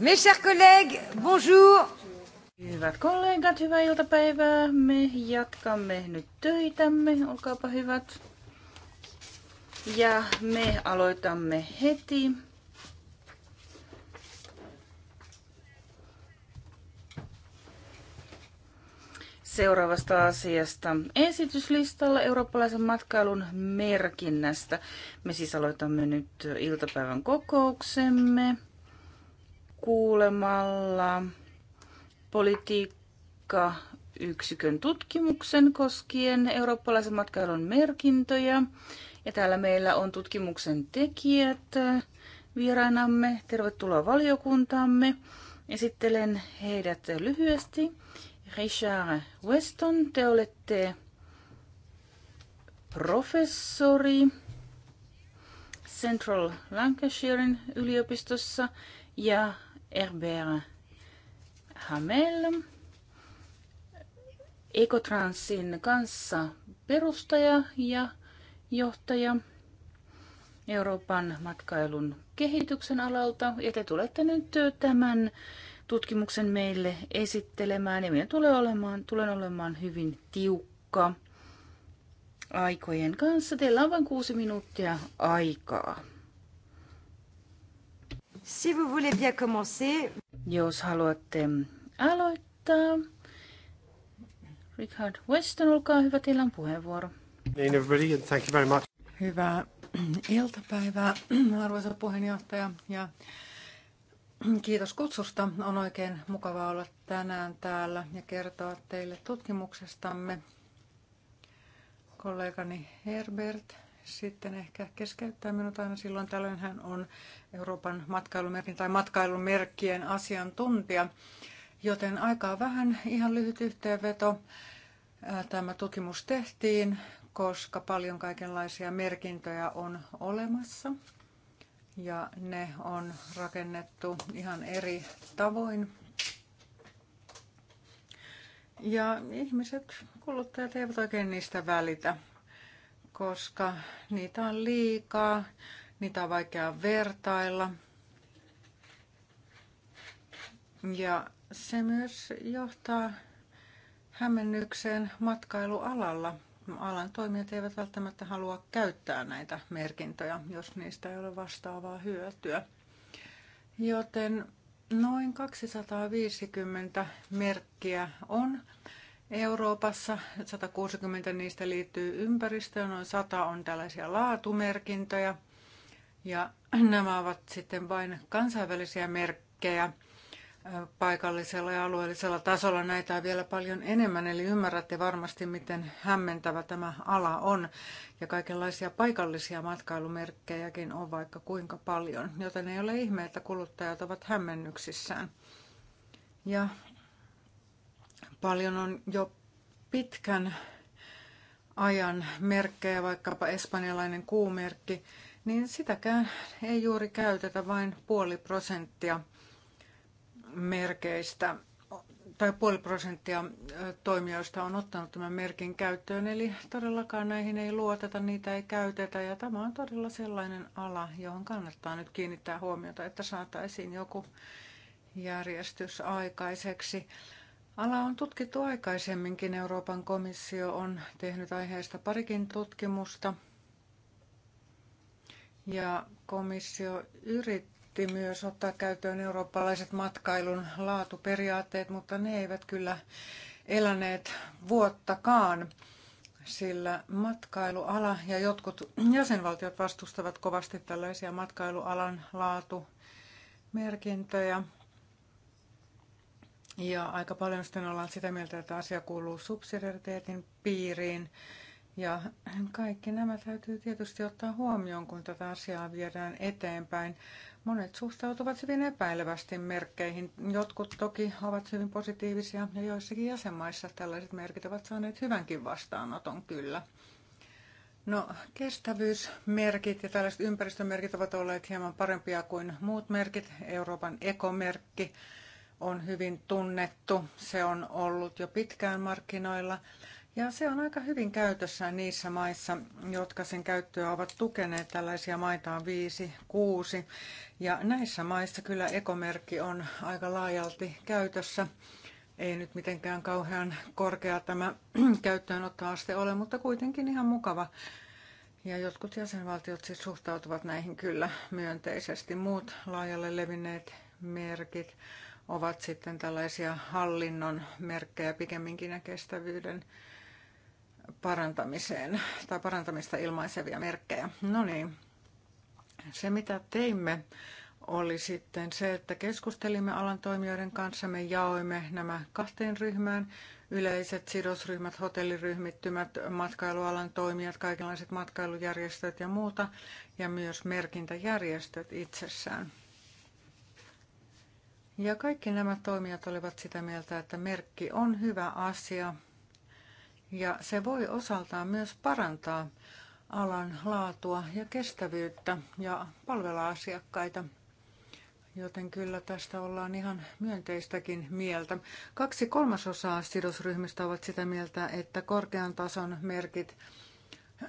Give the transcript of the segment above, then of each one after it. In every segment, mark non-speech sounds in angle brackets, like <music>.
Mes chers collègues, bonjour. Hyvät kollegat, hyvää iltapäivää. Me jatkamme nyt töitämme, olkaapa hyvät. Ja me aloitamme heti. seuraavasta asiasta. Esityslistalla eurooppalaisen matkailun merkinnästä. Me siis aloitamme nyt iltapäivän kokouksemme kuulemalla politiikka yksikön tutkimuksen koskien eurooppalaisen matkailun merkintöjä. Ja täällä meillä on tutkimuksen tekijät vierainamme. Tervetuloa valiokuntaamme. Esittelen heidät lyhyesti. Richard Weston, te olette professori Central Lancashiren yliopistossa ja Herbert Hamel, Ekotransin kanssa perustaja ja johtaja Euroopan matkailun kehityksen alalta. Ja te tulette nyt tämän tutkimuksen meille esittelemään ja minä tulen olemaan, tulen olemaan hyvin tiukka aikojen kanssa. Teillä on vain kuusi minuuttia aikaa. Si vous voulez bien commencer. Jos haluatte aloittaa. Richard Weston, olkaa hyvä, teillä on puheenvuoro. Niin, everybody, and thank you very much. Hyvää <clears throat> iltapäivää, <clears throat> arvoisa puheenjohtaja. Ja <clears throat> kiitos kutsusta. On oikein mukava olla tänään täällä ja kertoa teille tutkimuksestamme. Kollegani Herbert sitten ehkä keskeyttää minut aina silloin tällöin. Hän on Euroopan matkailumerkin tai matkailumerkkien asiantuntija, joten aikaa vähän ihan lyhyt yhteenveto. Tämä tutkimus tehtiin, koska paljon kaikenlaisia merkintöjä on olemassa ja ne on rakennettu ihan eri tavoin. Ja ihmiset, kuluttajat eivät oikein niistä välitä koska niitä on liikaa, niitä on vaikea vertailla. Ja se myös johtaa hämmennykseen matkailualalla. Alan toimijat eivät välttämättä halua käyttää näitä merkintöjä, jos niistä ei ole vastaavaa hyötyä. Joten noin 250 merkkiä on Euroopassa. 160 niistä liittyy ympäristöön, noin 100 on tällaisia laatumerkintöjä. Ja <clears throat> nämä ovat sitten vain kansainvälisiä merkkejä paikallisella ja alueellisella tasolla. Näitä on vielä paljon enemmän, eli ymmärrätte varmasti, miten hämmentävä tämä ala on. Ja kaikenlaisia paikallisia matkailumerkkejäkin on vaikka kuinka paljon, joten ei ole ihme, että kuluttajat ovat hämmennyksissään. Ja Paljon on jo pitkän ajan merkkejä, vaikkapa espanjalainen kuumerkki, niin sitäkään ei juuri käytetä vain puoli prosenttia merkeistä tai puoli prosenttia toimijoista on ottanut tämän merkin käyttöön, eli todellakaan näihin ei luoteta, niitä ei käytetä, ja tämä on todella sellainen ala, johon kannattaa nyt kiinnittää huomiota, että saataisiin joku järjestys aikaiseksi. Ala on tutkittu aikaisemminkin. Euroopan komissio on tehnyt aiheesta parikin tutkimusta. Ja komissio yritti myös ottaa käyttöön eurooppalaiset matkailun laatuperiaatteet, mutta ne eivät kyllä eläneet vuottakaan, sillä matkailuala ja jotkut jäsenvaltiot vastustavat kovasti tällaisia matkailualan laatumerkintöjä. merkintöjä. Ja aika paljon sitten ollaan sitä mieltä, että asia kuuluu subsidiariteetin piiriin. Ja kaikki nämä täytyy tietysti ottaa huomioon, kun tätä asiaa viedään eteenpäin. Monet suhtautuvat hyvin epäilevästi merkkeihin. Jotkut toki ovat hyvin positiivisia ja joissakin jäsenmaissa tällaiset merkit ovat saaneet hyvänkin vastaanoton kyllä. No, kestävyysmerkit ja tällaiset ympäristömerkit ovat olleet hieman parempia kuin muut merkit. Euroopan ekomerkki on hyvin tunnettu. Se on ollut jo pitkään markkinoilla ja se on aika hyvin käytössä niissä maissa, jotka sen käyttöä ovat tukeneet. Tällaisia maita on viisi, kuusi. Ja näissä maissa kyllä ekomerkki on aika laajalti käytössä. Ei nyt mitenkään kauhean korkea tämä <clears throat> käyttöönottoaste ole, mutta kuitenkin ihan mukava. Ja jotkut jäsenvaltiot siis suhtautuvat näihin kyllä myönteisesti. Muut laajalle levinneet merkit ovat sitten tällaisia hallinnon merkkejä pikemminkin ja kestävyyden parantamiseen tai parantamista ilmaisevia merkkejä. No niin, se mitä teimme oli sitten se, että keskustelimme alan toimijoiden kanssa, me jaoimme nämä kahteen ryhmään, yleiset sidosryhmät, hotelliryhmittymät, matkailualan toimijat, kaikenlaiset matkailujärjestöt ja muuta, ja myös merkintäjärjestöt itsessään. Ja kaikki nämä toimijat olivat sitä mieltä, että merkki on hyvä asia ja se voi osaltaan myös parantaa alan laatua ja kestävyyttä ja palvella asiakkaita. Joten kyllä tästä ollaan ihan myönteistäkin mieltä. Kaksi kolmasosaa sidosryhmistä ovat sitä mieltä, että korkean tason merkit,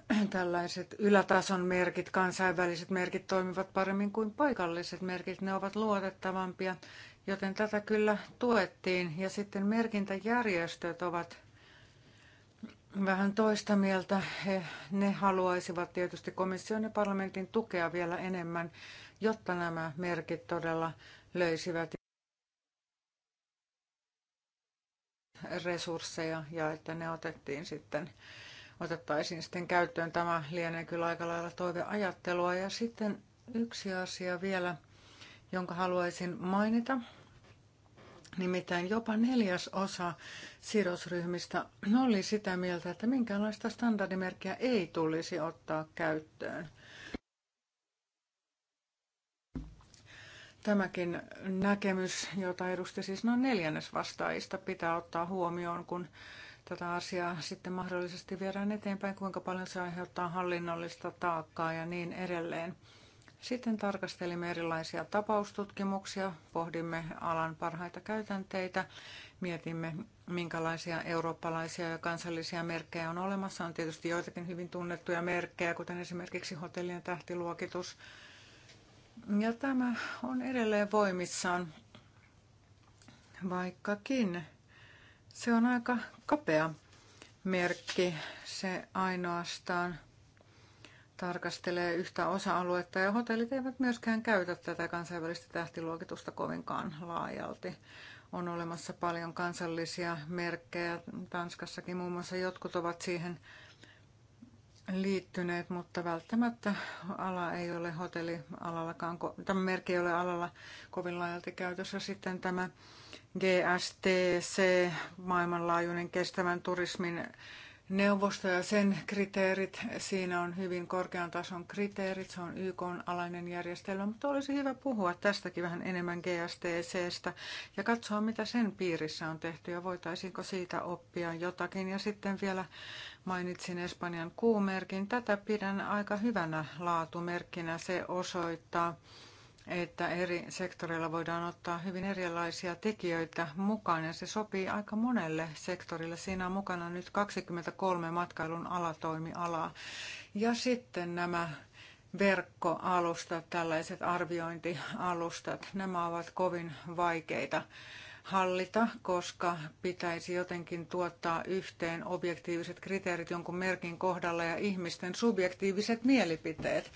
<clears throat> tällaiset ylätason merkit, kansainväliset merkit toimivat paremmin kuin paikalliset merkit. Ne ovat luotettavampia Joten tätä kyllä tuettiin. Ja sitten merkintäjärjestöt ovat vähän toista mieltä. He, ne haluaisivat tietysti komission ja parlamentin tukea vielä enemmän, jotta nämä merkit todella löisivät resursseja ja että ne otettiin sitten, otettaisiin sitten käyttöön. Tämä lienee kyllä aika lailla toiveajattelua. Ja sitten yksi asia vielä – jonka haluaisin mainita. Nimittäin jopa neljäs osa sidosryhmistä oli sitä mieltä, että minkäänlaista standardimerkkiä ei tulisi ottaa käyttöön. Tämäkin näkemys, jota edusti siis noin neljännes vastaajista, pitää ottaa huomioon, kun tätä asiaa sitten mahdollisesti viedään eteenpäin, kuinka paljon se aiheuttaa hallinnollista taakkaa ja niin edelleen. Sitten tarkastelimme erilaisia tapaustutkimuksia, pohdimme alan parhaita käytänteitä, mietimme minkälaisia eurooppalaisia ja kansallisia merkkejä on olemassa. On tietysti joitakin hyvin tunnettuja merkkejä, kuten esimerkiksi hotellien tähtiluokitus. Ja tämä on edelleen voimissaan, vaikkakin se on aika kapea merkki. Se ainoastaan tarkastelee yhtä osa-aluetta ja hotellit eivät myöskään käytä tätä kansainvälistä tähtiluokitusta kovinkaan laajalti. On olemassa paljon kansallisia merkkejä. Tanskassakin muun muassa jotkut ovat siihen liittyneet, mutta välttämättä ala ei ole hotellialallakaan, tämä merkki ei ole alalla kovin laajalti käytössä. Sitten tämä GSTC, maailmanlaajuinen kestävän turismin neuvosto ja sen kriteerit. Siinä on hyvin korkean tason kriteerit, se on YK-alainen järjestelmä, mutta olisi hyvä puhua tästäkin vähän enemmän GSTCstä ja katsoa, mitä sen piirissä on tehty ja voitaisiinko siitä oppia jotakin. Ja sitten vielä mainitsin Espanjan kuumerkin. Tätä pidän aika hyvänä laatumerkkinä. Se osoittaa, että eri sektoreilla voidaan ottaa hyvin erilaisia tekijöitä mukaan ja se sopii aika monelle sektorille. Siinä on mukana nyt 23 matkailun alatoimialaa. Ja sitten nämä verkkoalustat, tällaiset arviointialustat, nämä ovat kovin vaikeita hallita, koska pitäisi jotenkin tuottaa yhteen objektiiviset kriteerit jonkun merkin kohdalla ja ihmisten subjektiiviset mielipiteet.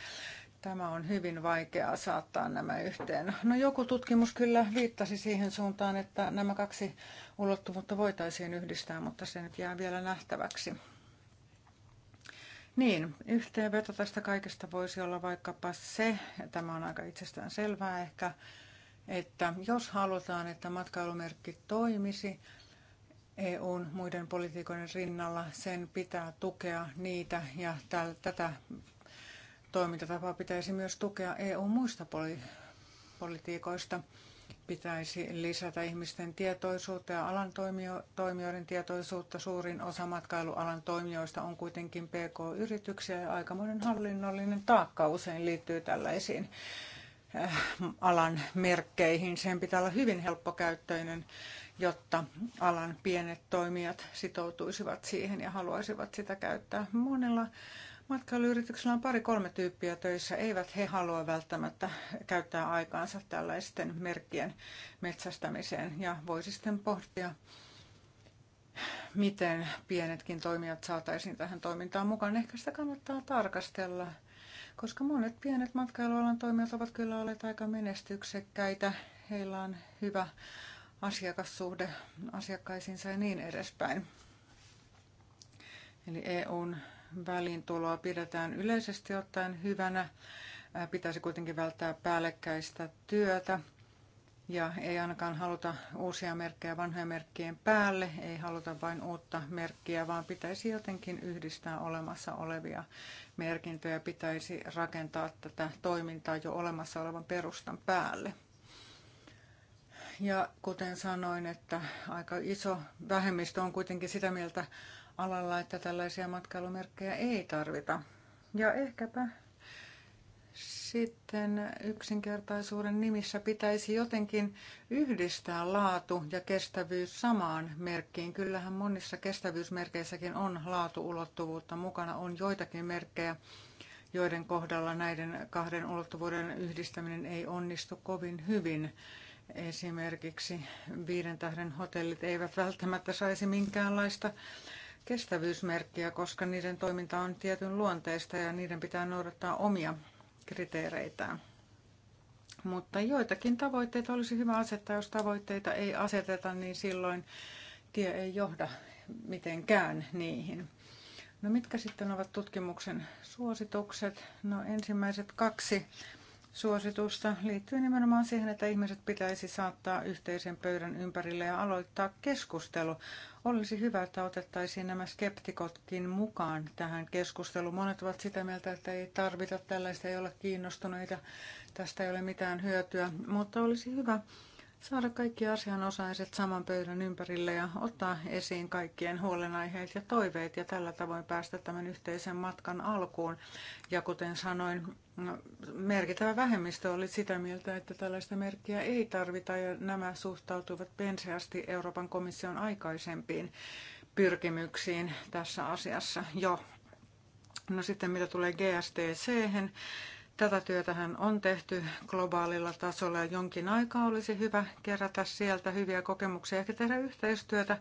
Tämä on hyvin vaikeaa saattaa nämä yhteen. No joku tutkimus kyllä viittasi siihen suuntaan, että nämä kaksi ulottuvuutta voitaisiin yhdistää, mutta se nyt jää vielä nähtäväksi. Niin, yhteenveto tästä kaikesta voisi olla vaikkapa se, ja tämä on aika itsestään selvää ehkä, että jos halutaan, että matkailumerkki toimisi EUn muiden politiikoiden rinnalla, sen pitää tukea niitä ja tätä Toimintatapaa pitäisi myös tukea EU muista poli- politiikoista. Pitäisi lisätä ihmisten tietoisuutta ja alan toimijo- toimijoiden tietoisuutta. Suurin osa matkailualan toimijoista on kuitenkin PK-yrityksiä ja aikamoinen hallinnollinen taakka usein liittyy tällaisiin äh, alan merkkeihin. Sen pitää olla hyvin helppokäyttöinen, jotta alan pienet toimijat sitoutuisivat siihen ja haluaisivat sitä käyttää. monella Matkailuyrityksellä on pari-kolme tyyppiä töissä. Eivät he halua välttämättä käyttää aikaansa tällaisten merkkien metsästämiseen. Ja voisi sitten pohtia, miten pienetkin toimijat saataisiin tähän toimintaan mukaan. Ehkä sitä kannattaa tarkastella, koska monet pienet matkailualan toimijat ovat kyllä olleet aika menestyksekkäitä. Heillä on hyvä asiakassuhde asiakkaisiinsa ja niin edespäin. Eli EUn väliintuloa pidetään yleisesti ottaen hyvänä. Äh, pitäisi kuitenkin välttää päällekkäistä työtä ja ei ainakaan haluta uusia merkkejä vanhojen merkkien päälle, ei haluta vain uutta merkkiä, vaan pitäisi jotenkin yhdistää olemassa olevia merkintöjä, pitäisi rakentaa tätä toimintaa jo olemassa olevan perustan päälle. Ja kuten sanoin, että aika iso vähemmistö on kuitenkin sitä mieltä alalla, että tällaisia matkailumerkkejä ei tarvita. Ja ehkäpä sitten yksinkertaisuuden nimissä pitäisi jotenkin yhdistää laatu ja kestävyys samaan merkkiin. Kyllähän monissa kestävyysmerkeissäkin on laatuulottuvuutta mukana. On joitakin merkkejä, joiden kohdalla näiden kahden ulottuvuuden yhdistäminen ei onnistu kovin hyvin. Esimerkiksi viiden tähden hotellit eivät välttämättä saisi minkäänlaista kestävyysmerkkiä, koska niiden toiminta on tietyn luonteista ja niiden pitää noudattaa omia kriteereitään. Mutta joitakin tavoitteita olisi hyvä asettaa. Jos tavoitteita ei aseteta, niin silloin tie ei johda mitenkään niihin. No mitkä sitten ovat tutkimuksen suositukset? No ensimmäiset kaksi suositusta liittyy nimenomaan siihen, että ihmiset pitäisi saattaa yhteisen pöydän ympärille ja aloittaa keskustelu olisi hyvä, että otettaisiin nämä skeptikotkin mukaan tähän keskusteluun. Monet ovat sitä mieltä, että ei tarvita tällaista, ei olla kiinnostuneita, tästä ei ole mitään hyötyä, mutta olisi hyvä, saada kaikki asianosaiset saman pöydän ympärille ja ottaa esiin kaikkien huolenaiheet ja toiveet ja tällä tavoin päästä tämän yhteisen matkan alkuun. Ja kuten sanoin, no, merkittävä vähemmistö oli sitä mieltä, että tällaista merkkiä ei tarvita ja nämä suhtautuivat penseästi Euroopan komission aikaisempiin pyrkimyksiin tässä asiassa jo. No sitten mitä tulee GSTC, Tätä työtähän on tehty globaalilla tasolla ja jonkin aikaa olisi hyvä kerätä sieltä hyviä kokemuksia ja tehdä yhteistyötä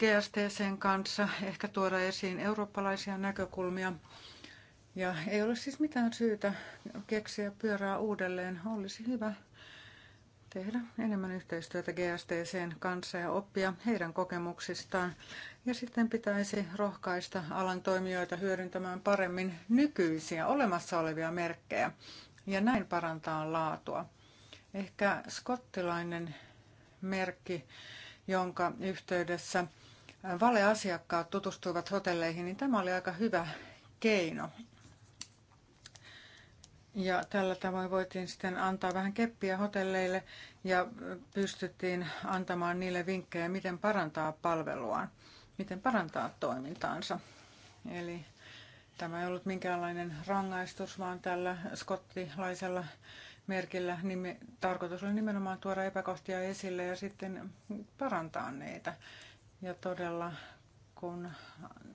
GSTCn kanssa, ehkä tuoda esiin eurooppalaisia näkökulmia. Ja ei ole siis mitään syytä keksiä pyörää uudelleen. Olisi hyvä tehdä enemmän yhteistyötä GSTCn kanssa ja oppia heidän kokemuksistaan ja sitten pitäisi rohkaista alan toimijoita hyödyntämään paremmin nykyisiä olemassa olevia merkkejä ja näin parantaa laatua. Ehkä skottilainen merkki, jonka yhteydessä valeasiakkaat tutustuivat hotelleihin, niin tämä oli aika hyvä keino. Ja tällä tavoin voitiin sitten antaa vähän keppiä hotelleille ja pystyttiin antamaan niille vinkkejä, miten parantaa palveluaan miten parantaa toimintaansa. Eli tämä ei ollut minkäänlainen rangaistus, vaan tällä skottilaisella merkillä nime, tarkoitus oli nimenomaan tuoda epäkohtia esille ja sitten parantaa niitä. Ja todella kun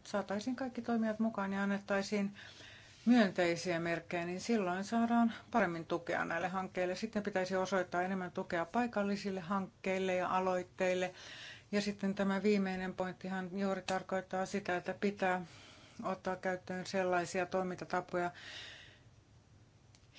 saataisiin kaikki toimijat mukaan ja annettaisiin myönteisiä merkkejä, niin silloin saadaan paremmin tukea näille hankkeille. Sitten pitäisi osoittaa enemmän tukea paikallisille hankkeille ja aloitteille ja sitten tämä viimeinen pointtihan juuri tarkoittaa sitä, että pitää ottaa käyttöön sellaisia toimintatapoja,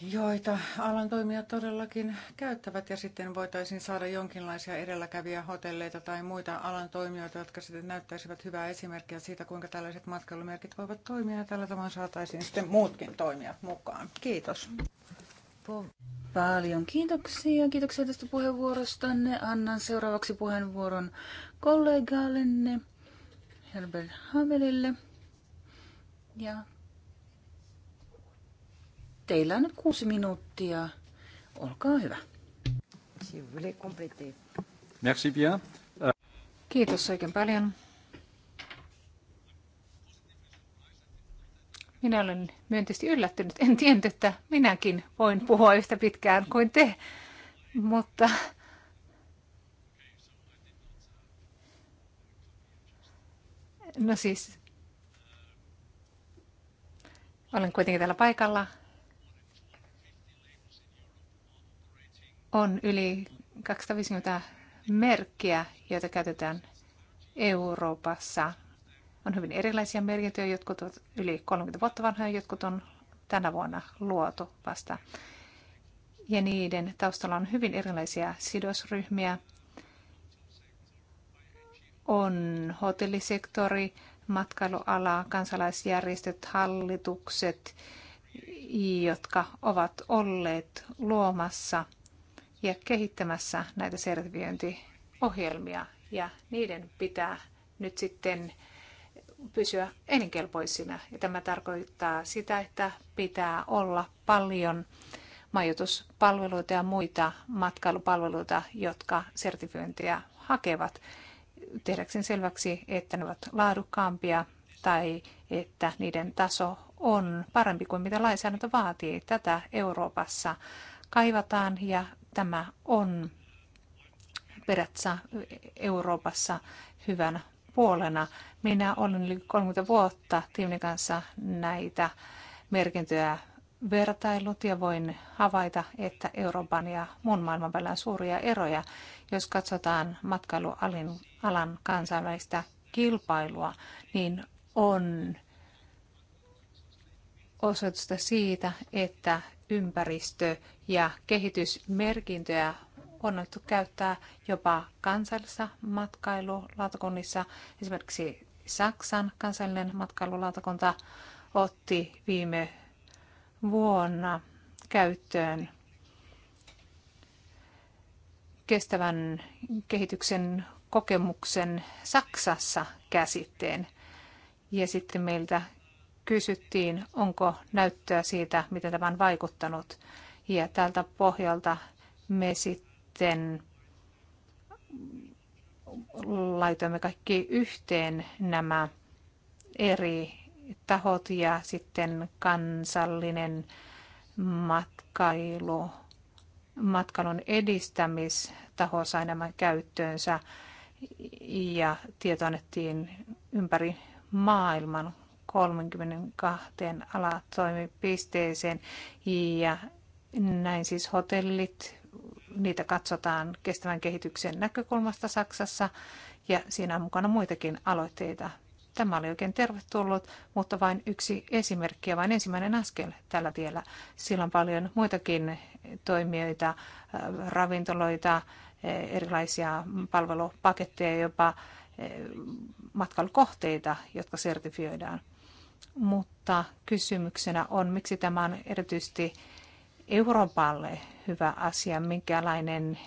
joita alan toimijat todellakin käyttävät ja sitten voitaisiin saada jonkinlaisia edelläkävijä hotelleita tai muita alan toimijoita, jotka sitten näyttäisivät hyvää esimerkkiä siitä, kuinka tällaiset matkailumerkit voivat toimia ja tällä tavalla saataisiin sitten muutkin toimijat mukaan. Kiitos. Paljon kiitoksia. Kiitoksia tästä puheenvuorostanne. Annan seuraavaksi puheenvuoron kollegaallenne Herbert Havelille. Ja teillä on nyt kuusi minuuttia. Olkaa hyvä. Merci bien. Euh, Kiitos oikein paljon. Minä olen myönteisesti yllättynyt. En tiennyt, että minäkin voin puhua yhtä pitkään kuin te, mutta No siis, olen kuitenkin täällä paikalla. On yli 250 merkkiä, joita käytetään Euroopassa on hyvin erilaisia merkintöjä. Jotkut ovat yli 30 vuotta vanhoja, jotkut on tänä vuonna luotu vasta. Ja niiden taustalla on hyvin erilaisia sidosryhmiä. On hotellisektori, matkailuala, kansalaisjärjestöt, hallitukset, jotka ovat olleet luomassa ja kehittämässä näitä sertifiointiohjelmia. Ja niiden pitää nyt sitten pysyä elinkelpoisina. Ja tämä tarkoittaa sitä, että pitää olla paljon majoituspalveluita ja muita matkailupalveluita, jotka sertifiointia hakevat, tehdäkseen selväksi, että ne ovat laadukkaampia tai että niiden taso on parempi kuin mitä lainsäädäntö vaatii. Tätä Euroopassa kaivataan ja tämä on perätsä Euroopassa hyvän puolena. Minä olen yli 30 vuotta tiimin kanssa näitä merkintöjä vertailut ja voin havaita, että Euroopan ja muun maailman välillä on suuria eroja. Jos katsotaan matkailualan kansainvälistä kilpailua, niin on osoitusta siitä, että ympäristö- ja kehitysmerkintöjä on otettu käyttää jopa kansallisessa matkailulautakunnissa. Esimerkiksi Saksan kansallinen matkailulautakunta otti viime vuonna käyttöön kestävän kehityksen kokemuksen Saksassa käsitteen. Ja sitten meiltä kysyttiin, onko näyttöä siitä, miten tämä on vaikuttanut. Ja tältä pohjalta me sitten sitten laitoimme kaikki yhteen nämä eri tahot ja sitten kansallinen matkailu, matkailun edistämistaho sai nämä käyttöönsä ja tieto annettiin ympäri maailman 32 alatoimipisteeseen ja näin siis hotellit, niitä katsotaan kestävän kehityksen näkökulmasta Saksassa ja siinä on mukana muitakin aloitteita. Tämä oli oikein tervetullut, mutta vain yksi esimerkki ja vain ensimmäinen askel tällä tiellä. Sillä on paljon muitakin toimijoita, äh, ravintoloita, äh, erilaisia palvelupaketteja, jopa äh, matkailukohteita, jotka sertifioidaan. Mutta kysymyksenä on, miksi tämä on erityisesti Euroopalle hyvä asia, minkälainen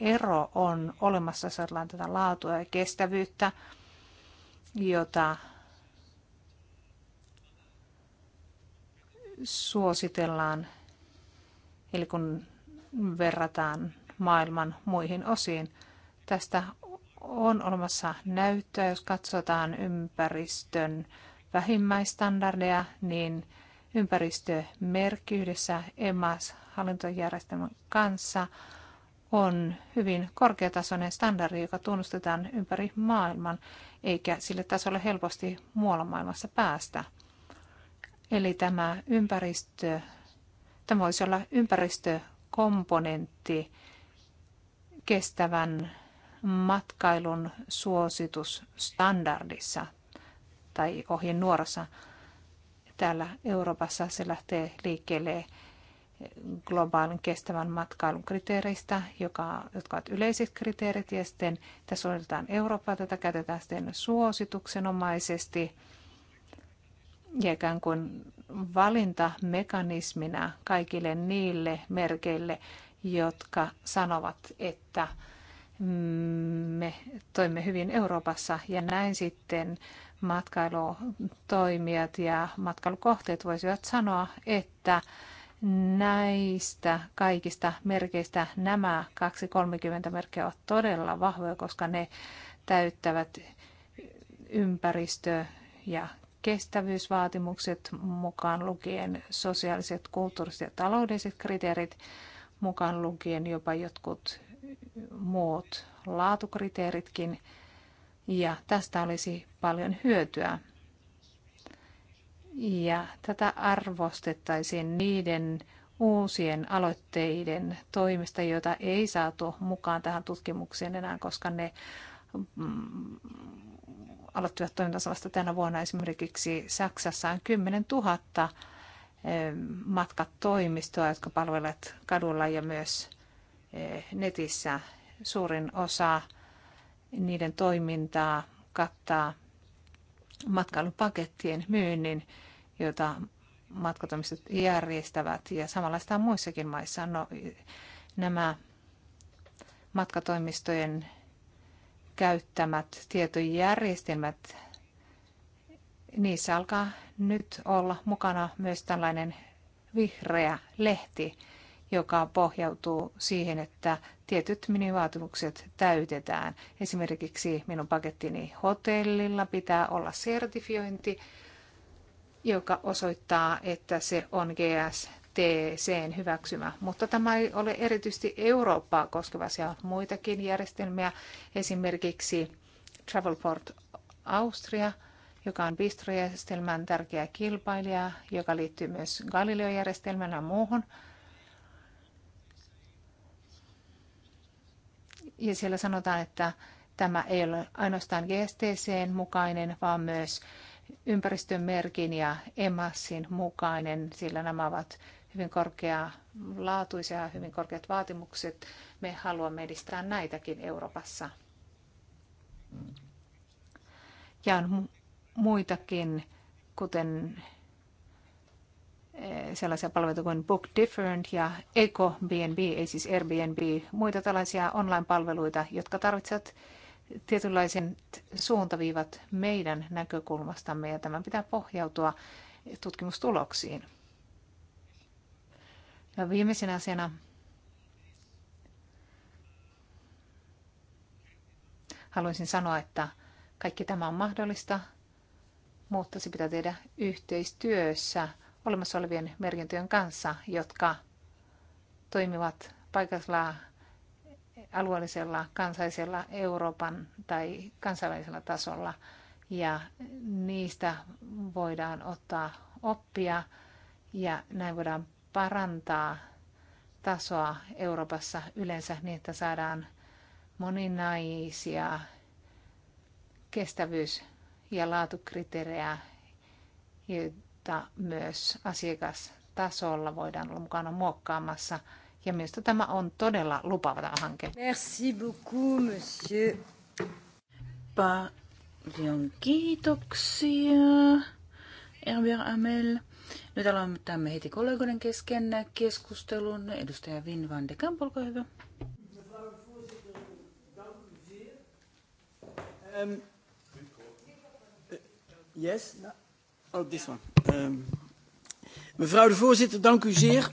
ero on olemassa, jos tätä laatua ja kestävyyttä, jota suositellaan, eli kun verrataan maailman muihin osiin. Tästä on olemassa näyttöä, jos katsotaan ympäristön vähimmäistandardeja, niin ympäristömerkki yhdessä EMAS-hallintojärjestelmän kanssa on hyvin korkeatasoinen standardi, joka tunnustetaan ympäri maailman, eikä sille tasolle helposti muualla maailmassa päästä. Eli tämä ympäristö, tämä voisi olla ympäristökomponentti kestävän matkailun suositusstandardissa tai ohjenuorassa. nuorassa täällä Euroopassa. Se lähtee liikkeelle globaalin kestävän matkailun kriteereistä, joka, jotka ovat yleiset kriteerit, ja sitten tässä otetaan Eurooppaa, tätä käytetään sitten suosituksenomaisesti ja ikään kuin valintamekanismina kaikille niille merkeille, jotka sanovat, että mm, me toimme hyvin Euroopassa ja näin sitten matkailutoimijat ja matkailukohteet voisivat sanoa, että näistä kaikista merkeistä nämä 230 merkkiä ovat todella vahvoja, koska ne täyttävät ympäristö- ja kestävyysvaatimukset mukaan lukien sosiaaliset, kulttuuriset ja taloudelliset kriteerit, mukaan lukien jopa jotkut muut laatukriteeritkin ja tästä olisi paljon hyötyä. Ja tätä arvostettaisiin niiden uusien aloitteiden toimista, joita ei saatu mukaan tähän tutkimukseen enää, koska ne mm, aloittivat toimintansa vasta tänä vuonna. Esimerkiksi Saksassa on 10 000 eh, matkatoimistoa, jotka palvelevat kadulla ja myös eh, netissä. Suurin osa niiden toimintaa kattaa matkailupakettien myynnin, jota matkatoimistot järjestävät ja samanlaista on muissakin maissa. No, nämä matkatoimistojen käyttämät tietojärjestelmät, niissä alkaa nyt olla mukana myös tällainen vihreä lehti, joka pohjautuu siihen, että tietyt minivaatimukset täytetään. Esimerkiksi minun pakettini hotellilla pitää olla sertifiointi, joka osoittaa, että se on GSTCn hyväksymä. Mutta tämä ei ole erityisesti Eurooppaa koskeva, siellä on muitakin järjestelmiä, esimerkiksi Travelport Austria, joka on bistrojärjestelmän tärkeä kilpailija, joka liittyy myös galileo järjestelmään ja muuhun. ja siellä sanotaan, että tämä ei ole ainoastaan GSTCn mukainen, vaan myös ympäristön merkin ja EMASin mukainen, sillä nämä ovat hyvin korkealaatuisia, hyvin korkeat vaatimukset. Me haluamme edistää näitäkin Euroopassa. Ja on muitakin, kuten Eh, sellaisia palveluita kuin Book Different ja Eco BNB, ei siis Airbnb, muita tällaisia online-palveluita, jotka tarvitsevat tietynlaisen suuntaviivat meidän näkökulmastamme ja tämän pitää pohjautua tutkimustuloksiin. Ja viimeisenä asiana haluaisin sanoa, että kaikki tämä on mahdollista, mutta se pitää tehdä yhteistyössä – olemassa olevien merkintöjen kanssa, jotka toimivat paikallisella, alueellisella, kansallisella, Euroopan tai kansainvälisellä tasolla. Ja niistä voidaan ottaa oppia ja näin voidaan parantaa tasoa Euroopassa yleensä niin, että saadaan moninaisia kestävyys- ja laatukriteerejä, mutta myös asiakastasolla voidaan olla mukana muokkaamassa. Ja minusta tämä on todella lupaava hanke. Merci beaucoup, monsieur. Paljon kiitoksia, Herbert Amel. Nyt aloitamme heti kollegoiden kesken keskustelun. Edustaja Vin van de Kamp, olkaa hyvä. Um, yes, no. oh, this one. Ehm, mevrouw de voorzitter, dank u zeer.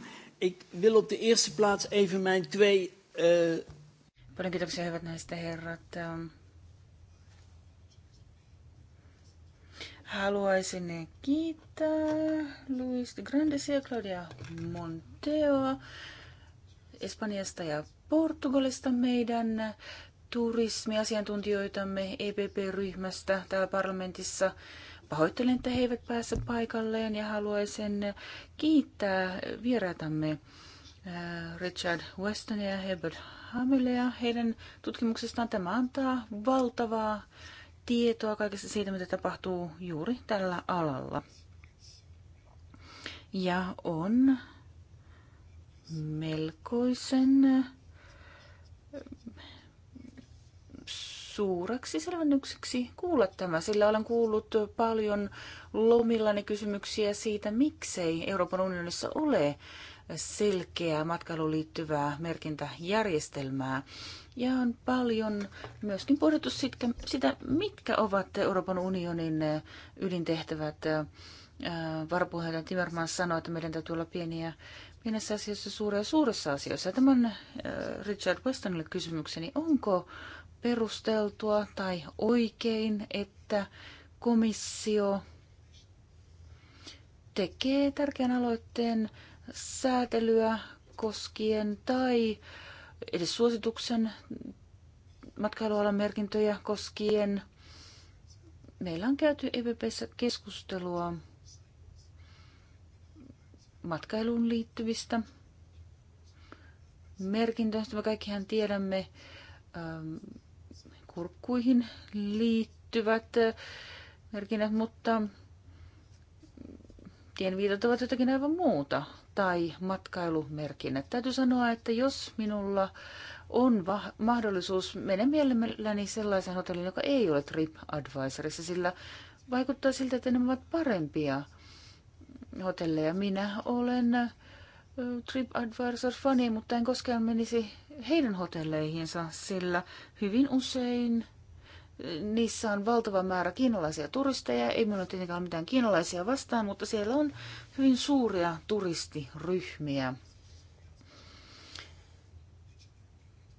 <clears throat> Ik wil op de eerste plaats even mijn twee... Uh... Paljon Luis de Claudia Espanjasta ja Portugalista meidän eh, turismiasiantuntijoitamme EPP-ryhmästä täällä parlamentissa. Eh, Pahoittelen, että he eivät pääse paikalleen ja haluaisin kiittää vieraitamme äh, Richard Westonia ja Herbert Hamilea heidän tutkimuksestaan. Tämä antaa valtavaa tietoa kaikesta siitä, mitä tapahtuu juuri tällä alalla. Ja on melkoisen suureksi selvennykseksi kuulla tämä, sillä olen kuullut paljon lomillani kysymyksiä siitä, miksei Euroopan unionissa ole selkeää matkailuun liittyvää merkintäjärjestelmää. Ja on paljon myöskin pohdittu sitä, mitkä ovat Euroopan unionin ydintehtävät. Äh, varapuheenjohtaja Timmermans sanoi, että meidän täytyy olla pieniä pienessä asiassa suuria suuressa asioissa. Tämän äh, Richard Westonille kysymykseni, onko perusteltua tai oikein, että komissio tekee tärkeän aloitteen säätelyä koskien tai edes suosituksen matkailualan merkintöjä koskien. Meillä on käyty EPPssä keskustelua matkailuun liittyvistä merkintöistä. Me kaikkihan tiedämme ähm, kurkkuihin liittyvät merkinnät, mutta tienviitat ovat jotakin aivan muuta tai matkailumerkinnät. Täytyy sanoa, että jos minulla on va- mahdollisuus, menen mielelläni sellaisen hotellin, joka ei ole TripAdvisorissa, sillä vaikuttaa siltä, että nämä ovat parempia hotelleja. Minä olen TripAdvisor-fani, mutta en koskaan menisi heidän hotelleihinsa, sillä hyvin usein eh, niissä on valtava määrä kiinalaisia turisteja. Ei minulla tietenkään ole mitään kiinalaisia vastaan, mutta siellä on hyvin suuria turistiryhmiä.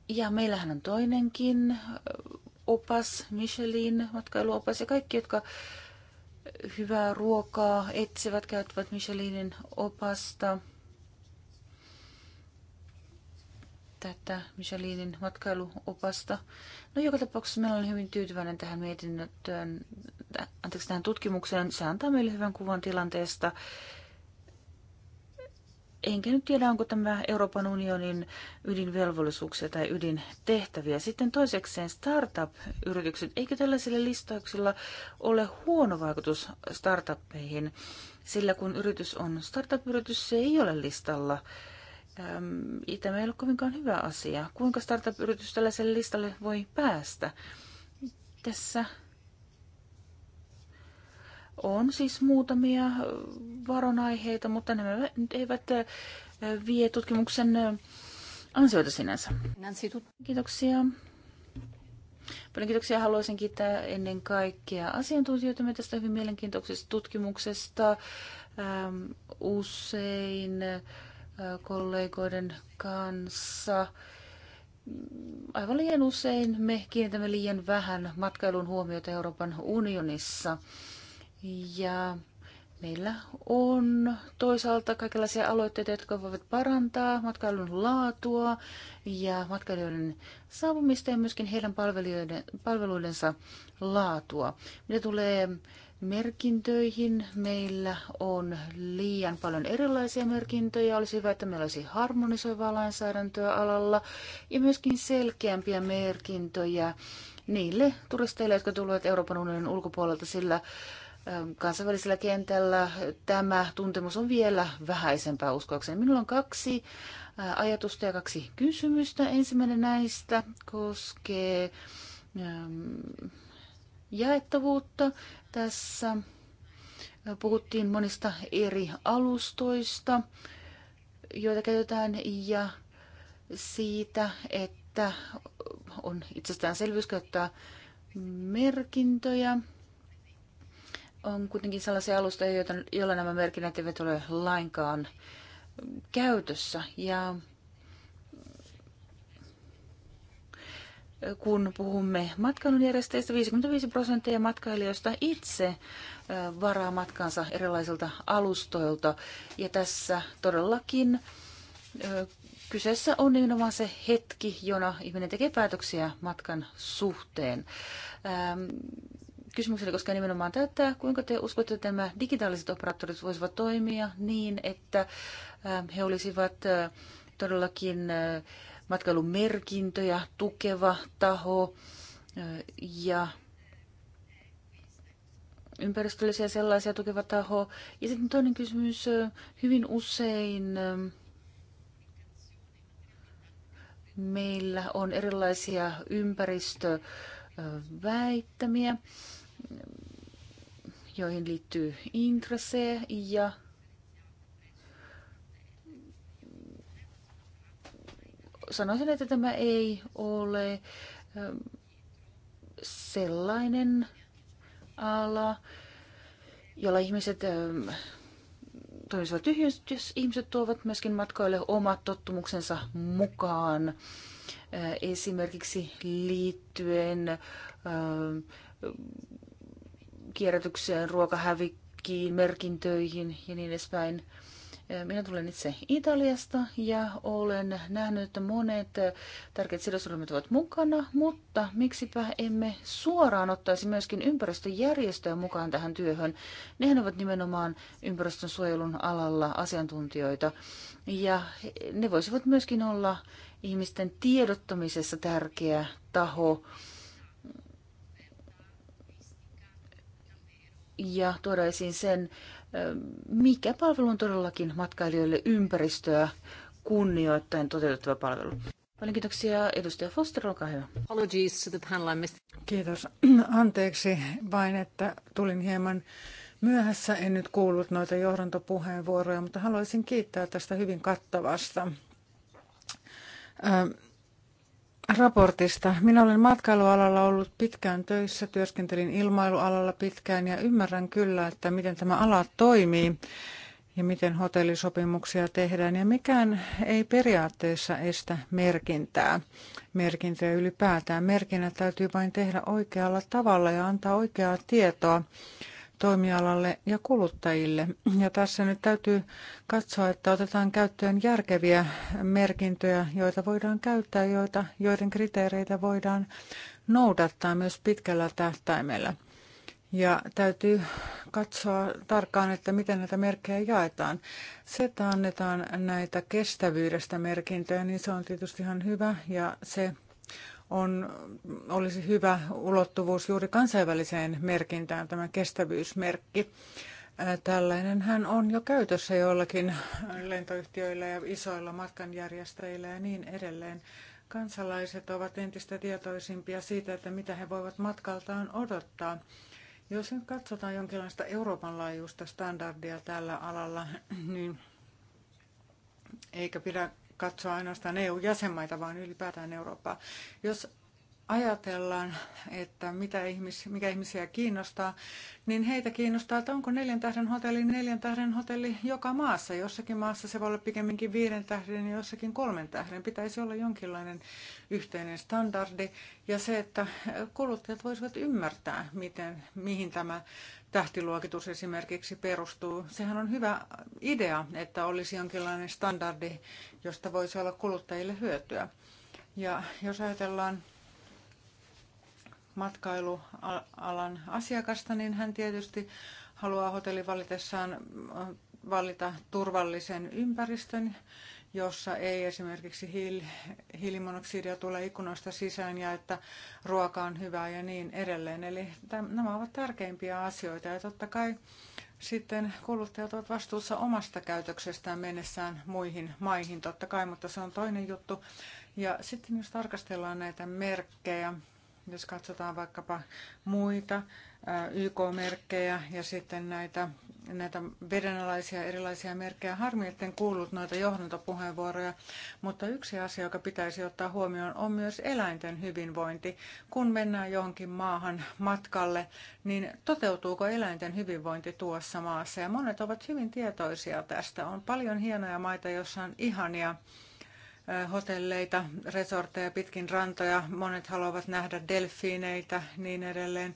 Ja meillähän on toinenkin eh, opas, Michelin matkailuopas ja kaikki, jotka eh, hyvää ruokaa etsivät, käyttävät Michelinin opasta – tätä Michelinin matkailuopasta. No joka tapauksessa meillä on hyvin tyytyväinen tähän mietinnön, anteeksi tähän tutkimukseen. Se antaa meille hyvän kuvan tilanteesta. Enkä nyt tiedä, onko tämä Euroopan unionin ydinvelvollisuuksia tai ydintehtäviä. Sitten toisekseen startup-yritykset. Eikö tällaisilla listauksilla ole huono vaikutus startuppeihin? Sillä kun yritys on startup-yritys, se ei ole listalla äm, tämä ei ole kovinkaan hyvä asia. Kuinka startup-yritys tällaiselle listalle voi päästä? Tässä on siis muutamia varonaiheita, mutta nämä eivät vie tutkimuksen ansioita sinänsä. Kiitoksia. Paljon kiitoksia. Haluaisin kiittää ennen kaikkea asiantuntijoita tästä hyvin mielenkiintoisesta tutkimuksesta. Usein kollegoiden kanssa. Aivan liian usein me kiinnitämme liian vähän matkailun huomiota Euroopan unionissa. Ja meillä on toisaalta kaikenlaisia aloitteita, jotka voivat parantaa matkailun laatua ja matkailijoiden saapumista ja myöskin heidän palveluidensa laatua. Mitä tulee merkintöihin. Meillä on liian paljon erilaisia merkintöjä. Olisi hyvä, että meillä olisi harmonisoivaa lainsäädäntöä alalla ja myöskin selkeämpiä merkintöjä niille turisteille, jotka tulevat Euroopan unionin ulkopuolelta, sillä ähm, kansainvälisellä kentällä tämä tuntemus on vielä vähäisempää uskoakseni. Minulla on kaksi äh, ajatusta ja kaksi kysymystä. Ensimmäinen näistä koskee ähm, jaettavuutta. Tässä puhuttiin monista eri alustoista, joita käytetään, ja siitä, että on itsestäänselvyys käyttää merkintöjä. On kuitenkin sellaisia alustoja, joilla nämä merkinnät eivät ole lainkaan käytössä. Ja kun puhumme matkailun järjestäjistä, 55 prosenttia matkailijoista itse varaa matkansa erilaisilta alustoilta. Ja tässä todellakin kyseessä on nimenomaan se hetki, jona ihminen tekee päätöksiä matkan suhteen. Kysymykseni koska nimenomaan tätä, kuinka te uskotte, että nämä digitaaliset operaattorit voisivat toimia niin, että he olisivat todellakin matkailumerkintöjä tukeva taho ja ympäristöllisiä sellaisia tukeva taho. Ja sitten toinen kysymys, hyvin usein meillä on erilaisia ympäristöväittämiä, joihin liittyy intressejä ja sanoisin, että tämä ei ole ähm, sellainen ala, jolla ihmiset ähm, toimisivat tyhjys, jos ihmiset tuovat myöskin matkoille omat tottumuksensa mukaan. Äh, esimerkiksi liittyen ähm, kierrätykseen, ruokahävikkiin, merkintöihin ja niin edespäin. Minä tulen itse Italiasta ja olen nähnyt, että monet tärkeät sidosryhmät ovat mukana, mutta miksipä emme suoraan ottaisi myöskin ympäristöjärjestöjä mukaan tähän työhön. Nehän ovat nimenomaan ympäristönsuojelun alalla asiantuntijoita ja ne voisivat myöskin olla ihmisten tiedottamisessa tärkeä taho. ja tuoda esiin sen, mikä palvelu on todellakin matkailijoille ympäristöä kunnioittain toteutettava palvelu. Paljon kiitoksia. Edustaja Foster, olkaa hyvä. Apologies to the panel. Kiitos. <clears throat> Anteeksi vain, että tulin hieman myöhässä. En nyt kuullut noita johdantopuheenvuoroja, mutta haluaisin kiittää tästä hyvin kattavasta raportista. Minä olen matkailualalla ollut pitkään töissä, työskentelin ilmailualalla pitkään ja ymmärrän kyllä, että miten tämä ala toimii ja miten hotellisopimuksia tehdään. Ja mikään ei periaatteessa estä merkintää, merkintöjä ylipäätään. Merkinnät täytyy vain tehdä oikealla tavalla ja antaa oikeaa tietoa toimialalle ja kuluttajille. Ja tässä nyt täytyy katsoa, että otetaan käyttöön järkeviä merkintöjä, joita voidaan käyttää, joita, joiden kriteereitä voidaan noudattaa myös pitkällä tähtäimellä. Ja täytyy katsoa tarkkaan, että miten näitä merkkejä jaetaan. Se, että annetaan näitä kestävyydestä merkintöjä, niin se on tietysti ihan hyvä ja se on, olisi hyvä ulottuvuus juuri kansainväliseen merkintään, tämä kestävyysmerkki. Tällainen hän on jo käytössä joillakin lentoyhtiöillä ja isoilla matkanjärjestäjillä ja niin edelleen. Kansalaiset ovat entistä tietoisimpia siitä, että mitä he voivat matkaltaan odottaa. Jos nyt katsotaan jonkinlaista Euroopan laajuista standardia tällä alalla, niin eikä pidä katsoa ainoastaan EU-jäsenmaita, vaan ylipäätään Eurooppaa. Jos ajatellaan, että mitä ihmis, mikä ihmisiä kiinnostaa, niin heitä kiinnostaa, että onko neljän tähden hotelli neljän tähden hotelli joka maassa. Jossakin maassa se voi olla pikemminkin viiden tähden ja jossakin kolmen tähden. Pitäisi olla jonkinlainen yhteinen standardi ja se, että kuluttajat voisivat ymmärtää, miten, mihin tämä tähtiluokitus esimerkiksi perustuu. Sehän on hyvä idea, että olisi jonkinlainen standardi, josta voisi olla kuluttajille hyötyä. Ja jos ajatellaan matkailualan asiakasta, niin hän tietysti haluaa hotelli valitessaan valita turvallisen ympäristön jossa ei esimerkiksi hiil, hiilimonoksidia tule ikkunoista sisään ja että ruoka on hyvää ja niin edelleen. Eli nämä ovat tärkeimpiä asioita ja totta kai sitten kuluttajat ovat vastuussa omasta käytöksestään mennessään muihin maihin totta kai, mutta se on toinen juttu. Ja sitten jos tarkastellaan näitä merkkejä, jos katsotaan vaikkapa muita YK-merkkejä ja sitten näitä näitä vedenalaisia erilaisia merkkejä. Harmi, etten kuullut noita johdantopuheenvuoroja, mutta yksi asia, joka pitäisi ottaa huomioon, on myös eläinten hyvinvointi. Kun mennään johonkin maahan matkalle, niin toteutuuko eläinten hyvinvointi tuossa maassa? Ja monet ovat hyvin tietoisia tästä. On paljon hienoja maita, joissa on ihania hotelleita, resortteja pitkin rantoja. Monet haluavat nähdä delfiineitä niin edelleen.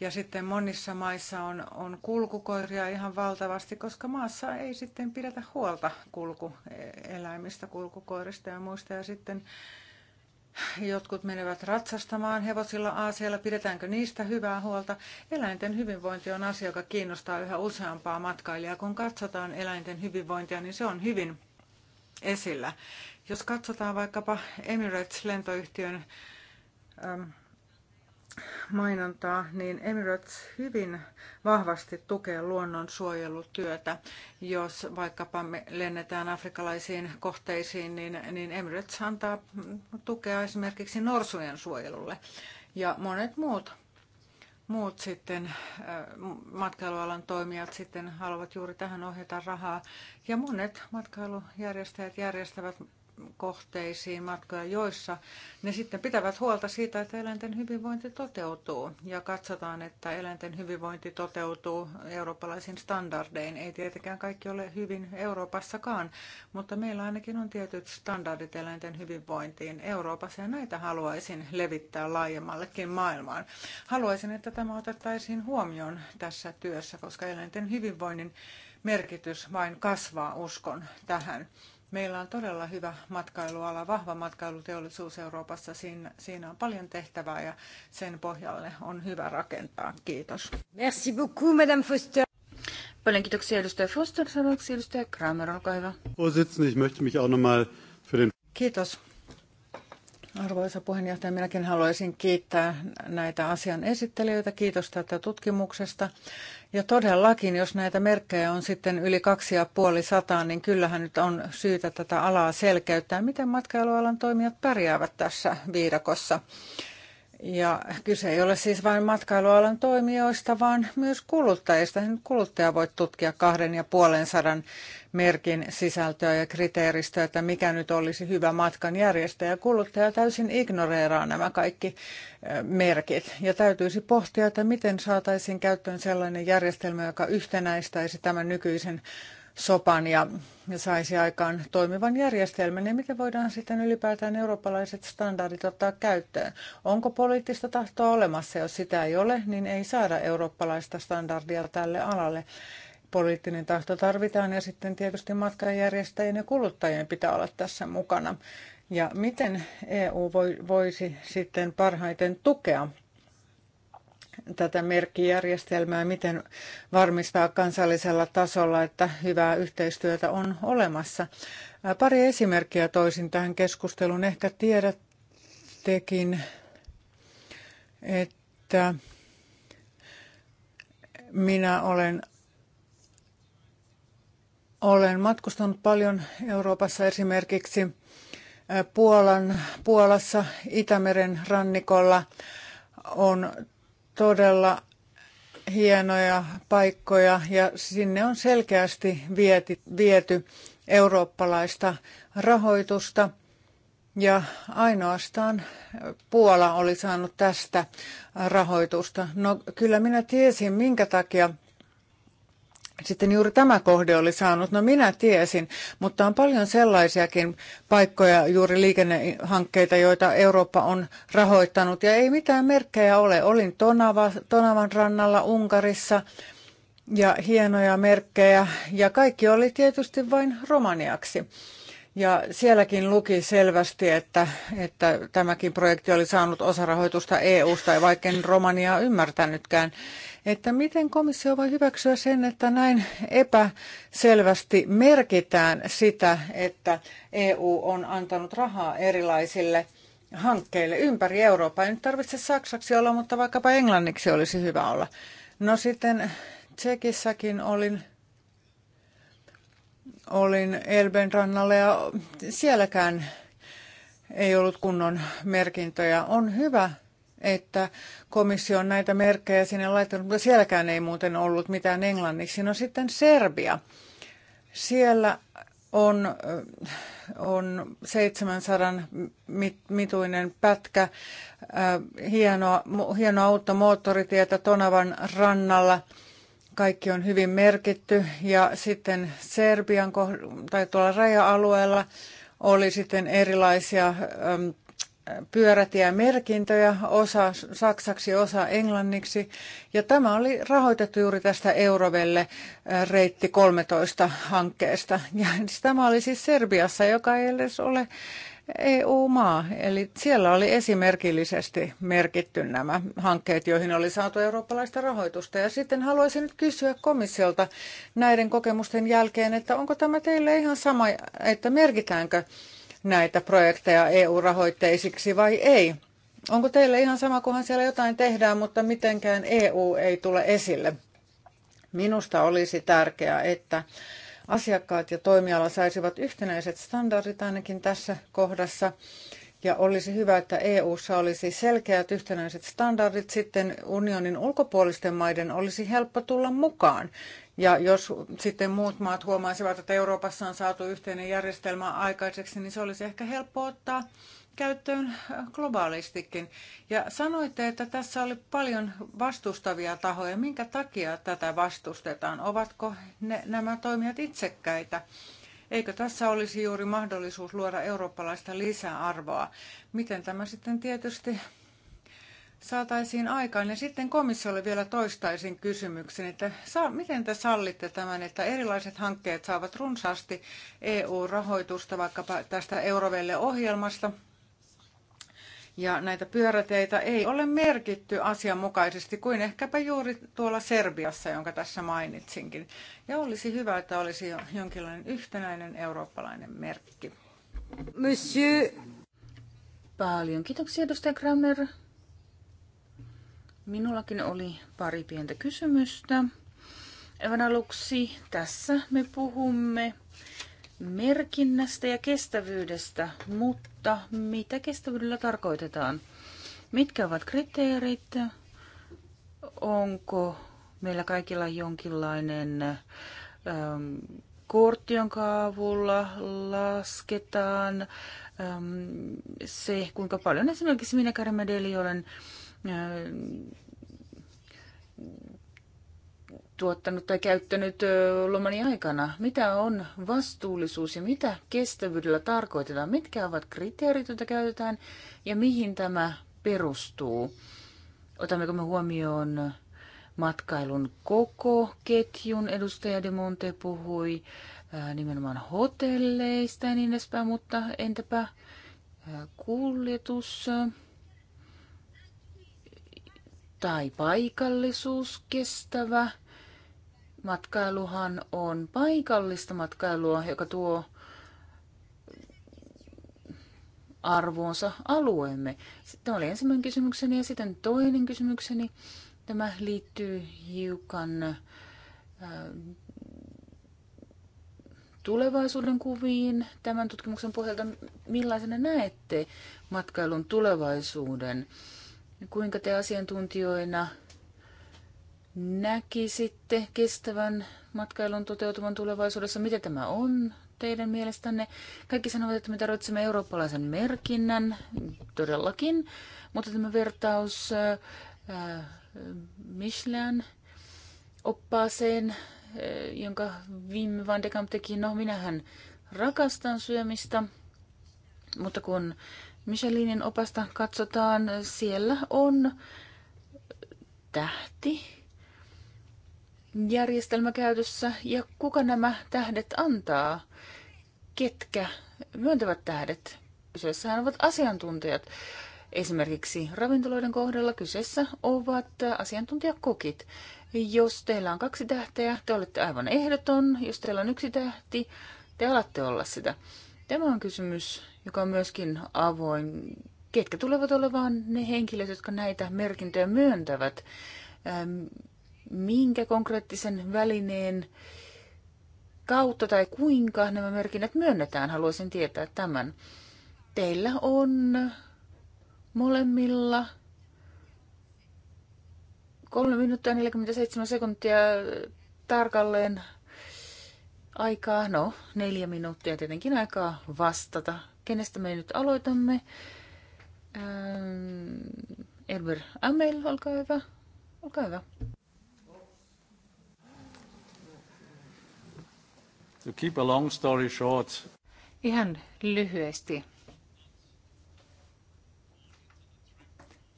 Ja sitten monissa maissa on, on kulkukoiria ihan valtavasti, koska maassa ei sitten pidetä huolta kulkueläimistä, kulkukoirista ja muista. Ja sitten jotkut menevät ratsastamaan hevosilla Aasialla, pidetäänkö niistä hyvää huolta. Eläinten hyvinvointi on asia, joka kiinnostaa yhä useampaa matkailijaa. Kun katsotaan eläinten hyvinvointia, niin se on hyvin esillä. Jos katsotaan vaikkapa Emirates-lentoyhtiön Ähm, mainontaa, niin Emirates hyvin vahvasti tukee luonnonsuojelutyötä. Jos vaikkapa me lennetään afrikkalaisiin kohteisiin, niin, niin Emirates antaa tukea esimerkiksi norsujen suojelulle ja monet muut muut sitten äh, matkailualan toimijat sitten haluavat juuri tähän ohjata rahaa. Ja monet matkailujärjestäjät järjestävät kohteisiin matkoja, joissa ne sitten pitävät huolta siitä, että eläinten hyvinvointi toteutuu. Ja katsotaan, että eläinten hyvinvointi toteutuu eurooppalaisin standardein. Ei tietenkään kaikki ole hyvin Euroopassakaan, mutta meillä ainakin on tietyt standardit eläinten hyvinvointiin Euroopassa ja näitä haluaisin levittää laajemmallekin maailmaan. Haluaisin, että tämä otettaisiin huomioon tässä työssä, koska eläinten hyvinvoinnin merkitys vain kasvaa, uskon tähän. Meillä on todella hyvä matkailuala, vahva matkailuteollisuus Euroopassa. Siinä, siinä on paljon tehtävää ja sen pohjalle on hyvä rakentaa. Kiitos. Merci beaucoup, Madame Foster. Paljon kiitoksia edustaja Foster. Seuraavaksi edustaja Kramer, olkaa hyvä. Kiitos Arvoisa puheenjohtaja, minäkin haluaisin kiittää näitä asian esittelijöitä. Kiitos tästä tutkimuksesta. Ja todellakin, jos näitä merkkejä on sitten yli kaksi ja puoli sataa, niin kyllähän nyt on syytä tätä alaa selkeyttää. Miten matkailualan toimijat pärjäävät tässä viidakossa? Ja kyse ei ole siis vain matkailualan toimijoista, vaan myös kuluttajista. Kuluttaja voi tutkia kahden ja puolen sadan merkin sisältöä ja kriteeristöä, että mikä nyt olisi hyvä matkan järjestäjä. Kuluttaja täysin ignoreeraa nämä kaikki merkit. Ja täytyisi pohtia, että miten saataisiin käyttöön sellainen järjestelmä, joka yhtenäistäisi tämän nykyisen sopan ja saisi aikaan toimivan järjestelmän, ja niin miten voidaan sitten ylipäätään eurooppalaiset standardit ottaa käyttöön? Onko poliittista tahtoa olemassa? Jos sitä ei ole, niin ei saada eurooppalaista standardia tälle alalle. Poliittinen tahto tarvitaan ja sitten tietysti matkanjärjestäjien ja kuluttajien pitää olla tässä mukana. Ja miten EU voisi sitten parhaiten tukea tätä merkkijärjestelmää, miten varmistaa kansallisella tasolla, että hyvää yhteistyötä on olemassa. Pari esimerkkiä toisin tähän keskusteluun. Ehkä tiedättekin, että minä olen olen matkustanut paljon Euroopassa esimerkiksi Puolan, Puolassa Itämeren rannikolla on todella hienoja paikkoja ja sinne on selkeästi viety, viety eurooppalaista rahoitusta. Ja ainoastaan Puola oli saanut tästä rahoitusta. No kyllä minä tiesin, minkä takia sitten juuri tämä kohde oli saanut, no minä tiesin, mutta on paljon sellaisiakin paikkoja, juuri liikennehankkeita, joita Eurooppa on rahoittanut ja ei mitään merkkejä ole. Olin Tonava, Tonavan rannalla Unkarissa ja hienoja merkkejä ja kaikki oli tietysti vain romaniaksi. Ja sielläkin luki selvästi, että, että tämäkin projekti oli saanut osarahoitusta EU-sta, vaikka en Romaniaa ymmärtänytkään että miten komissio voi hyväksyä sen, että näin epäselvästi merkitään sitä, että EU on antanut rahaa erilaisille hankkeille ympäri Eurooppaa. Ei nyt tarvitse saksaksi olla, mutta vaikkapa englanniksi olisi hyvä olla. No sitten Tsekissäkin olin, olin Elben rannalla ja sielläkään ei ollut kunnon merkintöjä. On hyvä että komissio on näitä merkkejä sinne laittanut, mutta sielläkään ei muuten ollut mitään englanniksi. No sitten Serbia. Siellä on, äh, on 700 mit, mituinen pätkä, äh, hienoa, hienoa uutta moottoritietä Tonavan rannalla. Kaikki on hyvin merkitty ja sitten Serbian tai tuolla raja-alueella oli sitten erilaisia pyörätiemerkintöjä, osa saksaksi, osa englanniksi. Ja tämä oli rahoitettu juuri tästä Eurovelle äh, reitti 13 hankkeesta. Ja siis tämä oli siis Serbiassa, joka ei edes ole EU-maa. Eli siellä oli esimerkillisesti merkitty nämä hankkeet, joihin oli saatu eurooppalaista rahoitusta. Ja sitten haluaisin nyt kysyä komissiolta näiden kokemusten jälkeen, että onko tämä teille ihan sama, että merkitäänkö näitä projekteja EU-rahoitteisiksi vai ei. Onko teille ihan sama, kunhan siellä jotain tehdään, mutta mitenkään EU ei tule esille? Minusta olisi tärkeää, että asiakkaat ja toimiala saisivat yhtenäiset standardit ainakin tässä kohdassa. Ja olisi hyvä, että EU EU-ssa olisi selkeät yhtenäiset standardit, sitten unionin ulkopuolisten maiden olisi helppo tulla mukaan. Ja jos sitten muut maat huomaisivat, että Euroopassa on saatu yhteinen järjestelmä aikaiseksi, niin se olisi ehkä helppo ottaa käyttöön globaalistikin. Ja sanoitte, että tässä oli paljon vastustavia tahoja. Minkä takia tätä vastustetaan? Ovatko ne, nämä toimijat itsekkäitä? Eikö tässä olisi juuri mahdollisuus luoda eurooppalaista lisäarvoa? Miten tämä sitten tietysti saataisiin aikaan. Ja sitten komissiolle vielä toistaisin kysymyksen, että miten te sallitte tämän, että erilaiset hankkeet saavat runsaasti EU-rahoitusta vaikkapa tästä Eurovelle-ohjelmasta, ja näitä pyöräteitä ei ole merkitty asianmukaisesti kuin ehkäpä juuri tuolla Serbiassa, jonka tässä mainitsinkin. Ja olisi hyvä, että olisi jonkinlainen yhtenäinen eurooppalainen merkki. Monsieur. Paljon kiitoksia, edustaja Minullakin oli pari pientä kysymystä. Evan aluksi tässä me puhumme merkinnästä ja kestävyydestä, mutta mitä kestävyydellä tarkoitetaan? Mitkä ovat kriteerit? Onko meillä kaikilla jonkinlainen ähm, kortti, jonka avulla lasketaan ähm, se, kuinka paljon esimerkiksi minä Kärmedeli olen äh, tuottanut tai käyttänyt lomani aikana. Mitä on vastuullisuus ja mitä kestävyydellä tarkoitetaan? Mitkä ovat kriteerit, joita käytetään ja mihin tämä perustuu? Otammeko me huomioon matkailun koko ketjun? Edustaja De Monte puhui nimenomaan hotelleista ja niin edespäin, mutta entäpä kuljetus? tai paikallisuus kestävä. Matkailuhan on paikallista matkailua, joka tuo arvoonsa alueemme. Tämä oli ensimmäinen kysymykseni ja sitten toinen kysymykseni. Tämä liittyy hiukan äh, tulevaisuuden kuviin tämän tutkimuksen pohjalta. Millaisena näette matkailun tulevaisuuden? Kuinka te asiantuntijoina näkisitte kestävän matkailun toteutuvan tulevaisuudessa? Mitä tämä on teidän mielestänne? Kaikki sanovat, että me tarvitsemme eurooppalaisen merkinnän, todellakin, mutta tämä vertaus äh, äh, Michelin oppaaseen, äh, jonka viime Van de Kamp teki, no minähän rakastan syömistä, mutta kun Michelinin opasta katsotaan, siellä on tähti järjestelmä käytössä ja kuka nämä tähdet antaa, ketkä myöntävät tähdet. Kyseessähän ovat asiantuntijat. Esimerkiksi ravintoloiden kohdalla kyseessä ovat asiantuntijakokit. Jos teillä on kaksi tähteä, te olette aivan ehdoton. Jos teillä on yksi tähti, te alatte olla sitä. Tämä on kysymys, joka on myöskin avoin. Ketkä tulevat olemaan ne henkilöt, jotka näitä merkintöjä myöntävät? Minkä konkreettisen välineen kautta tai kuinka nämä merkinnät myönnetään? Haluaisin tietää tämän. Teillä on molemmilla 3 minuuttia 47 sekuntia tarkalleen aikaa, no neljä minuuttia tietenkin aikaa vastata. Kenestä me nyt aloitamme? Ähm, Elber Amel, olkaa hyvä. Olkaa hyvä. To keep a long story short. Ihan lyhyesti.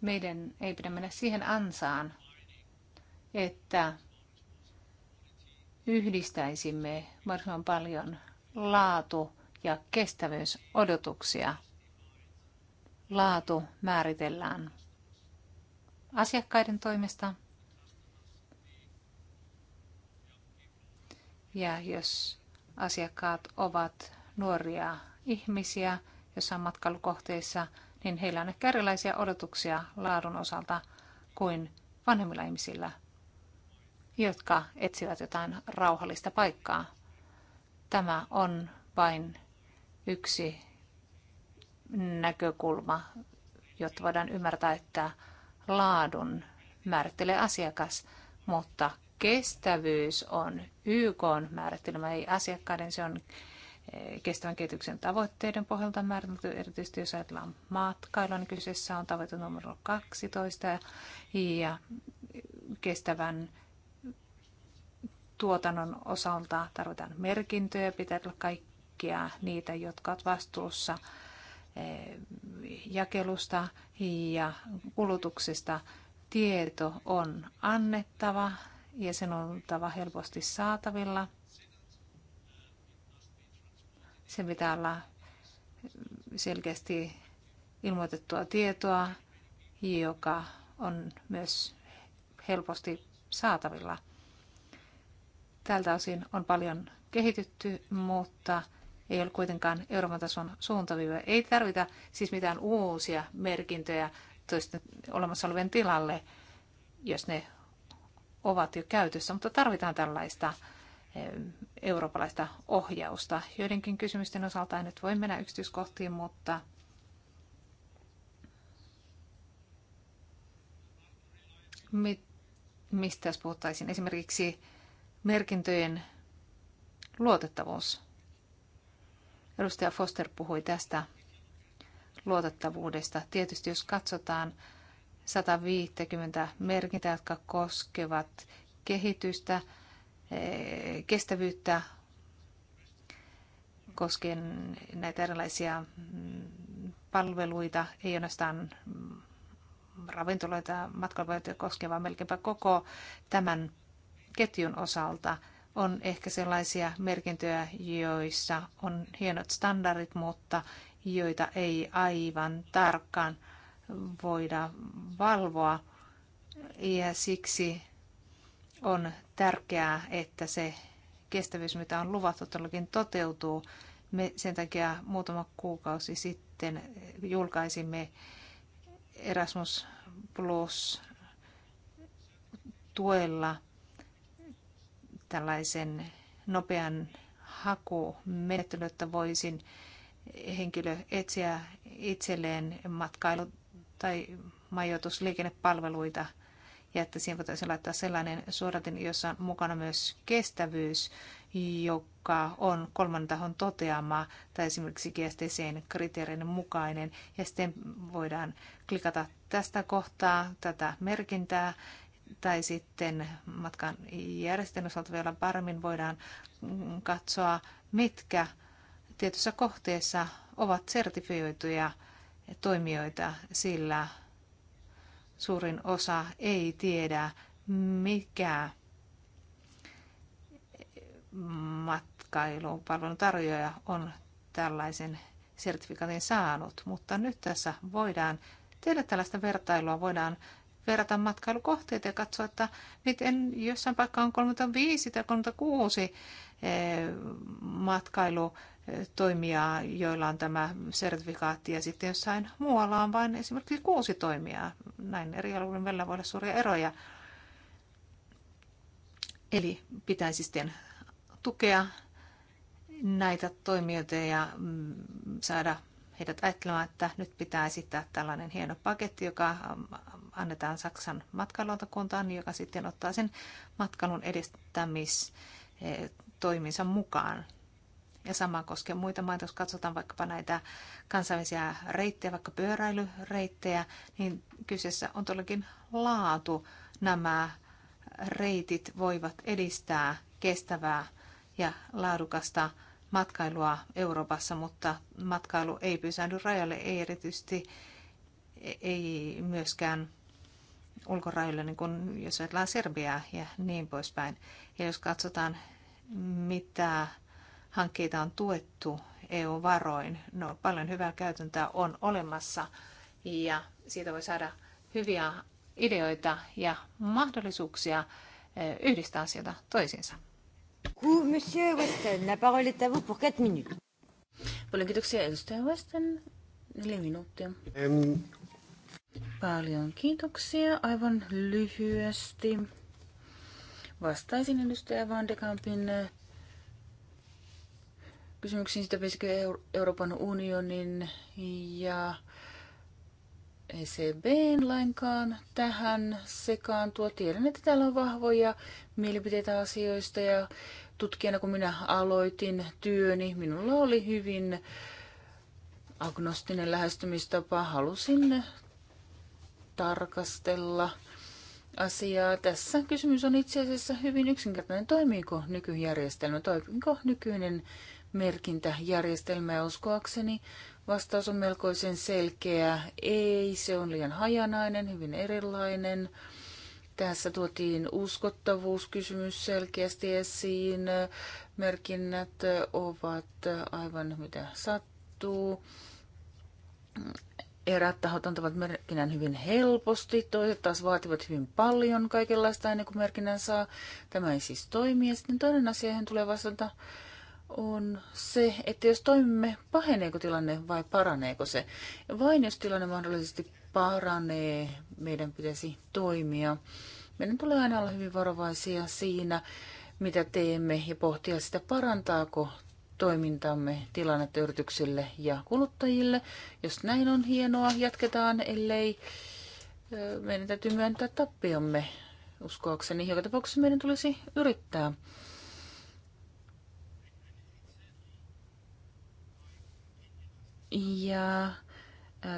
Meidän ei pidä mennä siihen ansaan, että yhdistäisimme mahdollisimman paljon laatu- ja kestävyysodotuksia. Laatu määritellään asiakkaiden toimesta. Ja jos asiakkaat ovat nuoria ihmisiä jossain matkailukohteissa, niin heillä on ehkä erilaisia odotuksia laadun osalta kuin vanhemmilla ihmisillä – jotka etsivät jotain rauhallista paikkaa. Tämä on vain yksi näkökulma, jotta voidaan ymmärtää, että laadun määrittelee asiakas, mutta kestävyys on YK määrittelemä, ei asiakkaiden, se on eh, kestävän kehityksen tavoitteiden pohjalta määritelty, erityisesti jos ajatellaan matkailua, niin kyseessä on tavoite numero 12 ja kestävän tuotannon osalta tarvitaan merkintöjä, pitää olla kaikkia niitä, jotka ovat vastuussa eh, jakelusta ja kulutuksesta. Tieto on annettava ja sen on oltava helposti saatavilla. Sen pitää olla selkeästi ilmoitettua tietoa, joka on myös helposti saatavilla – Tältä osin on paljon kehitytty, mutta ei ole kuitenkaan Euroopan tason suuntaviiva. Ei tarvita siis mitään uusia merkintöjä toisten olemassa olevien tilalle, jos ne ovat jo käytössä, mutta tarvitaan tällaista eurooppalaista ohjausta. Joidenkin kysymysten osalta en nyt voi mennä yksityiskohtiin, mutta mistä jos puhuttaisiin esimerkiksi merkintöjen luotettavuus. Edustaja Foster puhui tästä luotettavuudesta. Tietysti jos katsotaan 150 merkintää, jotka koskevat kehitystä, eh, kestävyyttä, koskien näitä erilaisia mm, palveluita, ei ainoastaan ravintoloita, matkailuja koskeva melkeinpä koko tämän ketjun osalta on ehkä sellaisia merkintöjä, joissa on hienot standardit, mutta joita ei aivan tarkkaan voida valvoa. Ja siksi on tärkeää, että se kestävyys, mitä on luvattu, todellakin toteutuu. Me sen takia muutama kuukausi sitten julkaisimme Erasmus Plus tuella – tällaisen nopean hakumenettelyn, että voisin henkilö etsiä itselleen matkailu- tai majoitusliikennepalveluita ja että siihen voitaisiin laittaa sellainen suoratin, jossa on mukana myös kestävyys, joka on kolmannen tahon toteama tai esimerkiksi GSTCn kriteerin mukainen. Ja sitten voidaan klikata tästä kohtaa tätä merkintää tai sitten matkan järjestäjän osalta vielä paremmin voidaan katsoa, mitkä tietyssä kohteessa ovat sertifioituja toimijoita, sillä suurin osa ei tiedä, mikä matkailupalvelun tarjoaja on tällaisen sertifikaatin saanut. Mutta nyt tässä voidaan tehdä tällaista vertailua, voidaan verrata matkailukohteita ja katsoa, että miten jossain paikka on 35 tai 36 eh, matkailutoimijaa, joilla on tämä sertifikaatti, ja sitten jossain muualla on vain esimerkiksi kuusi toimijaa. Näin eri alueiden välillä voi olla suuria eroja. Eli pitäisi sitten tukea näitä toimijoita ja mm, saada heidät ajattelemaan, että nyt pitää esittää tällainen hieno paketti, joka ähm, annetaan Saksan matkailulautakuntaan, joka sitten ottaa sen matkailun edistämistoiminsa mukaan. Ja sama koskee muita maita, jos katsotaan vaikkapa näitä kansainvälisiä reittejä, vaikka pyöräilyreittejä, niin kyseessä on todellakin laatu. Nämä reitit voivat edistää kestävää ja laadukasta matkailua Euroopassa, mutta matkailu ei pysähdy rajalle, ei erityisesti, ei myöskään ulkorajoille, niin kuin jos ajatellaan Serbiaa ja niin poispäin. Ja jos katsotaan, mitä hankkeita on tuettu EU-varoin, no paljon hyvää käytäntöä on olemassa ja siitä voi saada hyviä ideoita ja mahdollisuuksia eh, yhdistää asioita toisiinsa beaucoup, Monsieur Weston. La parole est à vous pour 4 minutes. Paljon kiitoksia edustaja Weston. Neljä minuuttia. Um. Paljon kiitoksia. Aivan lyhyesti vastaisin edustaja Van de Kampin eh, kysymyksiin sitä, Euro Euroopan unionin ja ECBn lainkaan tähän Tuo Tiedän, että täällä on vahvoja mielipiteitä asioista ja tutkijana, kun minä aloitin työni, minulla oli hyvin agnostinen lähestymistapa. Halusin tarkastella asiaa. Tässä kysymys on itse asiassa hyvin yksinkertainen. Toimiiko nykyjärjestelmä? Toimiiko nykyinen merkintäjärjestelmä? Ja uskoakseni vastaus on melkoisen selkeä. Ei, se on liian hajanainen, hyvin erilainen. Tässä tuotiin uskottavuuskysymys selkeästi esiin. Merkinnät ovat aivan mitä sattuu. Erät tahot antavat merkinnän hyvin helposti, toiset taas vaativat hyvin paljon kaikenlaista ennen kuin merkinnän saa. Tämä ei siis toimi. Ja sitten toinen asia, johon tulee vastata, on se, että jos toimimme, paheneeko tilanne vai paraneeko se? Vain jos tilanne mahdollisesti paranee, meidän pitäisi toimia. Meidän tulee aina olla hyvin varovaisia siinä, mitä teemme ja pohtia sitä, parantaako toimintamme tilannetta yrityksille ja kuluttajille. Jos näin on hienoa, jatketaan, ellei meidän täytyy myöntää tappiomme uskoakseni. Joka tapauksessa meidän tulisi yrittää. Ja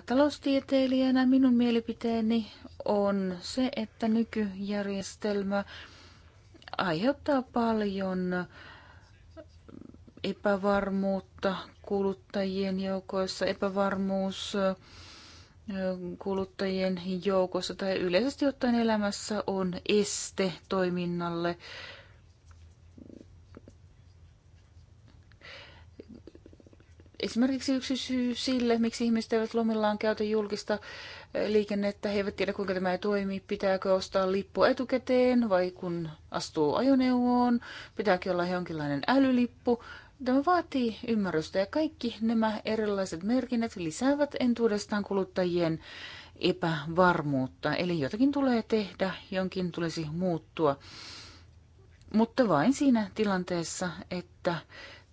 taloustieteilijänä minun mielipiteeni on se, että nykyjärjestelmä aiheuttaa paljon epävarmuutta kuluttajien joukoissa, epävarmuus kuluttajien joukossa tai yleisesti ottaen elämässä on este toiminnalle Esimerkiksi yksi syy sille, miksi ihmiset eivät lomillaan käytä julkista eh, liikennettä, he eivät tiedä kuinka tämä toimii, pitääkö ostaa lippu etukäteen vai kun astuu ajoneuvoon, pitääkö olla jonkinlainen älylippu. Tämä vaatii ymmärrystä ja kaikki nämä erilaiset merkinnät lisäävät entuudestaan kuluttajien epävarmuutta. Eli jotakin tulee tehdä, jonkin tulisi muuttua. Mutta vain siinä tilanteessa, että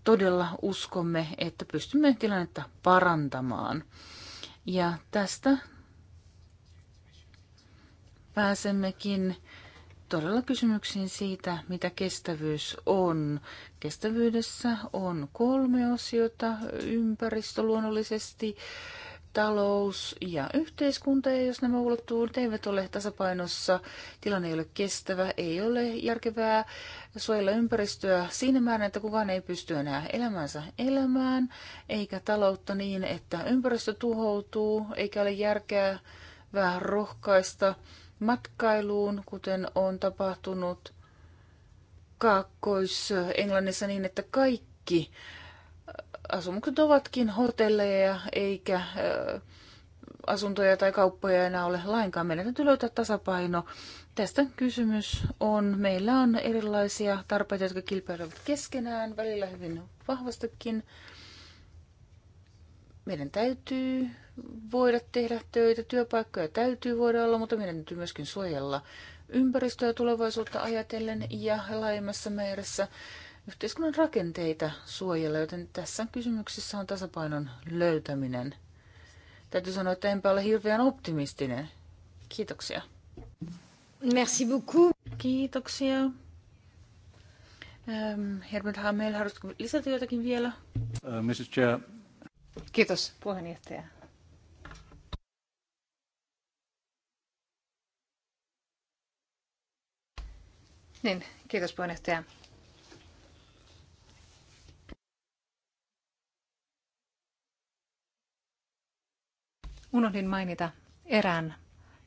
todella uskomme, että pystymme tilannetta parantamaan. Ja tästä pääsemmekin todella kysymyksiin siitä, mitä kestävyys on. Kestävyydessä on kolme osiota, ympäristö luonnollisesti, talous ja yhteiskunta, ja jos nämä ulottuvuudet eivät ole tasapainossa, tilanne ei ole kestävä, ei ole järkevää suojella ympäristöä siinä määrin, että kukaan ei pysty enää elämänsä elämään, eikä taloutta niin, että ympäristö tuhoutuu, eikä ole järkeä vähän rohkaista matkailuun, kuten on tapahtunut Kaakkois-Englannissa niin, että kaikki asumukset ovatkin hotelleja eikä asuntoja tai kauppoja enää ole lainkaan. Meidän täytyy löytää tasapaino. Tästä kysymys on, meillä on erilaisia tarpeita, jotka kilpailevat keskenään, välillä hyvin vahvastikin. Meidän täytyy voida tehdä töitä, työpaikkoja täytyy voida olla, mutta meidän täytyy myöskin suojella ympäristöä tulevaisuutta ajatellen ja laajemmassa mielessä yhteiskunnan rakenteita suojella, joten tässä kysymyksessä on tasapainon löytäminen. Täytyy sanoa, että enpä ole hirveän optimistinen. Kiitoksia. Merci beaucoup. Kiitoksia. Ähm, Herbert Hamel, haluaisitko lisätä jotakin vielä? Uh, Mrs. Chair. Kiitos puheenjohtaja. Niin, kiitos puheenjohtaja. Unohdin mainita erään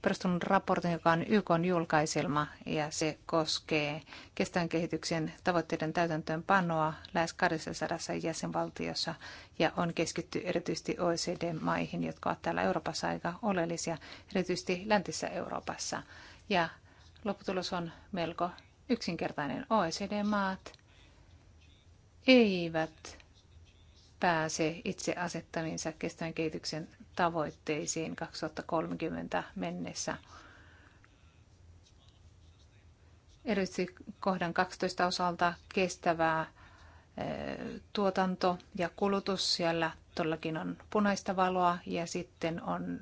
perustunut raportin, joka on YK on julkaiselma ja se koskee kestävän kehityksen tavoitteiden täytäntöönpanoa lähes 200 jäsenvaltiossa ja on keskitty erityisesti OECD-maihin, jotka ovat täällä Euroopassa aika oleellisia, erityisesti läntisessä Euroopassa. Ja lopputulos on melko yksinkertainen. OECD-maat eivät pääse itse asettaminsa kestävän kehityksen tavoitteisiin 2030 mennessä. Erityisesti kohdan 12 osalta kestävää eh, tuotanto ja kulutus. Siellä todellakin on punaista valoa ja sitten on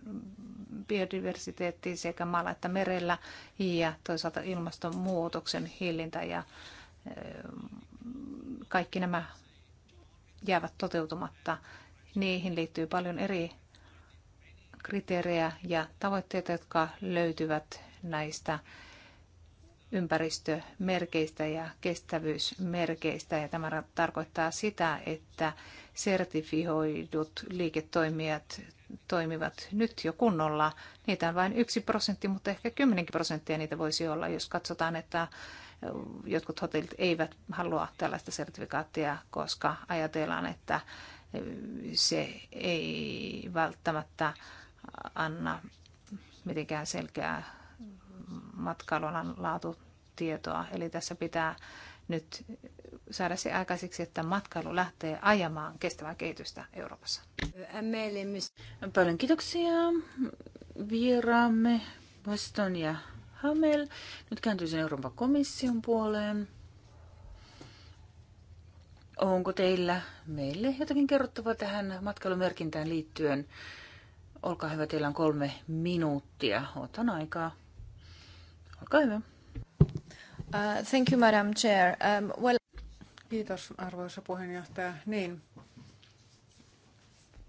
biodiversiteetti sekä maalla että merellä ja toisaalta ilmastonmuutoksen hillintä ja eh, kaikki nämä jäävät toteutumatta. Niihin liittyy paljon eri kriteerejä ja tavoitteita, jotka löytyvät näistä ympäristömerkeistä ja kestävyysmerkeistä. Ja tämä tarkoittaa sitä, että sertifioidut liiketoimijat toimivat nyt jo kunnolla. Niitä on vain yksi prosentti, mutta ehkä kymmenenkin prosenttia niitä voisi olla, jos katsotaan, että jotkut hotellit eivät halua tällaista sertifikaattia, koska ajatellaan, että se ei välttämättä anna mitenkään selkeää matkailualan laatutietoa. Eli tässä pitää nyt saada se aikaiseksi, että matkailu lähtee ajamaan kestävää kehitystä Euroopassa. Paljon kiitoksia vieraamme Boston ja Hamel. Nyt kääntyisin Euroopan komission puoleen. Onko teillä meille jotakin kerrottavaa tähän matkailumerkintään liittyen? Olkaa hyvä, teillä on kolme minuuttia. Otan aikaa. Olkaa hyvä. Uh, thank you, Madam Chair. Um, well... Kiitos, arvoisa puheenjohtaja. Niin,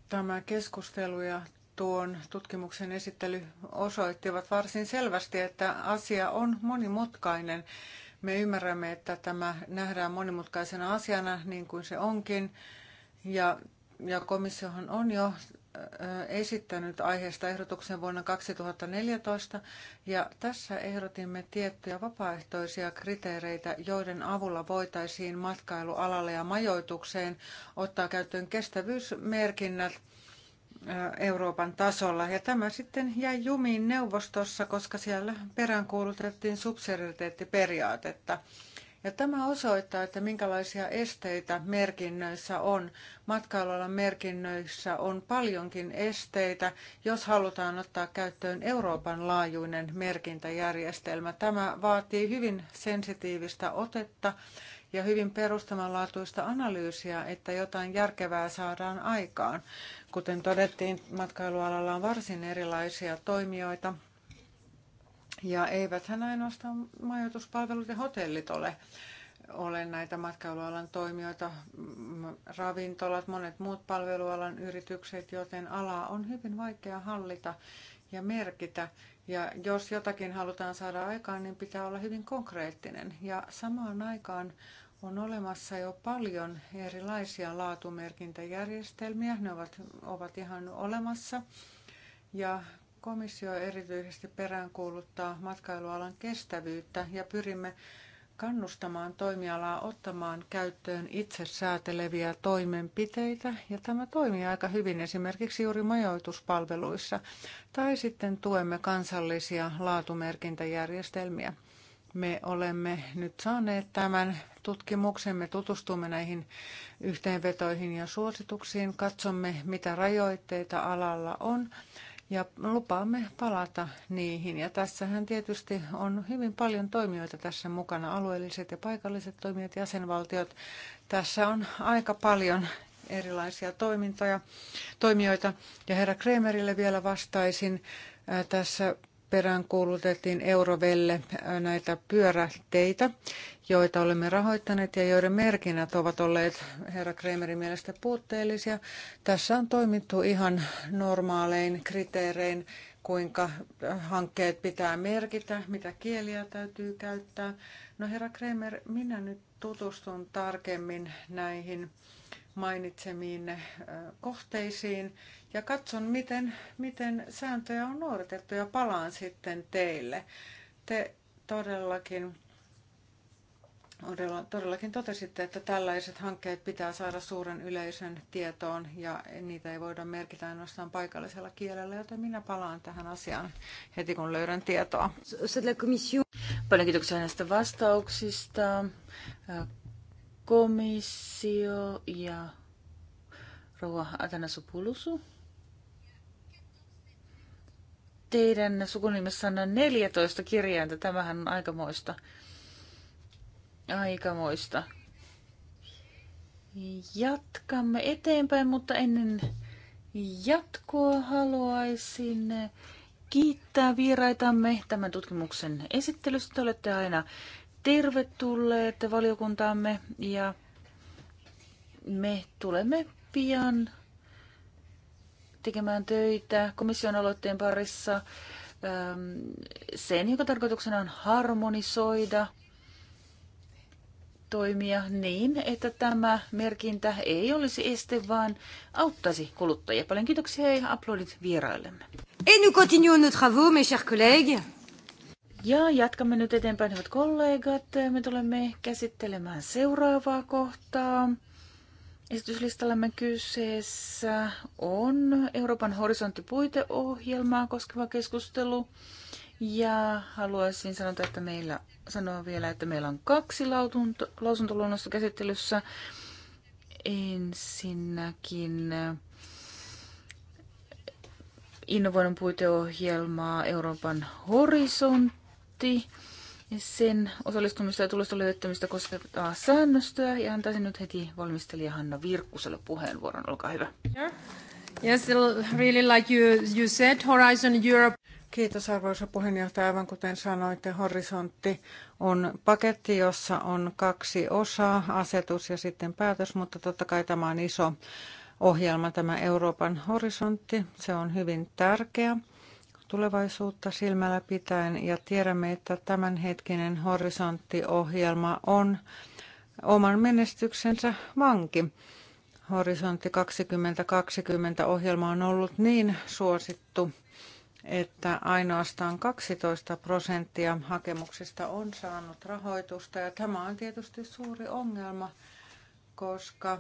tämä keskustelu ja tuon tutkimuksen esittely osoittivat varsin selvästi, että asia on monimutkainen. Me ymmärrämme, että tämä nähdään monimutkaisena asiana, niin kuin se onkin. Ja, ja komissiohan on jo esittänyt aiheesta ehdotuksen vuonna 2014 ja tässä ehdotimme tiettyjä vapaaehtoisia kriteereitä, joiden avulla voitaisiin matkailualalle ja majoitukseen ottaa käyttöön kestävyysmerkinnät Euroopan tasolla. Ja tämä sitten jäi jumiin neuvostossa, koska siellä peräänkuulutettiin subsidiariteettiperiaatetta. periaatetta ja tämä osoittaa, että minkälaisia esteitä merkinnöissä on. Matkailualan merkinnöissä on paljonkin esteitä, jos halutaan ottaa käyttöön Euroopan laajuinen merkintäjärjestelmä. Tämä vaatii hyvin sensitiivistä otetta ja hyvin perustamanlaatuista analyysiä, että jotain järkevää saadaan aikaan. Kuten todettiin, matkailualalla on varsin erilaisia toimijoita, ja eiväthän ainoastaan majoituspalvelut ja hotellit ole, ole näitä matkailualan toimijoita, ravintolat, monet muut palvelualan yritykset, joten alaa on hyvin vaikea hallita ja merkitä. Ja jos jotakin halutaan saada aikaan, niin pitää olla hyvin konkreettinen. Ja samaan aikaan on olemassa jo paljon erilaisia laatumerkintäjärjestelmiä. Ne ovat, ovat ihan olemassa. Ja Komissio erityisesti peräänkuuluttaa matkailualan kestävyyttä ja pyrimme kannustamaan toimialaa ottamaan käyttöön itse sääteleviä toimenpiteitä, ja tämä toimii aika hyvin esimerkiksi juuri majoituspalveluissa, tai sitten tuemme kansallisia laatumerkintäjärjestelmiä. Me olemme nyt saaneet tämän tutkimuksemme, tutustumme näihin yhteenvetoihin ja suosituksiin, katsomme mitä rajoitteita alalla on ja lupaamme palata niihin. Ja tässähän tietysti on hyvin paljon toimijoita tässä mukana, alueelliset ja paikalliset toimijat, jäsenvaltiot. Tässä on aika paljon erilaisia toimintoja, toimijoita. Ja herra Kremerille vielä vastaisin. Äh, tässä peräänkuulutettiin Eurovelle äh, näitä pyöräteitä, joita olemme rahoittaneet ja joiden merkinnät ovat olleet herra Kremerin mielestä puutteellisia. Tässä on toimittu ihan normaalein kriteerein, kuinka äh, hankkeet pitää merkitä, mitä kieliä täytyy käyttää. No herra Kremer, minä nyt tutustun tarkemmin näihin mainitsemiin kohteisiin ja katson, miten, miten sääntöjä on noudatettu ja palaan sitten teille. Te todellakin, todellakin totesitte, että tällaiset hankkeet pitää saada suuren yleisön tietoon ja niitä ei voida merkitä ainoastaan paikallisella kielellä, joten minä palaan tähän asiaan heti kun löydän tietoa. Paljon kiitoksia näistä vastauksista komissio ja rouva Atanasopulusu. Teidän sukunimessanne on 14 kirjainta. Tämähän on aikamoista. Aikamoista. Jatkamme eteenpäin, mutta ennen jatkoa haluaisin kiittää vieraitamme tämän tutkimuksen esittelystä. olette aina tervetulleet valiokuntaamme ja me tulemme pian tekemään töitä komission aloitteen parissa sen, joka tarkoituksena on harmonisoida toimia niin, että tämä merkintä ei olisi este, vaan auttaisi kuluttajia. Paljon kiitoksia ja aplodit vieraillemme. Et nous continuons nos travaux, mes chers collègues. Ja jatkamme nyt eteenpäin, hyvät kollegat. Me tulemme käsittelemään seuraavaa kohtaa. Esityslistallamme kyseessä on Euroopan horisonttipuiteohjelmaa koskeva keskustelu. Ja haluaisin sanoa, että meillä, sanoa vielä, että meillä on kaksi lausuntoluonnosta käsittelyssä. Ensinnäkin innovoinnin puiteohjelmaa Euroopan horisontti ja sen osallistumista ja tulosta löytämistä koskevaa säännöstöä ja antaisin nyt heti valmistelija Hanna Virkkuselle puheenvuoron. Olkaa hyvä. Yes, really like you, you said, Horizon Europe. Kiitos arvoisa puheenjohtaja. Aivan kuten sanoitte, horisontti on paketti, jossa on kaksi osaa, asetus ja sitten päätös, mutta totta kai tämä on iso ohjelma, tämä Euroopan horisontti. Se on hyvin tärkeä tulevaisuutta silmällä pitäen ja tiedämme, että tämänhetkinen horisonttiohjelma on oman menestyksensä vanki. Horisontti 2020 ohjelma on ollut niin suosittu, että ainoastaan 12 prosenttia hakemuksista on saanut rahoitusta ja tämä on tietysti suuri ongelma, koska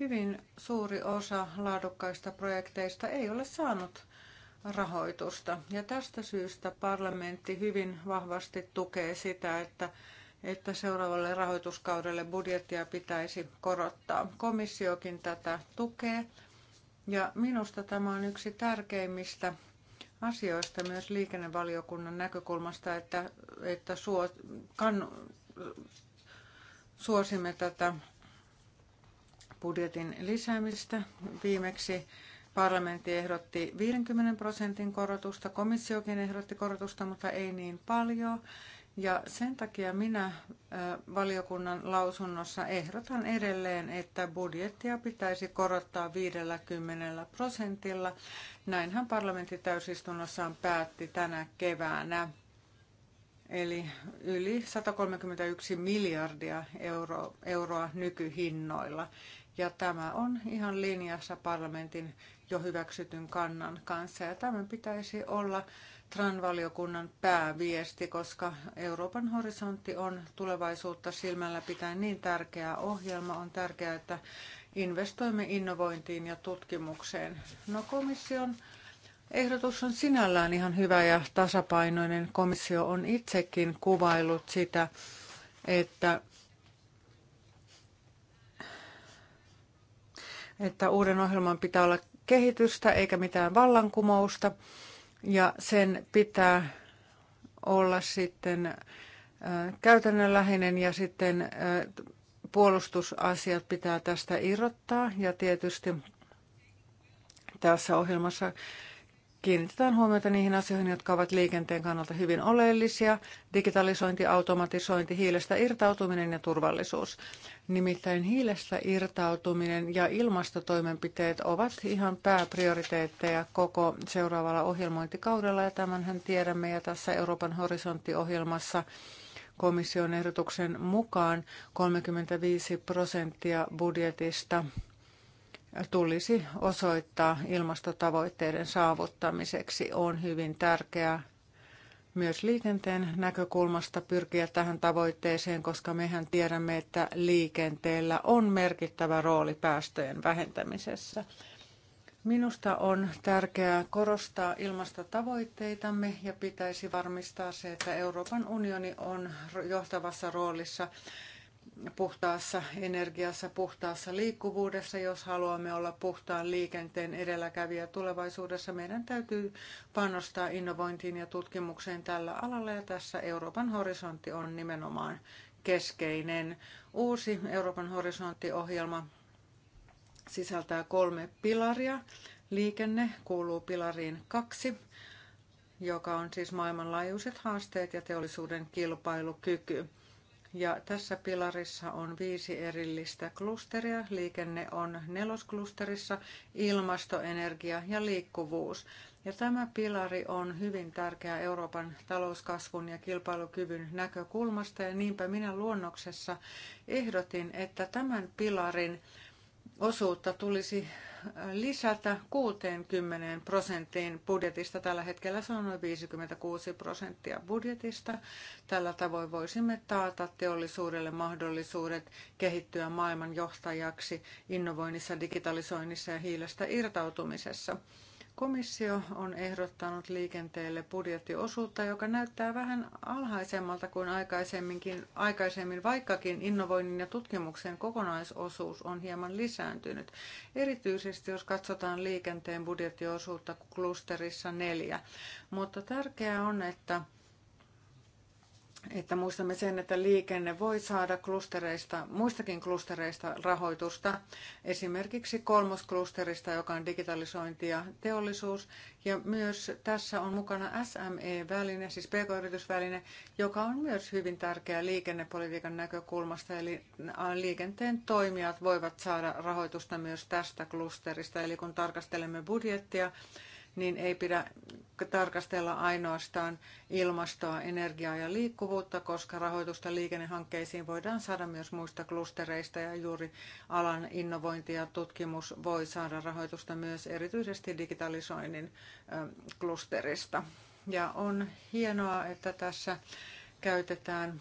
hyvin suuri osa laadukkaista projekteista ei ole saanut rahoitusta. Ja tästä syystä parlamentti hyvin vahvasti tukee sitä, että, että seuraavalle rahoituskaudelle budjettia pitäisi korottaa. Komissiokin tätä tukee. Ja minusta tämä on yksi tärkeimmistä asioista myös liikennevaliokunnan näkökulmasta, että, että suo, kan, suosimme tätä budjetin lisäämistä. Viimeksi Parlamentti ehdotti 50 prosentin korotusta, komissiokin ehdotti korotusta, mutta ei niin paljon. Ja sen takia minä valiokunnan lausunnossa ehdotan edelleen, että budjettia pitäisi korottaa 50 prosentilla. Näinhän parlamentti täysistunnossaan päätti tänä keväänä. Eli yli 131 miljardia euroa, euroa nykyhinnoilla. Ja tämä on ihan linjassa parlamentin jo hyväksytyn kannan kanssa. Ja tämän pitäisi olla TRAN-valiokunnan pääviesti, koska Euroopan horisontti on tulevaisuutta silmällä pitäen niin tärkeä ohjelma. On tärkeää, että investoimme innovointiin ja tutkimukseen. No komission ehdotus on sinällään ihan hyvä ja tasapainoinen. Komissio on itsekin kuvailut sitä, että että uuden ohjelman pitää olla kehitystä eikä mitään vallankumousta ja sen pitää olla sitten käytännönläheinen ja sitten puolustusasiat pitää tästä irrottaa ja tietysti tässä ohjelmassa kiinnitetään huomiota niihin asioihin, jotka ovat liikenteen kannalta hyvin oleellisia, digitalisointi, automatisointi, hiilestä irtautuminen ja turvallisuus. Nimittäin hiilestä irtautuminen ja ilmastotoimenpiteet ovat ihan pääprioriteetteja koko seuraavalla ohjelmointikaudella, ja tämänhän tiedämme, ja tässä Euroopan horisonttiohjelmassa komission ehdotuksen mukaan 35 prosenttia budjetista tulisi osoittaa ilmastotavoitteiden saavuttamiseksi. On hyvin tärkeää myös liikenteen näkökulmasta pyrkiä tähän tavoitteeseen, koska mehän tiedämme, että liikenteellä on merkittävä rooli päästöjen vähentämisessä. Minusta on tärkeää korostaa ilmastotavoitteitamme ja pitäisi varmistaa se, että Euroopan unioni on johtavassa roolissa puhtaassa energiassa, puhtaassa liikkuvuudessa. Jos haluamme olla puhtaan liikenteen edelläkävijä tulevaisuudessa, meidän täytyy panostaa innovointiin ja tutkimukseen tällä alalla ja tässä Euroopan horisontti on nimenomaan keskeinen. Uusi Euroopan horisonttiohjelma sisältää kolme pilaria. Liikenne kuuluu pilariin kaksi, joka on siis maailmanlaajuiset haasteet ja teollisuuden kilpailukyky. Ja tässä pilarissa on viisi erillistä klusteria. Liikenne on nelosklusterissa, ilmasto, energia ja liikkuvuus. Ja tämä pilari on hyvin tärkeä Euroopan talouskasvun ja kilpailukyvyn näkökulmasta ja niinpä minä luonnoksessa ehdotin, että tämän pilarin osuutta tulisi äh, lisätä 60 prosenttiin budjetista. Tällä hetkellä se on noin 56 prosenttia budjetista. Tällä tavoin voisimme taata teollisuudelle mahdollisuudet kehittyä maailman johtajaksi innovoinnissa, digitalisoinnissa ja hiilestä irtautumisessa. Komissio on ehdottanut liikenteelle budjettiosuutta, joka näyttää vähän alhaisemmalta kuin aikaisemminkin, aikaisemmin, vaikkakin innovoinnin ja tutkimuksen kokonaisosuus on hieman lisääntynyt. Erityisesti jos katsotaan liikenteen budjettiosuutta klusterissa neljä. Mutta tärkeää on, että että muistamme sen, että liikenne voi saada klustereista, muistakin klustereista rahoitusta, esimerkiksi kolmosklusterista, joka on digitalisointi ja teollisuus. Ja myös tässä on mukana SME-väline, siis pk-yritysväline, joka on myös hyvin tärkeä liikennepolitiikan näkökulmasta, eli liikenteen toimijat voivat saada rahoitusta myös tästä klusterista. Eli kun tarkastelemme budjettia, niin ei pidä tarkastella ainoastaan ilmastoa, energiaa ja liikkuvuutta, koska rahoitusta liikennehankkeisiin voidaan saada myös muista klustereista ja juuri alan innovointi ja tutkimus voi saada rahoitusta myös erityisesti digitalisoinnin klusterista. Ja on hienoa, että tässä käytetään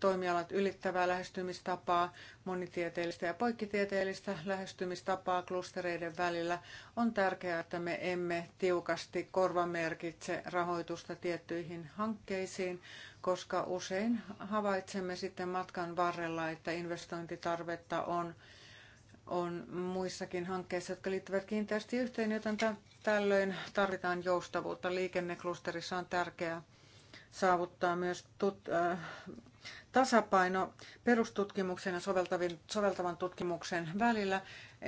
toimialat ylittävää lähestymistapaa, monitieteellistä ja poikkitieteellistä lähestymistapaa klustereiden välillä, on tärkeää, että me emme tiukasti korvamerkitse rahoitusta tiettyihin hankkeisiin, koska usein havaitsemme sitten matkan varrella, että investointitarvetta on on muissakin hankkeissa, jotka liittyvät kiinteästi yhteen, joten tällöin tarvitaan joustavuutta. Liikenneklusterissa on tärkeää saavuttaa myös tut, äh, tasapaino perustutkimuksen ja soveltavan tutkimuksen välillä.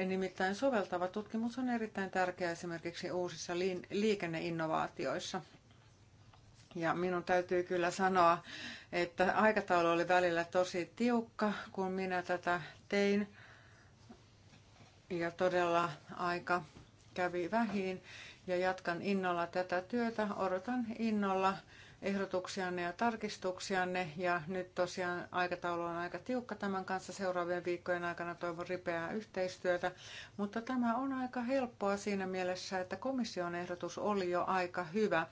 Nimittäin soveltava tutkimus on erittäin tärkeä esimerkiksi uusissa liikenneinnovaatioissa. Ja minun täytyy kyllä sanoa, että aikataulu oli välillä tosi tiukka, kun minä tätä tein. Ja todella aika kävi vähin ja jatkan innolla tätä työtä. Odotan innolla ehdotuksianne ja tarkistuksianne. Ja nyt tosiaan aikataulu on aika tiukka tämän kanssa. Seuraavien viikkojen aikana toivon ripeää yhteistyötä. Mutta tämä on aika helppoa siinä mielessä, että komission ehdotus oli jo aika hyvä.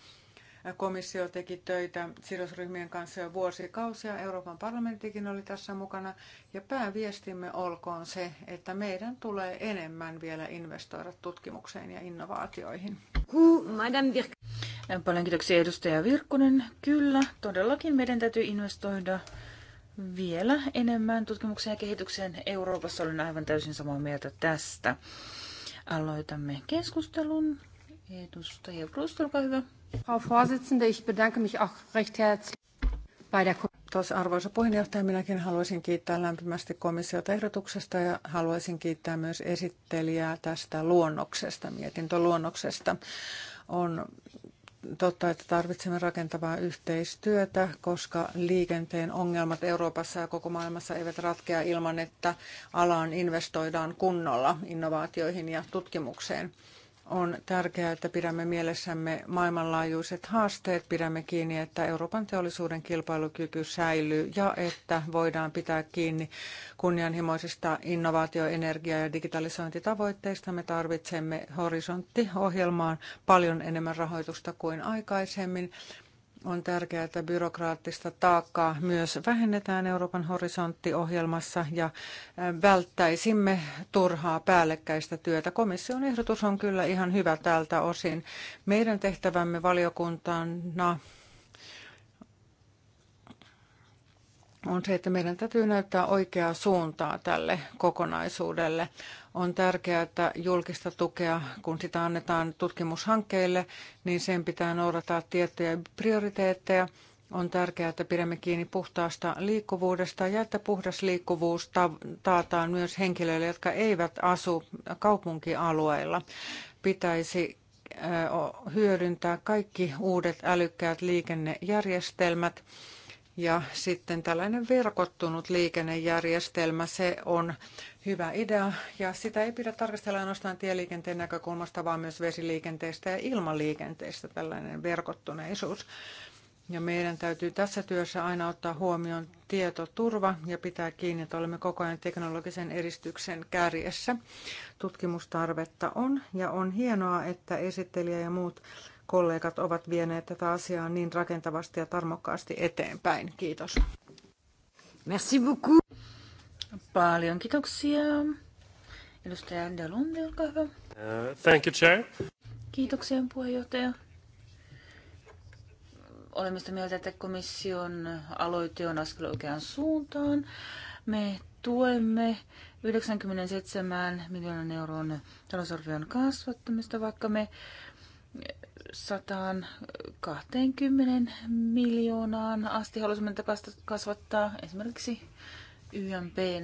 Komissio teki töitä sidosryhmien kanssa jo vuosikausia. Euroopan parlamenttikin oli tässä mukana. Ja pääviestimme olkoon se, että meidän tulee enemmän vielä investoida tutkimukseen ja innovaatioihin. Madame Paljon kiitoksia edustaja Virkkunen. Kyllä, todellakin meidän täytyy investoida vielä enemmän tutkimukseen ja kehitykseen Euroopassa. Olen aivan täysin samaa mieltä tästä. Aloitamme keskustelun. Edustaja Brust, olkaa hyvä. Frau Vorsitzende, ich bedanke mich auch recht herzlich bei der arvoisa puheenjohtaja. Minäkin haluaisin kiittää lämpimästi komissiota ehdotuksesta ja haluaisin kiittää myös esittelijää tästä luonnoksesta, mietintöluonnoksesta. On totta, että tarvitsemme rakentavaa yhteistyötä, koska liikenteen ongelmat Euroopassa ja koko maailmassa eivät ratkea ilman, että alaan investoidaan kunnolla innovaatioihin ja tutkimukseen on tärkeää, että pidämme mielessämme maailmanlaajuiset haasteet, pidämme kiinni, että Euroopan teollisuuden kilpailukyky säilyy ja että voidaan pitää kiinni kunnianhimoisista innovaatio-, energia- ja digitalisointitavoitteista. Me tarvitsemme horisonttiohjelmaan paljon enemmän rahoitusta kuin aikaisemmin. On tärkeää, että byrokraattista taakkaa myös vähennetään Euroopan horisonttiohjelmassa ja välttäisimme turhaa päällekkäistä työtä. Komission ehdotus on kyllä ihan hyvä tältä osin. Meidän tehtävämme valiokuntana on se, että meidän täytyy näyttää oikeaa suuntaa tälle kokonaisuudelle. On tärkeää, että julkista tukea, kun sitä annetaan tutkimushankkeille, niin sen pitää noudattaa tiettyjä prioriteetteja. On tärkeää, että pidämme kiinni puhtaasta liikkuvuudesta ja että puhdas liikkuvuus taataan myös henkilöille, jotka eivät asu kaupunkialueilla. Pitäisi hyödyntää kaikki uudet älykkäät liikennejärjestelmät ja sitten tällainen verkottunut liikennejärjestelmä, se on hyvä idea ja sitä ei pidä tarkastella ainoastaan tieliikenteen näkökulmasta, vaan myös vesiliikenteestä ja ilmaliikenteestä tällainen verkottuneisuus. Ja meidän täytyy tässä työssä aina ottaa huomioon tietoturva ja pitää kiinni, että olemme koko ajan teknologisen edistyksen kärjessä. Tutkimustarvetta on ja on hienoa, että esittelijä ja muut kollegat ovat vieneet tätä asiaa niin rakentavasti ja tarmokkaasti eteenpäin. Kiitos. Merci beaucoup. Paljon kiitoksia. Edustaja Delonde, olkaa hyvä. Uh, thank you, Chair. Kiitoksia, puheenjohtaja. Olemme sitä mieltä, että komission aloite on askel oikeaan suuntaan. Me tuemme 97 miljoonan euron talousarvion kasvattamista, vaikka me 120 miljoonaan asti halusimme kasvattaa esimerkiksi YMPn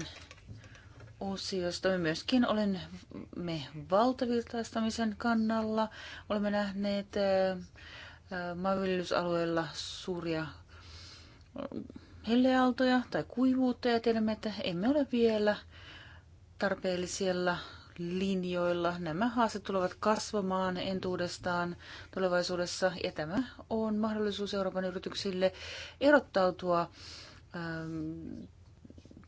osiosta. Me myöskin olemme valtavirtaistamisen kannalla. Olemme nähneet maanviljelysalueella suuria helleaaltoja tai kuivuutta ja tiedämme, että emme ole vielä tarpeellisella linjoilla. Nämä haasteet tulevat kasvamaan entuudestaan tulevaisuudessa ja tämä on mahdollisuus Euroopan yrityksille erottautua ähm,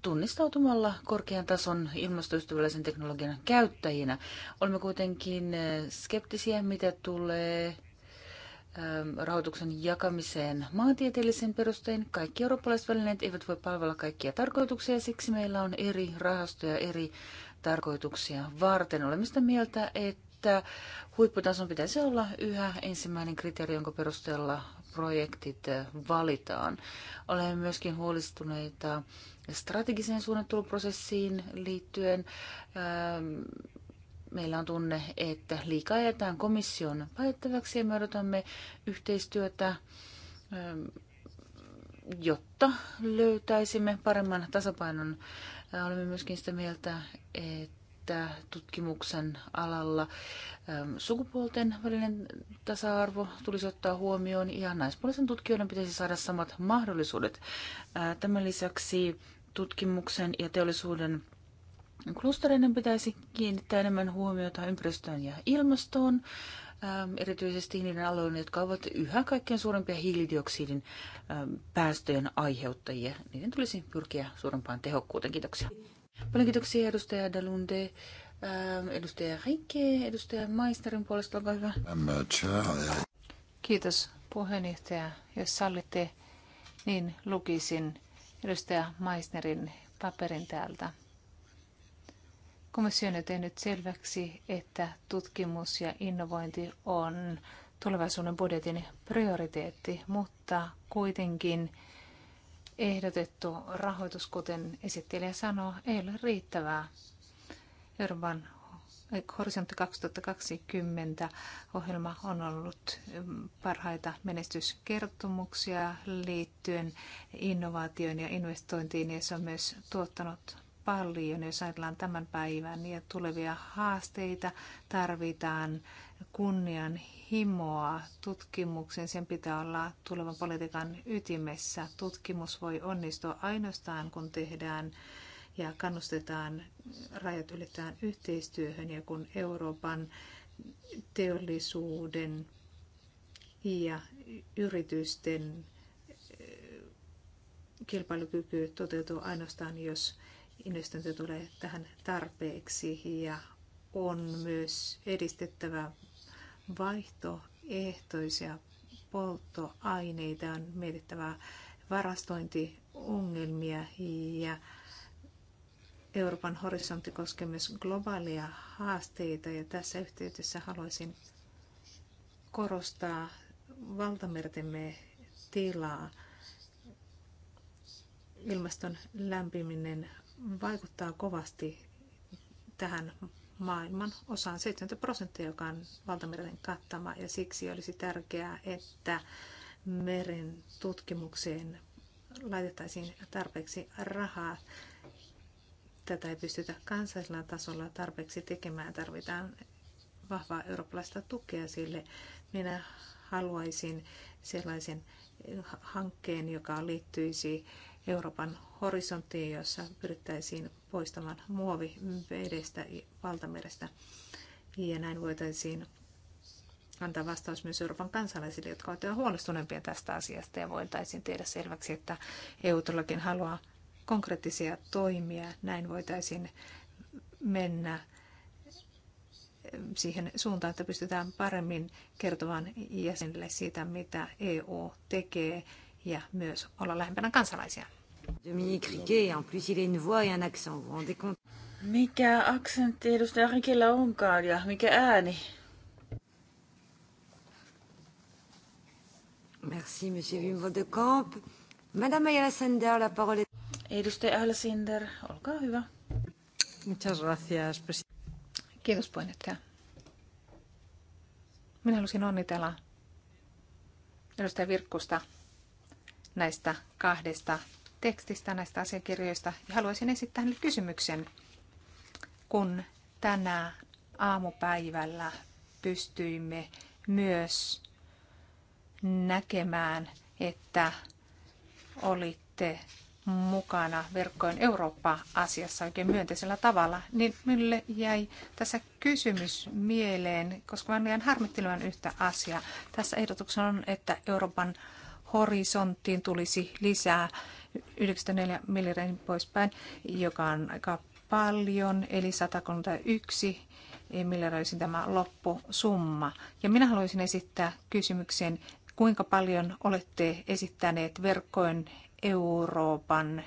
tunnistautumalla korkean tason ilmastoystävällisen teknologian käyttäjinä. Olemme kuitenkin äh, skeptisiä, mitä tulee ähm, rahoituksen jakamiseen maantieteellisen perustein. Kaikki eurooppalaiset välineet eivät voi palvella kaikkia tarkoituksia, siksi meillä on eri rahastoja eri tarkoituksia varten. Olemme sitä mieltä, että huipputason pitäisi olla yhä ensimmäinen kriteeri, jonka perusteella projektit valitaan. Olemme myöskin huolestuneita strategiseen suunnitteluprosessiin liittyen. Ähm, meillä on tunne, että liikaa jätään komission päättäväksi ja me odotamme yhteistyötä, ähm, jotta löytäisimme paremman tasapainon Äh, olemme myöskin sitä mieltä, että tutkimuksen alalla ähm, sukupuolten välinen tasa-arvo tulisi ottaa huomioon ja naispuolisen tutkijoiden pitäisi saada samat mahdollisuudet. Äh, tämän lisäksi tutkimuksen ja teollisuuden klustereiden pitäisi kiinnittää enemmän huomiota ympäristöön ja ilmastoon. Ähm, erityisesti niiden alueiden, jotka ovat yhä kaikkein suurempia hiilidioksidin ähm, päästöjen aiheuttajia. Niiden tulisi pyrkiä suurempaan tehokkuuteen. Kiitoksia. Paljon kiitoksia edustaja Dalunde. Ähm, edustaja Rikke, edustaja Maisterin puolesta, olkaa hyvä. Uh, Kiitos puheenjohtaja. Jos sallitte, niin lukisin edustaja Maisterin paperin täältä. Komissio on tehnyt selväksi, että tutkimus ja innovointi on tulevaisuuden budjetin prioriteetti, mutta kuitenkin ehdotettu rahoitus, kuten esittelijä sanoo, ei ole riittävää. Euroopan Horisontti 2020 ohjelma on ollut parhaita menestyskertomuksia liittyen innovaatioon ja investointiin ja se on myös tuottanut paljon, jos ajatellaan tämän päivän ja tulevia haasteita. Tarvitaan kunnianhimoa tutkimuksen. Sen pitää olla tulevan politiikan ytimessä. Tutkimus voi onnistua ainoastaan, kun tehdään ja kannustetaan rajat ylittävään yhteistyöhön ja kun Euroopan teollisuuden ja yritysten eh, kilpailukyky toteutuu ainoastaan, jos investointi tulee tähän tarpeeksi ja on myös edistettävä vaihtoehtoisia polttoaineita, on mietittävä varastointiongelmia ja Euroopan horisontti koskee myös globaalia haasteita ja tässä yhteydessä haluaisin korostaa valtamertemme tilaa. Ilmaston lämpiminen vaikuttaa kovasti tähän maailman osaan 70 prosenttia, joka on valtameren kattama, ja siksi olisi tärkeää, että meren tutkimukseen laitettaisiin tarpeeksi rahaa. Tätä ei pystytä kansallisella tasolla tarpeeksi tekemään. Tarvitaan vahvaa eurooppalaista tukea sille. Minä haluaisin sellaisen hankkeen, joka liittyisi Euroopan horisonttiin, jossa pyrittäisiin poistamaan muovi vedestä, valtamerestä. Ja näin voitaisiin antaa vastaus myös Euroopan kansalaisille, jotka ovat jo huolestuneempia tästä asiasta ja voitaisiin tehdä selväksi, että EU todellakin haluaa konkreettisia toimia. Näin voitaisiin mennä siihen suuntaan, että pystytään paremmin kertomaan jäsenille siitä, mitä EU tekee ja myös olla lähempänä kansalaisia. Dominique Riquet, en plus il a une voix et un accent, vous rendez compte? Mikä aksentti edustaja Rikillä onkaan ja mikä ääni? Merci, monsieur Wim de Camp. Madame Ayala Sender, la parole est... Edustaja Ayala Sender, olkaa hyvä. Muchas gracias, presidente. Kiitos puheenjohtaja. Minä halusin onnitella edustaja Virkkusta näistä kahdesta tekstistä näistä asiakirjoista ja haluaisin esittää hänelle kysymyksen, kun tänä aamupäivällä pystyimme myös näkemään, että olitte mukana verkkojen Eurooppa-asiassa oikein myönteisellä tavalla, niin minulle jäi tässä kysymys mieleen, koska minä olen harmittelemaan yhtä asiaa. Tässä ehdotuksena on, että Euroopan horisonttiin tulisi lisää 94 millireihin poispäin, joka on aika paljon, eli 131 miljardia tämä loppusumma. Ja minä haluaisin esittää kysymyksen, kuinka paljon olette esittäneet verkkojen Euroopan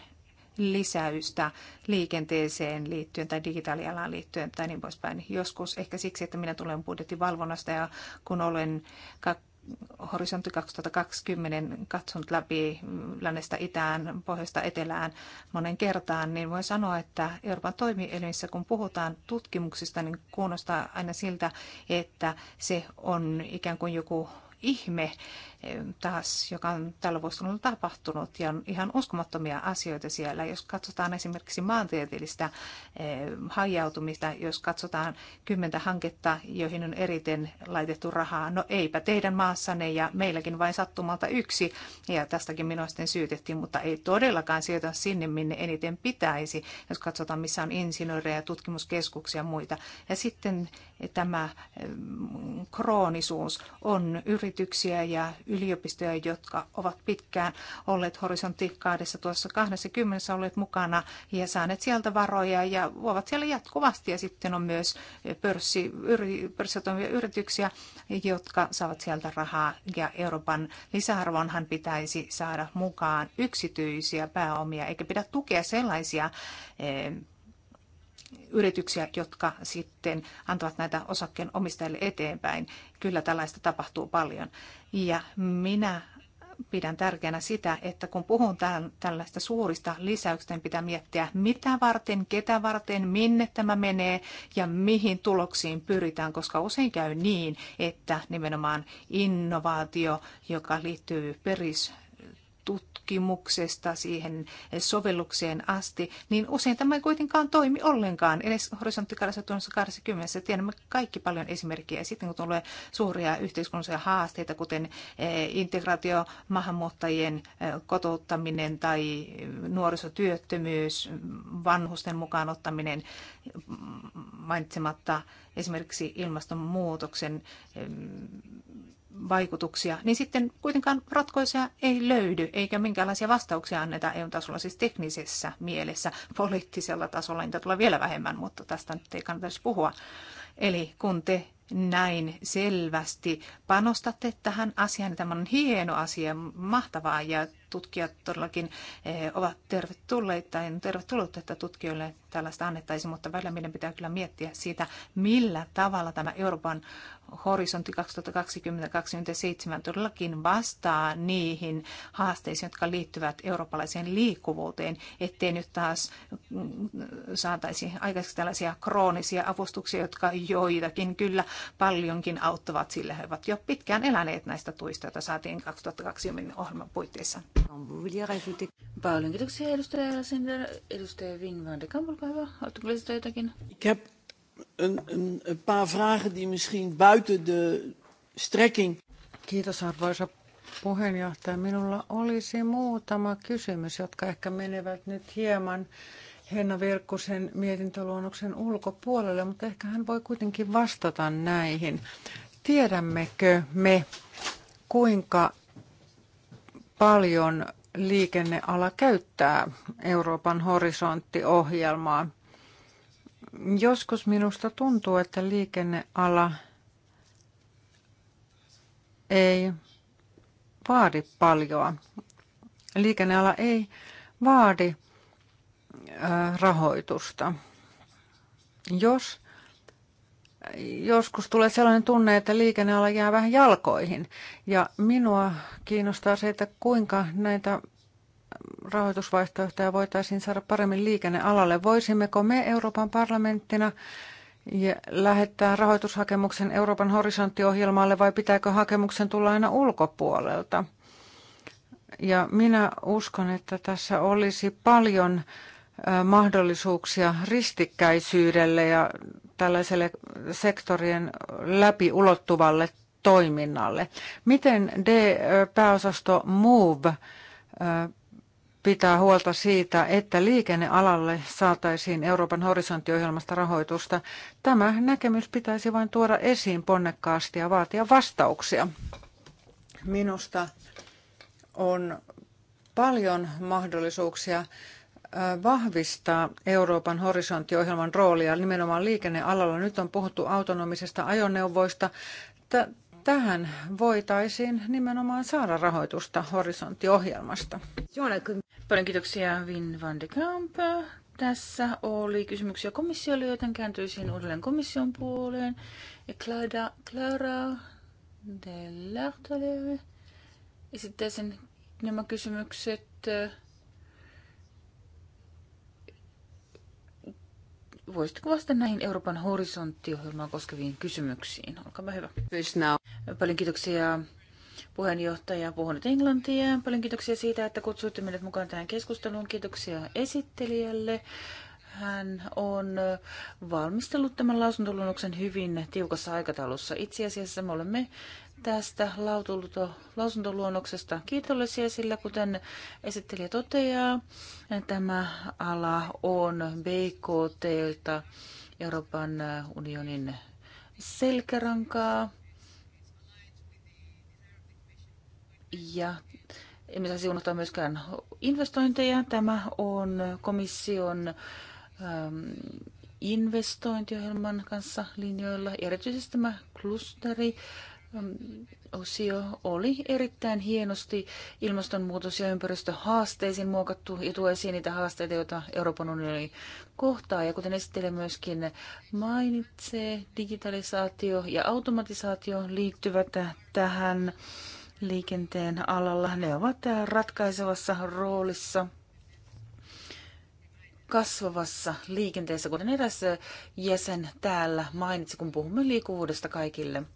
lisäystä liikenteeseen liittyen tai digitaalialaan liittyen tai niin poispäin. Joskus ehkä siksi, että minä tulen budjettivalvonnasta ja kun olen horisontti 2020 katsonut läpi lännestä itään, pohjoista etelään monen kertaan, niin voi sanoa, että Euroopan toimielimissä, kun puhutaan tutkimuksista, niin kuulostaa aina siltä, että se on ikään kuin joku ihme, taas, joka on tällä vuosina tapahtunut ja on ihan uskomattomia asioita siellä. Jos katsotaan esimerkiksi maantieteellistä eh, hajautumista, jos katsotaan kymmentä hanketta, joihin on eriten laitettu rahaa, no eipä teidän maassanne ja meilläkin vain sattumalta yksi ja tästäkin minua sitten syytettiin, mutta ei todellakaan sijoita sinne, minne eniten pitäisi, jos katsotaan missä on insinöörejä, tutkimuskeskuksia ja muita. Ja sitten eh, tämä eh, kroonisuus on yrityksiä ja yliopistoja, jotka ovat pitkään olleet horisontti 20 olleet mukana ja saaneet sieltä varoja ja ovat siellä jatkuvasti. Ja sitten on myös pörssi, pörssitoimia yrityksiä, jotka saavat sieltä rahaa ja Euroopan lisäarvonhan pitäisi saada mukaan yksityisiä pääomia, eikä pidä tukea sellaisia eh, yrityksiä, jotka sitten antavat näitä osakkeen omistajille eteenpäin. Kyllä tällaista tapahtuu paljon. Ja minä pidän tärkeänä sitä, että kun puhun tällaista suurista lisäyksistä, niin pitää miettiä, mitä varten, ketä varten, minne tämä menee ja mihin tuloksiin pyritään, koska usein käy niin, että nimenomaan innovaatio, joka liittyy peris tutkimuksesta siihen sovellukseen asti, niin usein tämä ei kuitenkaan toimi ollenkaan. Edes horisonttikarassa 20 tiedämme kaikki paljon esimerkkejä. Sitten kun tulee suuria yhteiskunnallisia haasteita, kuten eh, integraatio, maahanmuuttajien eh, kotouttaminen tai nuorisotyöttömyys, vanhusten mukaan ottaminen, mainitsematta esimerkiksi ilmastonmuutoksen vaikutuksia, niin sitten kuitenkaan ratkaisuja ei löydy, eikä minkäänlaisia vastauksia anneta EU-tasolla, siis teknisessä mielessä, poliittisella tasolla niitä tulee vielä vähemmän, mutta tästä nyt ei kannata puhua. Eli kun te näin selvästi panostatte tähän asiaan, niin tämä on hieno asia, mahtavaa, ja tutkijat todellakin eh, ovat tervetulleita. ja tervetullut, että tutkijoille tällaista annettaisiin, mutta välillä meidän pitää kyllä miettiä siitä, millä tavalla tämä Euroopan horisontti 2020-2027 todellakin vastaa niihin haasteisiin, jotka liittyvät eurooppalaiseen liikkuvuuteen, ettei nyt taas mm, saataisi aikaiseksi tällaisia kroonisia avustuksia, jotka joitakin kyllä paljonkin auttavat, sillä he ovat jo pitkään eläneet näistä tuista, joita saatiin 2020 ohjelman puitteissa. Paljon kiitoksia edustaja Sinder. Edustaja Wien van de Kamp, olkaa hyvä. Haluatteko lisätä jotakin? Ik heb een, een, een paar vragen die misschien buiten de strekking. Kiitos arvoisa puheenjohtaja. Minulla olisi muutama kysymys, jotka ehkä menevät nyt hieman Henna Virkkusen mietintöluonnoksen ulkopuolelle, mutta ehkä hän voi kuitenkin vastata näihin. Tiedämmekö me, kuinka paljon liikenneala käyttää Euroopan horisonttiohjelmaa. Joskus minusta tuntuu, että liikenneala ei vaadi paljoa. Liikenneala ei vaadi rahoitusta. Jos joskus tulee sellainen tunne, että liikenneala jää vähän jalkoihin. Ja minua kiinnostaa se, että kuinka näitä rahoitusvaihtoehtoja voitaisiin saada paremmin liikennealalle. Voisimmeko me Euroopan parlamenttina ja lähettää rahoitushakemuksen Euroopan horisonttiohjelmalle vai pitääkö hakemuksen tulla aina ulkopuolelta? Ja minä uskon, että tässä olisi paljon mahdollisuuksia ristikkäisyydelle ja tällaiselle sektorien läpi ulottuvalle toiminnalle. Miten D-pääosasto MOVE pitää huolta siitä, että liikennealalle saataisiin Euroopan horisonttiohjelmasta rahoitusta. Tämä näkemys pitäisi vain tuoda esiin ponnekkaasti ja vaatia vastauksia. Minusta on paljon mahdollisuuksia vahvistaa Euroopan horisonttiohjelman roolia nimenomaan liikennealalla. Nyt on puhuttu autonomisista ajoneuvoista. Tähän voitaisiin nimenomaan saada rahoitusta horisonttiohjelmasta. Paljon kiitoksia Vin van de Kamp. Tässä oli kysymyksiä komissiolle, joten kääntyisin uudelleen komission puoleen. Ja Clara, Clara de Lertelier sen nämä kysymykset. Voisitko vastata näihin Euroopan horisonttiohjelmaa koskeviin kysymyksiin? Olkaa hyvä. Paljon kiitoksia puheenjohtaja. Puhun nyt englantia. Paljon kiitoksia siitä, että kutsuitte meidät mukaan tähän keskusteluun. Kiitoksia esittelijälle. Hän on valmistellut tämän lausuntoluonnoksen hyvin tiukassa aikataulussa. Itse asiassa me olemme tästä lausuntoluonnoksesta kiitollisia, sillä kuten esittelijä toteaa, tämä ala on BKT, Euroopan unionin selkärankaa. Ja emme saisi unohtaa myöskään investointeja. Tämä on komission ähm, investointiohjelman kanssa linjoilla. Erityisesti tämä klusteri osio oli erittäin hienosti ilmastonmuutos- ja ympäristöhaasteisiin muokattu ja tuo esiin niitä haasteita, joita Euroopan unioni kohtaa. Ja kuten esittelee myöskin mainitsee, digitalisaatio ja automatisaatio liittyvät tähän liikenteen alalla. Ne ovat ratkaisevassa roolissa kasvavassa liikenteessä, kuten eräs jäsen täällä mainitsi, kun puhumme liikkuvuudesta kaikille –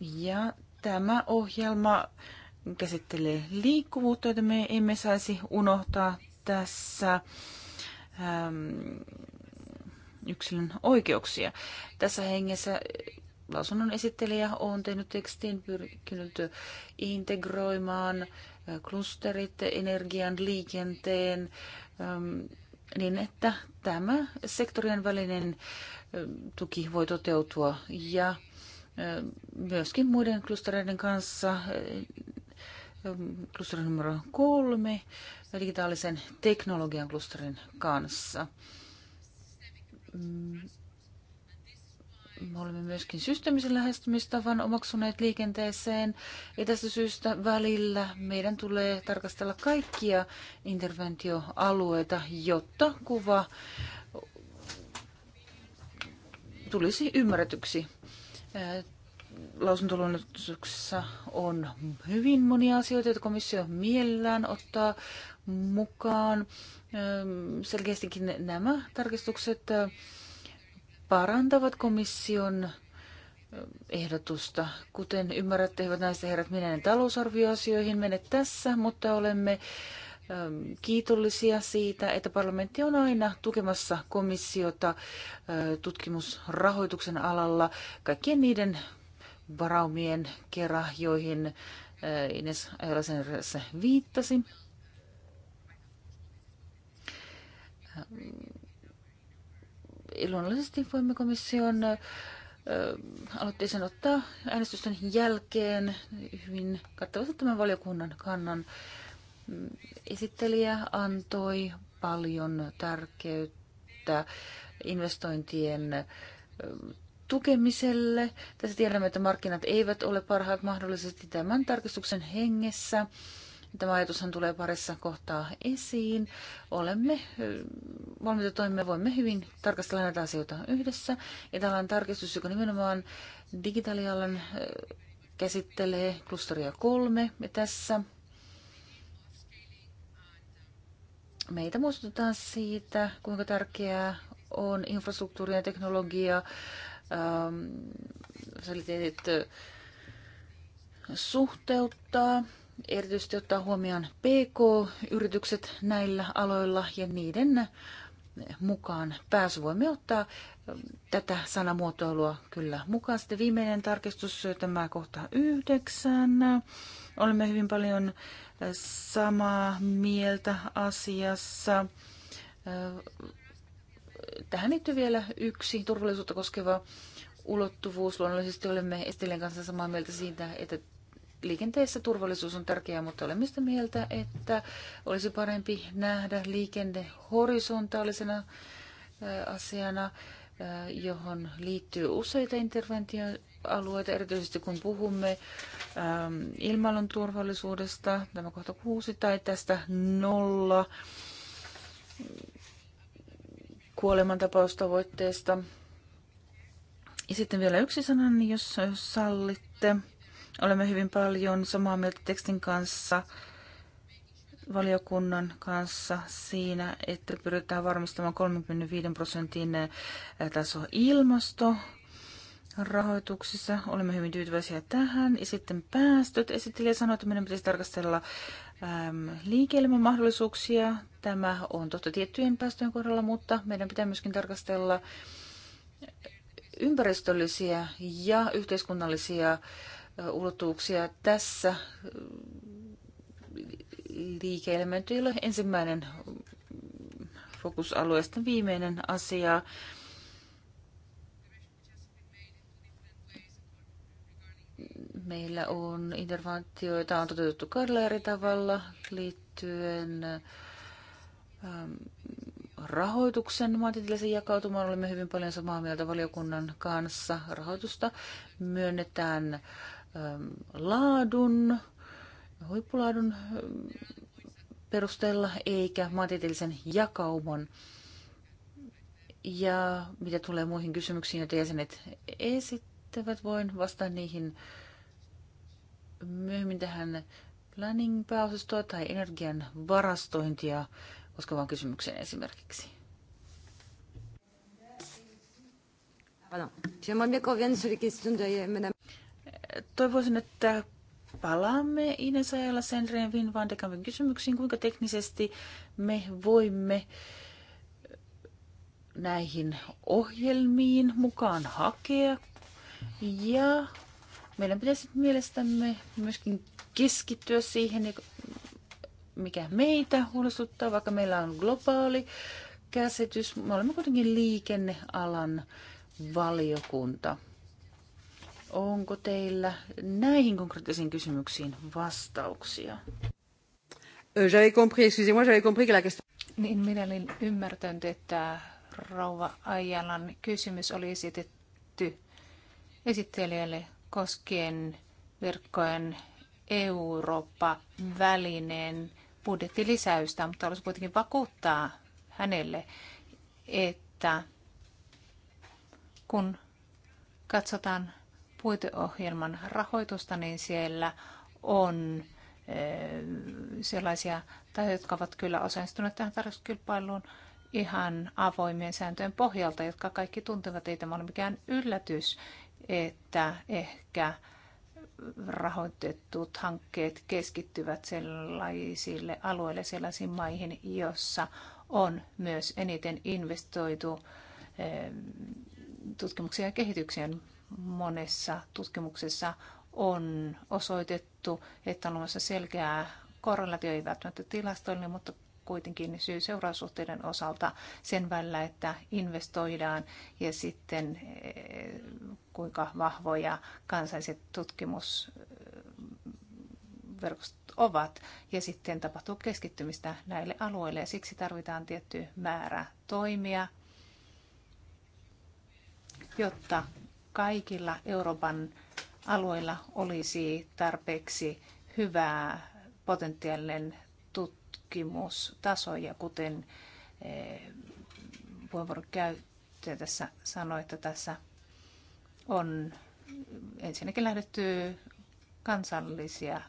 ja tämä ohjelma käsittelee liikkuvuutta, jota me emme saisi unohtaa tässä äm, yksilön oikeuksia. Tässä hengessä lausunnon esittelijä on tehnyt tekstin pyrkinyt integroimaan äh, klusterit, energian, liikenteen, ähm, niin että tämä sektorien välinen äh, tuki voi toteutua ja myöskin muiden klustereiden kanssa klusterin numero kolme digitaalisen teknologian klusterin kanssa. Me olemme myöskin systeemisen lähestymistavan omaksuneet liikenteeseen. Ja tästä syystä välillä meidän tulee tarkastella kaikkia interventioalueita, jotta kuva tulisi ymmärretyksi Äh, lausuntoluonnoksessa on hyvin monia asioita, joita komissio mielellään ottaa mukaan. Ähm, selkeästikin nämä tarkistukset äh, parantavat komission äh, ehdotusta. Kuten ymmärrätte, hyvät naiset ja herrat, minä en talousarvioasioihin mene tässä, mutta olemme kiitollisia siitä, että parlamentti on aina tukemassa komissiota tutkimusrahoituksen alalla kaikkien niiden varaumien kera, joihin Ines Ajalasen viittasi. Luonnollisesti voimme komission aloitteeseen ottaa äänestysten jälkeen hyvin kattavasti tämän valiokunnan kannan. Esittelijä antoi paljon tärkeyttä investointien tukemiselle. Tässä tiedämme, että markkinat eivät ole parhaat mahdollisesti tämän tarkistuksen hengessä. Tämä ajatushan tulee parissa kohtaa esiin. Olemme valmiita toimia, voimme hyvin tarkastella näitä asioita yhdessä. Ja täällä on tarkistus, joka nimenomaan digitaalialan käsittelee klusteria kolme. Ja tässä meitä muistutetaan siitä, kuinka tärkeää on infrastruktuuri ja teknologia, Ähm, äh, suhteuttaa, erityisesti ottaa huomioon PK-yritykset näillä aloilla ja niiden mukaan pääsy. Voimme ottaa ähm, tätä sanamuotoilua kyllä mukaan. Sitten viimeinen tarkistus, tämä kohta yhdeksän. Olemme hyvin paljon äh, samaa mieltä asiassa. Tähän liittyy vielä yksi turvallisuutta koskeva ulottuvuus. Luonnollisesti olemme Estelien kanssa samaa mieltä siitä, että liikenteessä turvallisuus on tärkeää, mutta olemme sitä mieltä, että olisi parempi nähdä liikenne horisontaalisena asiana, johon liittyy useita interventioita alueita, erityisesti kun puhumme ähm, ilmailun turvallisuudesta, tämä kohta kuusi, tai tästä nolla kuolemantapaustavoitteesta. Ja sitten vielä yksi sana, niin jos sallitte. Olemme hyvin paljon samaa mieltä tekstin kanssa, valiokunnan kanssa siinä, että pyritään varmistamaan 35 prosentin äh, taso ilmasto rahoituksessa. Olemme hyvin tyytyväisiä tähän. Ja sitten päästöt. Esittelijä sanoi, että meidän pitäisi tarkastella liike mahdollisuuksia. Tämä on totta tiettyjen päästöjen kohdalla, mutta meidän pitää myöskin tarkastella ympäristöllisiä ja yhteiskunnallisia ulottuvuuksia tässä liike Ensimmäinen fokusalueesta viimeinen asia Meillä on interventioita on toteutettu kahdella eri tavalla liittyen ähm, rahoituksen maantieteellisen jakautumaan. Olemme hyvin paljon samaa mieltä valiokunnan kanssa. Rahoitusta myönnetään ähm, laadun, huippulaadun ähm, perusteella eikä maantieteellisen jakauman. Ja mitä tulee muihin kysymyksiin, joita jäsenet esittävät, voin vastata niihin myöhemmin tähän planning-pääosastoa tai energian varastointia koskevaan kysymykseen esimerkiksi. Euh, Toivoisin, että palaamme Ines Ajala Senreen Vin van de Kampen kysymyksiin, kuinka teknisesti me voimme näihin ohjelmiin mukaan hakea ja meidän pitäisi mielestämme myöskin keskittyä siihen, mikä meitä huolestuttaa, vaikka meillä on globaali käsitys. Me olemme kuitenkin liikennealan valiokunta. Onko teillä näihin konkreettisiin kysymyksiin vastauksia? J'avais compris, excusez-moi, j'avais compris que la question... Niin minä olin ymmärtänyt, että rouva Aijalan kysymys oli esitetty esittelijälle koskien verkkojen Eurooppa-välineen budjettilisäystä, mutta haluaisin kuitenkin vakuuttaa hänelle, että kun katsotaan puiteohjelman rahoitusta, niin siellä on eh, sellaisia, tai jotka ovat kyllä osallistuneet tähän tarjouskilpailuun ihan avoimien sääntöjen pohjalta, jotka kaikki tuntevat, ei tämä ole mikään yllätys että ehkä rahoitetut hankkeet keskittyvät sellaisille alueille, sellaisiin maihin, jossa on myös eniten investoitu ehm, tutkimukseen ja kehitykseen. Monessa tutkimuksessa on osoitettu, että on olemassa selkeää korrelaatio, ei välttämättä tilastoille, mutta kuitenkin syy-seuraussuhteiden osalta sen välillä, että investoidaan ja sitten eh, kuinka vahvoja kansalliset tutkimusverkostot ovat. Ja sitten tapahtuu keskittymistä näille alueille ja siksi tarvitaan tietty määrä toimia, jotta kaikilla Euroopan alueilla olisi tarpeeksi hyvää potentiaalinen tutkimustasoja, kuten eh, puheenvuorokäyttäjä tässä sanoi, että tässä on ensinnäkin lähdetty kansallisia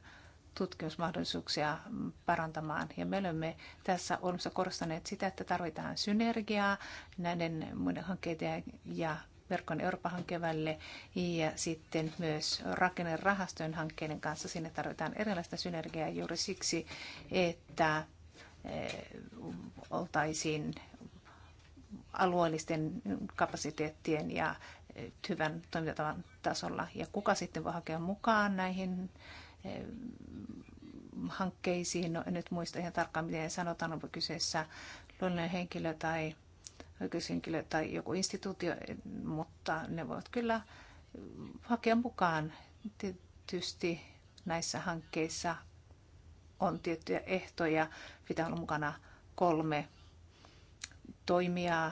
tutkimusmahdollisuuksia parantamaan. Ja me olemme tässä olemassa korostaneet sitä, että tarvitaan synergiaa näiden muiden hankkeiden ja verkon Eurooppa-hankkeen välille ja sitten myös rakennerahastojen hankkeiden kanssa. Sinne tarvitaan erilaista synergiaa juuri siksi, että eh, oltaisiin alueellisten kapasiteettien ja eh, hyvän toimintatavan tasolla. Ja kuka sitten voi hakea mukaan näihin eh, hankkeisiin? No, en nyt muista ihan tarkkaan, miten sanotaan, onko kyseessä luonnollinen henkilö tai oikeushenkilö tai joku instituutio, mutta ne voivat kyllä hakea mukaan. Tietysti näissä hankkeissa on tiettyjä ehtoja. Pitää olla mukana kolme toimijaa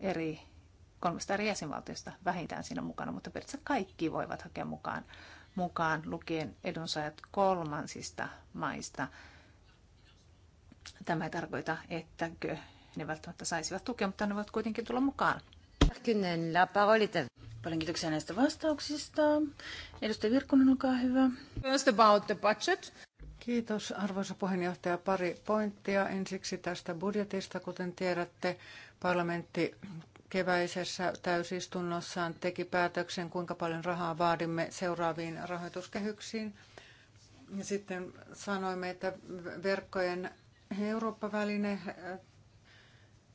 eri kolmesta eri jäsenvaltiosta vähintään siinä mukana, mutta periaatteessa kaikki voivat hakea mukaan, mukaan lukien edunsaajat kolmansista maista. Tämä ei tarkoita, ettäkö ne välttämättä saisivat tukea, mutta ne voivat kuitenkin tulla mukaan. Paljon kiitoksia näistä vastauksista. Edustaja Virkkunen, olkaa hyvä. First about the budget. Kiitos arvoisa puheenjohtaja. Pari pointtia ensiksi tästä budjetista. Kuten tiedätte, parlamentti keväisessä täysistunnossaan teki päätöksen, kuinka paljon rahaa vaadimme seuraaviin rahoituskehyksiin. Ja sitten sanoimme, että verkkojen Eurooppa-väline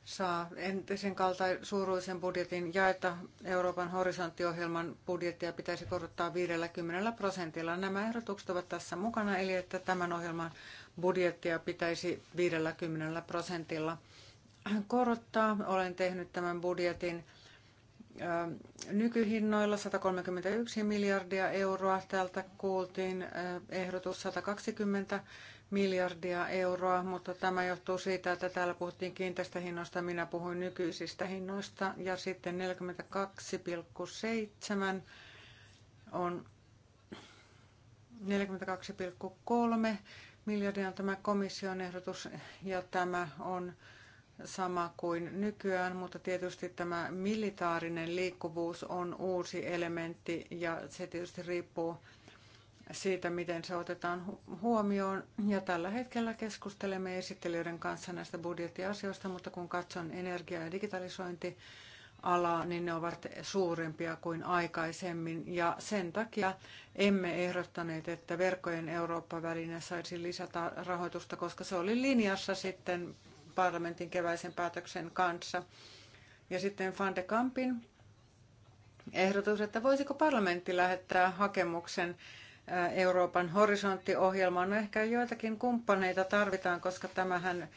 saa entisen kaltaisen suuruisen budjetin ja Euroopan horisonttiohjelman budjettia pitäisi korottaa 50 prosentilla. Nämä ehdotukset ovat tässä mukana, eli että tämän ohjelman budjettia pitäisi 50 prosentilla korottaa. Olen tehnyt tämän budjetin nykyhinnoilla 131 miljardia euroa. Täältä kuultiin ehdotus 120 miljardia euroa, mutta tämä johtuu siitä, että täällä puhuttiin hinnoista, minä puhuin nykyisistä hinnoista, ja sitten 42,7 on 42,3 miljardia on tämä komission ehdotus, ja tämä on sama kuin nykyään, mutta tietysti tämä militaarinen liikkuvuus on uusi elementti, ja se tietysti riippuu siitä, miten se otetaan huomioon. Ja tällä hetkellä keskustelemme esittelijöiden kanssa näistä budjettiasioista, mutta kun katson energia- ja digitalisointi, alaa, niin ne ovat suurempia kuin aikaisemmin. Ja sen takia emme ehdottaneet, että verkkojen Eurooppa-väline saisi lisätä rahoitusta, koska se oli linjassa sitten parlamentin keväisen päätöksen kanssa. Ja sitten Van de Kampin ehdotus, että voisiko parlamentti lähettää hakemuksen Euroopan horisonttiohjelmaan. No ehkä joitakin kumppaneita tarvitaan, koska tämähän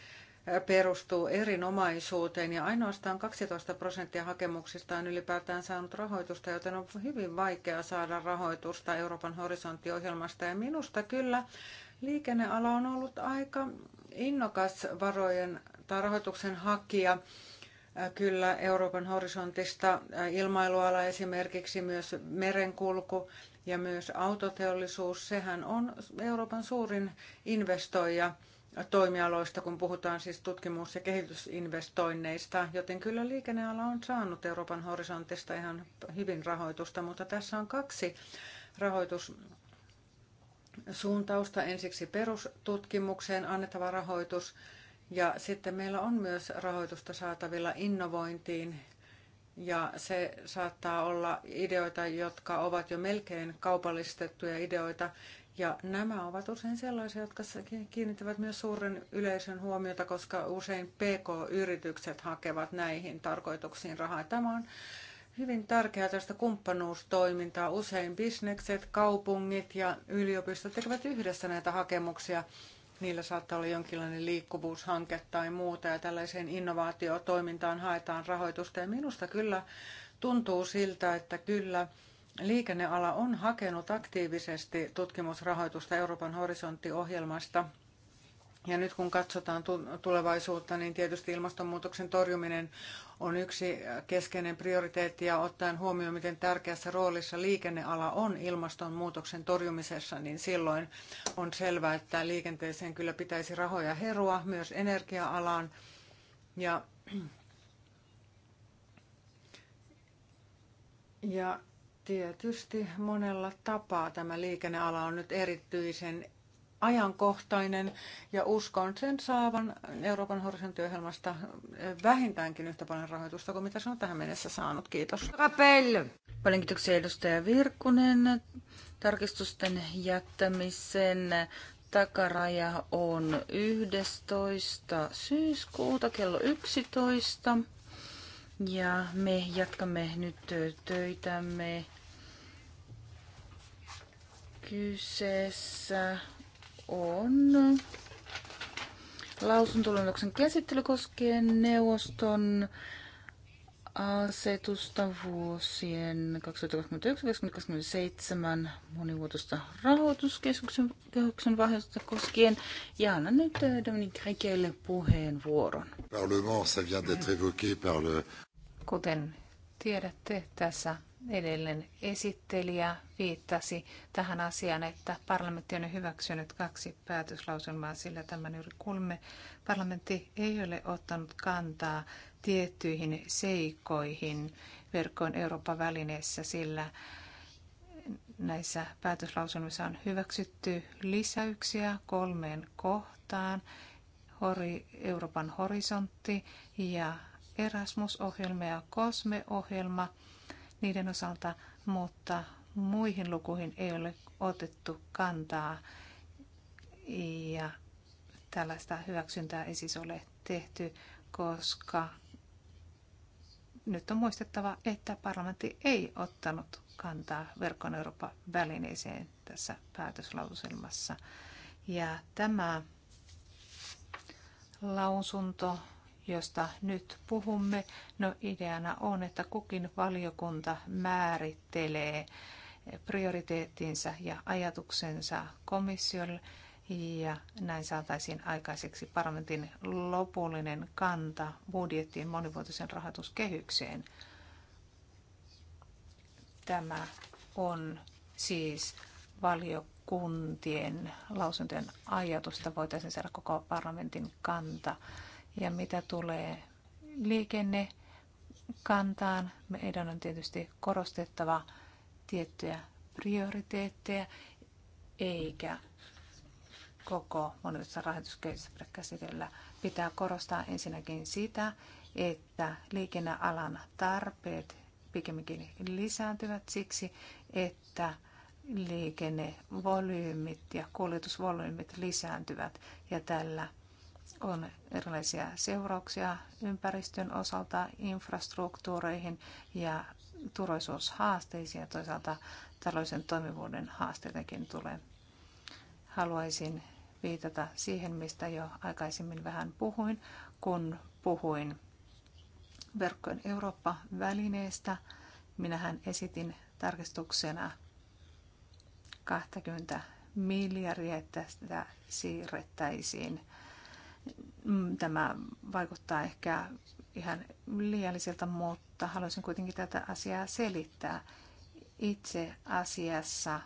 perustuu erinomaisuuteen ja ainoastaan 12 prosenttia hakemuksista on ylipäätään saanut rahoitusta, joten on hyvin vaikea saada rahoitusta Euroopan horisonttiohjelmasta. Ja minusta kyllä liikenneala on ollut aika innokas varojen tai rahoituksen hakija kyllä Euroopan horisontista ilmailuala esimerkiksi myös merenkulku ja myös autoteollisuus, sehän on Euroopan suurin investoija toimialoista, kun puhutaan siis tutkimus- ja kehitysinvestoinneista, joten kyllä liikenneala on saanut Euroopan horisontista ihan hyvin rahoitusta, mutta tässä on kaksi rahoitus suuntausta ensiksi perustutkimukseen annettava rahoitus ja sitten meillä on myös rahoitusta saatavilla innovointiin, ja se saattaa olla ideoita, jotka ovat jo melkein kaupallistettuja ideoita. Ja nämä ovat usein sellaisia, jotka kiinnittävät myös suuren yleisön huomiota, koska usein PK-yritykset hakevat näihin tarkoituksiin rahaa. Tämä on hyvin tärkeää tästä kumppanuustoimintaa. Usein bisnekset, kaupungit ja yliopistot tekevät yhdessä näitä hakemuksia Niillä saattaa olla jonkinlainen liikkuvuushanke tai muuta ja tällaiseen innovaatiotoimintaan haetaan rahoitusta. Ja minusta kyllä tuntuu siltä, että kyllä liikenneala on hakenut aktiivisesti tutkimusrahoitusta Euroopan horisonttiohjelmasta – ja nyt kun katsotaan tulevaisuutta, niin tietysti ilmastonmuutoksen torjuminen on yksi keskeinen prioriteetti ja ottaen huomioon, miten tärkeässä roolissa liikenneala on ilmastonmuutoksen torjumisessa, niin silloin on selvää, että liikenteeseen kyllä pitäisi rahoja herua myös energia-alaan. Ja, ja tietysti monella tapaa tämä liikenneala on nyt erityisen ajankohtainen ja uskon sen saavan Euroopan horisonttiohjelmasta vähintäänkin yhtä paljon rahoitusta kuin mitä se on tähän mennessä saanut. Kiitos. Rapel. Paljon kiitoksia edustaja Virkkunen. Tarkistusten jättämisen takaraja on 11. syyskuuta kello 11. Ja me jatkamme nyt töitämme kyseessä on lausuntoluonnoksen käsittely koskien neuvoston asetusta vuosien 2021-2027 monivuotoista rahoituskeskuksen kehyksen vahvistusta koskien. Ja annan nyt äh, Dominique Rikelle puheenvuoron. Kuten tiedätte, tässä edellinen esittelijä viittasi tähän asiaan, että parlamentti on hyväksynyt kaksi päätöslauselmaa, sillä tämän yli kulme parlamentti ei ole ottanut kantaa tiettyihin seikoihin verkkoon Euroopan välineessä, sillä näissä päätöslauselmissa on hyväksytty lisäyksiä kolmeen kohtaan, Euroopan horisontti ja Erasmus-ohjelma ja kosme – niiden osalta, mutta muihin lukuihin ei ole otettu kantaa ja tällaista hyväksyntää ei siis ole tehty, koska nyt on muistettava, että parlamentti ei ottanut kantaa verkon Euroopan välineeseen tässä päätöslauselmassa. Ja tämä lausunto josta nyt puhumme. No ideana on, että kukin valiokunta määrittelee prioriteettinsa ja ajatuksensa komissiolle ja näin saataisiin aikaiseksi parlamentin lopullinen kanta budjettiin monivuotisen rahoituskehykseen. Tämä on siis valiokuntien lausuntojen ajatusta voitaisiin saada koko parlamentin kanta ja mitä tulee liikennekantaan, meidän on tietysti korostettava tiettyjä prioriteetteja, eikä koko monivuotisessa rahoituskehitystä käsitellä. Pitää korostaa ensinnäkin sitä, että liikennealan tarpeet pikemminkin lisääntyvät siksi, että liikennevolyymit ja kuljetusvolyymit lisääntyvät ja tällä on erilaisia seurauksia ympäristön osalta, infrastruktuureihin ja turvallisuushaasteisiin ja toisaalta taloudellisen toimivuuden haasteitakin tulee. Haluaisin viitata siihen, mistä jo aikaisemmin vähän puhuin, kun puhuin verkkojen Eurooppa-välineestä. Minähän esitin tarkistuksena 20 miljardia, että sitä siirrettäisiin Mm, tämä vaikuttaa ehkä ihan liialliselta, mutta haluaisin kuitenkin tätä asiaa selittää. Itse asiassa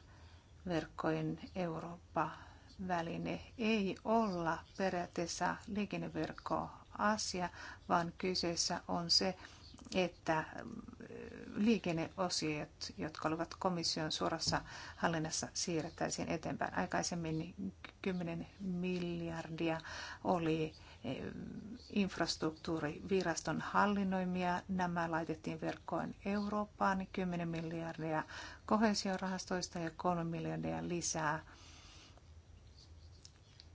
verkkojen Eurooppa-väline ei olla periaatteessa liikenneverkkoasia, vaan kyseessä on se, että liikenneosiot, jotka olivat komission suorassa hallinnassa, siirrettäisiin eteenpäin. Aikaisemmin 10 miljardia oli eh, infrastruktuuriviraston hallinnoimia. Nämä laitettiin verkkoon Eurooppaan 10 miljardia kohesiorahastoista ja 3 miljardia lisää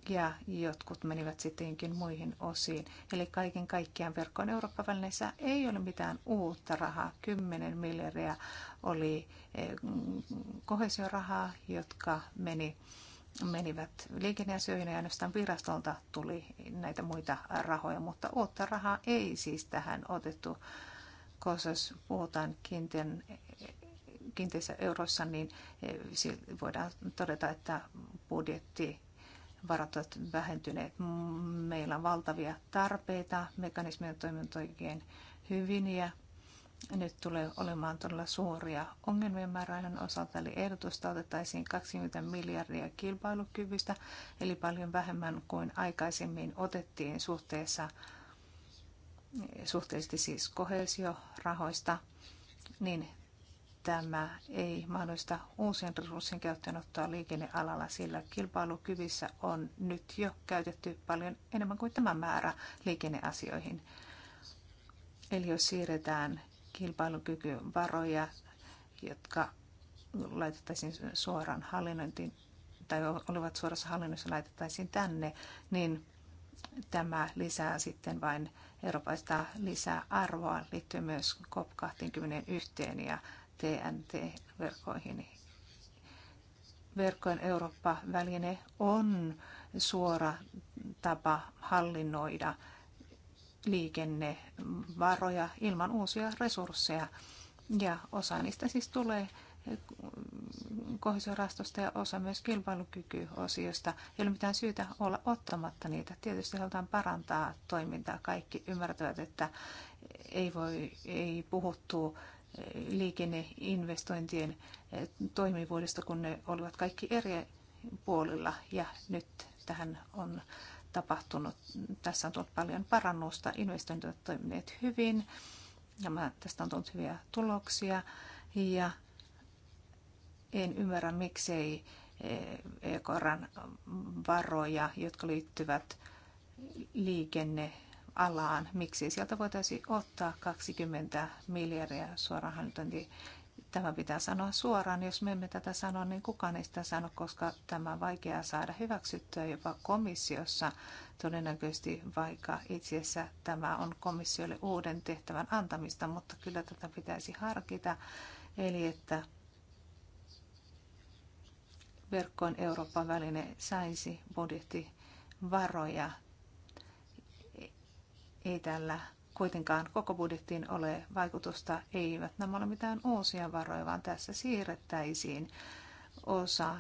ja jotkut menivät sittenkin muihin osiin. Eli kaiken kaikkiaan verkkoon Eurooppa-välineissä ei ole mitään uutta rahaa. 10 miljardia oli eh, kohesiorahaa, jotka meni menivät liikenneasioihin ja ainoastaan virastolta tuli näitä muita rahoja, mutta uutta rahaa ei siis tähän otettu, koska jos puhutaan kiinteän kiinteissä euroissa, niin eh, voidaan todeta, että budjetti varat ovat vähentyneet. Meillä on valtavia tarpeita, mekanismia toiminut oikein hyvin ja nyt tulee olemaan todella suuria ongelmien määräinen osalta, eli ehdotusta otettaisiin 20 miljardia kilpailukyvystä, eli paljon vähemmän kuin aikaisemmin otettiin suhteessa, suhteellisesti siis kohesiorahoista, niin tämä ei mahdollista uusien resurssien käyttöönottoa liikennealalla, sillä kilpailukyvissä on nyt jo käytetty paljon enemmän kuin tämä määrä liikenneasioihin. Eli jos siirretään kilpailukykyvaroja, jotka laitettaisiin suoraan hallinnointiin tai olivat suorassa hallinnossa laitettaisiin tänne, niin tämä lisää sitten vain Euroopasta lisää arvoa liittyen myös COP21 ja TNT-verkkoihin. Verkkojen Eurooppa-väline on suora tapa hallinnoida liikennevaroja ilman uusia resursseja. Ja osa niistä siis tulee kohesiorastosta ja osa myös kilpailukykyosiosta. Ei ole mitään syytä olla ottamatta niitä. Tietysti halutaan parantaa toimintaa. Kaikki ymmärtävät, että ei, voi, ei puhuttu liikenneinvestointien eh, toimivuudesta, kun ne olivat kaikki eri puolilla ja nyt tähän on tapahtunut. Tässä on tullut paljon parannusta, investoinnit ovat toimineet hyvin, ja tästä on tullut hyviä tuloksia ja en ymmärrä miksei EKRan eh, e varoja, jotka liittyvät liikenne alaan. Miksi sieltä voitaisiin ottaa 20 miljardia suoraan hallintointiin? Tämä pitää sanoa suoraan. Jos me emme tätä sano, niin kukaan ei sitä sano, koska tämä on vaikeaa saada hyväksyttyä jopa komissiossa todennäköisesti, vaikka itse asiassa tämä on komissiolle uuden tehtävän antamista, mutta kyllä tätä pitäisi harkita. Eli että verkkoon Euroopan väline saisi budjettivaroja ei tällä kuitenkaan koko budjettiin ole vaikutusta, eivät nämä ole mitään uusia varoja, vaan tässä siirrettäisiin osa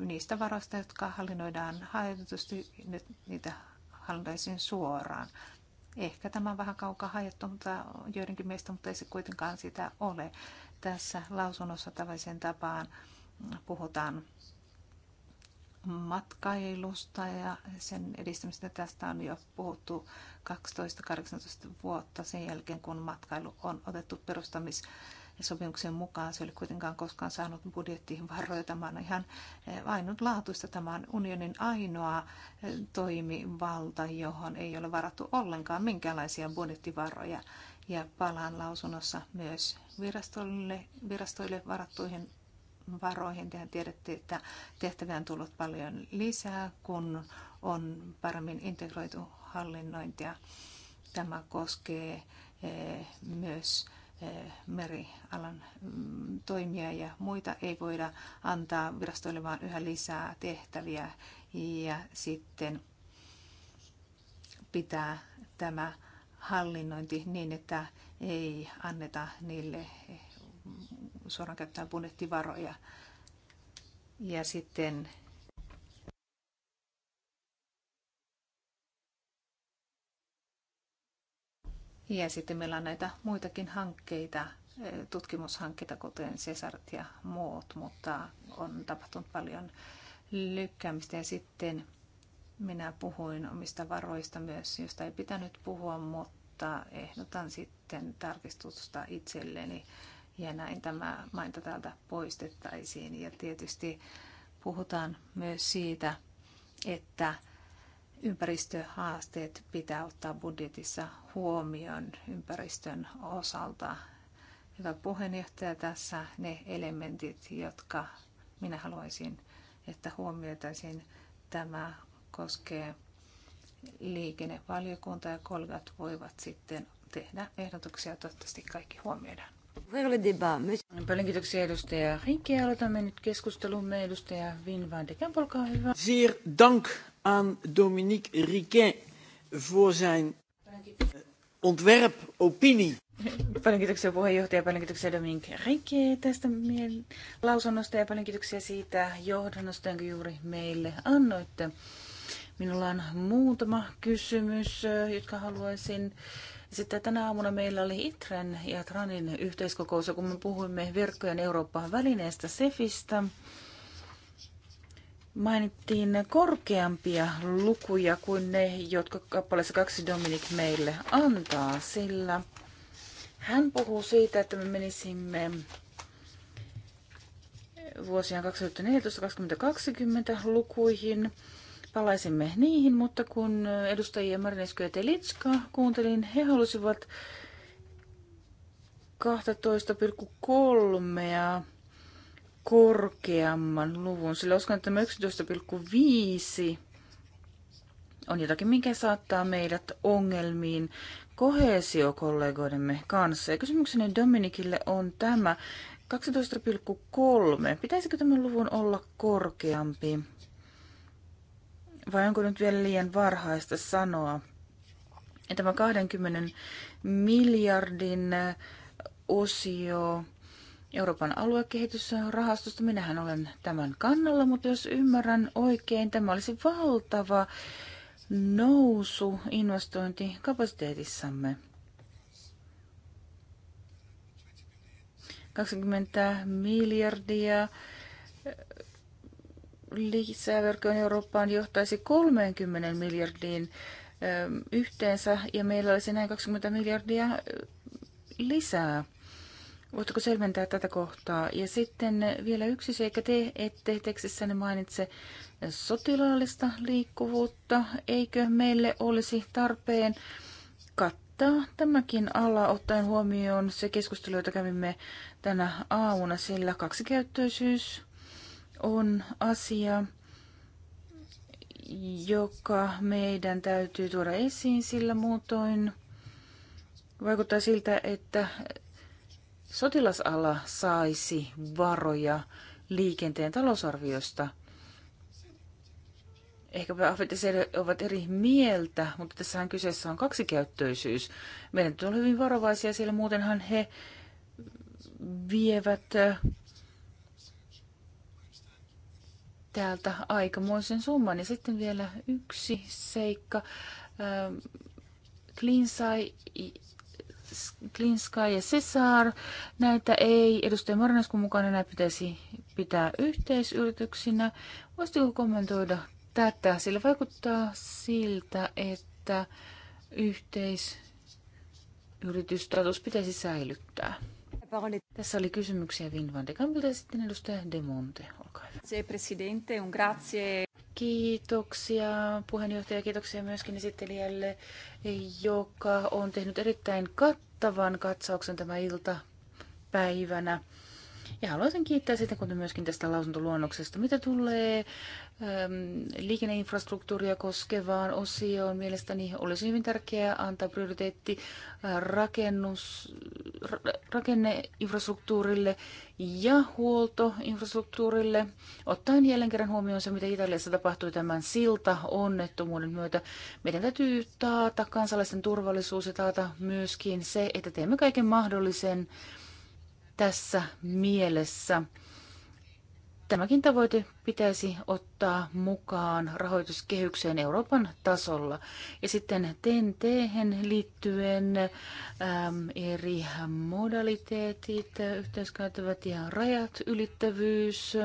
niistä varoista, jotka hallinnoidaan hajotetusti, nyt niitä hallinnoisin suoraan. Ehkä tämä on vähän kaukaa hajattu mutta joidenkin meistä, mutta ei se kuitenkaan sitä ole. Tässä lausunnossa tavallisen tapaan puhutaan matkailusta ja sen edistämistä. Tästä on jo puhuttu 12-18 vuotta sen jälkeen, kun matkailu on otettu perustamis sopimuksen mukaan. Se ei ole kuitenkaan koskaan saanut varoja. Tämä on ihan eh, ainutlaatuista. Tämä on unionin ainoa eh, toimivalta, johon ei ole varattu ollenkaan minkäänlaisia budjettivaroja. Ja palaan lausunnossa myös virastoille, virastoille varattuihin varoihin. Tehän tiedätte, että tehtäviä on tullut paljon lisää, kun on paremmin integroitu hallinnointia. Tämä koskee eh, myös eh, merialan mm, toimia ja muita ei voida antaa virastoille vaan yhä lisää tehtäviä ja sitten pitää tämä hallinnointi niin, että ei anneta niille suoraan käyttäen budjettivaroja. Ja sitten Ja sitten meillä on näitä muitakin hankkeita, eh, tutkimushankkeita, kuten Cesart ja muut, mutta on tapahtunut paljon lykkäämistä. Ja sitten minä puhuin omista varoista myös, josta ei pitänyt puhua, mutta ehdotan sitten tarkistusta itselleni ja näin tämä mainta täältä poistettaisiin. Ja tietysti puhutaan myös siitä, että ympäristöhaasteet pitää ottaa budjetissa huomioon ympäristön osalta. Hyvä puheenjohtaja, tässä ne elementit, jotka minä haluaisin, että huomioitaisiin. Tämä koskee liikennevaliokunta ja kollegat voivat sitten tehdä ehdotuksia. Toivottavasti kaikki huomioidaan. Paljon kiitoksia edustaja Rinke. Aloitamme nyt keskustelumme edustaja Vin van de Kamp, olkaa hyvä. Zeer dank aan Dominique Riquet voor zijn eh, ontwerp, opinie. Paljon kiitoksia puheenjohtaja, paljon kiitoksia Dominique Rike tästä lausunnosta ja paljon kiitoksia siitä johdannosta, jonka juuri meille annoitte. Minulla on muutama kysymys, eh, jotka haluaisin sitten tänä aamuna meillä oli ITREN ja TRANin yhteiskokous, kun me puhuimme verkkojen Eurooppaan välineestä SEFistä. Mainittiin korkeampia lukuja kuin ne, jotka kappaleessa kaksi Dominik meille antaa, sillä hän puhuu siitä, että me menisimme vuosien 2014-2020 lukuihin palaisimme niihin, mutta kun edustajia Marinesko ja Telitska kuuntelin, he halusivat 12,3 korkeamman luvun, sillä uskon, että tämä 11,5 on jotakin, mikä saattaa meidät ongelmiin kohesiokollegoidemme kanssa. Ja kysymykseni Dominikille on tämä, 12,3. Pitäisikö tämän luvun olla korkeampi? vai onko nyt vielä liian varhaista sanoa, että tämä 20 miljardin osio Euroopan aluekehitysrahastosta, minähän olen tämän kannalla, mutta jos ymmärrän oikein, tämä olisi valtava nousu investointikapasiteetissamme. 20 miljardia lisää Eurooppaan johtaisi 30 miljardiin ähm, yhteensä ja meillä olisi näin 20 miljardia äh, lisää. Voitteko selventää tätä kohtaa? Ja sitten vielä yksi seikka, te ette tekstissänne mainitse sotilaallista liikkuvuutta. Eikö meille olisi tarpeen kattaa tämäkin ala ottaen huomioon se keskustelu, jota kävimme tänä aamuna, sillä kaksikäyttöisyys on asia, joka meidän täytyy tuoda esiin, sillä muutoin vaikuttaa siltä, että sotilasala saisi varoja liikenteen talousarviosta. Ehkä afetiset ovat eri mieltä, mutta tässähän kyseessä on kaksikäyttöisyys. Meidän tulee hyvin varovaisia, sillä muutenhan he vievät täältä aikamoisen summan. Ja sitten vielä yksi seikka. Klinsai, ähm, Klinska ja Cesar, näitä ei edustaja Marnaskun mukaan enää pitäisi pitää yhteisyrityksinä. Voisitko kommentoida tätä, sillä vaikuttaa siltä, että yhteisyritysstatus pitäisi säilyttää. Tässä oli kysymyksiä Vin van de Kampilta ja sitten edustaja De Monte. Olkaa hyvä. Se presidente, un grazie. Kiitoksia puheenjohtaja, kiitoksia myöskin esittelijälle, joka on tehnyt erittäin kattavan katsauksen tämä ilta päivänä. Ja haluaisin kiittää sitä, kuten myöskin tästä lausuntoluonnoksesta, mitä tulee äm, liikenneinfrastruktuuria koskevaan osioon. Mielestäni olisi hyvin tärkeää antaa prioriteetti äh, rakennus, ra, rakenneinfrastruktuurille ja huoltoinfrastruktuurille, ottaen jälleen kerran huomioon se, mitä Italiassa tapahtui tämän silta onnettomuuden myötä. Meidän täytyy taata kansalaisten turvallisuus ja taata myöskin se, että teemme kaiken mahdollisen, tässä mielessä. Tämäkin tavoite pitäisi ottaa mukaan rahoituskehykseen Euroopan tasolla. Ja sitten tnt liittyen äm, eri modaliteetit, yhteiskäytävät ja rajat ylittävyys.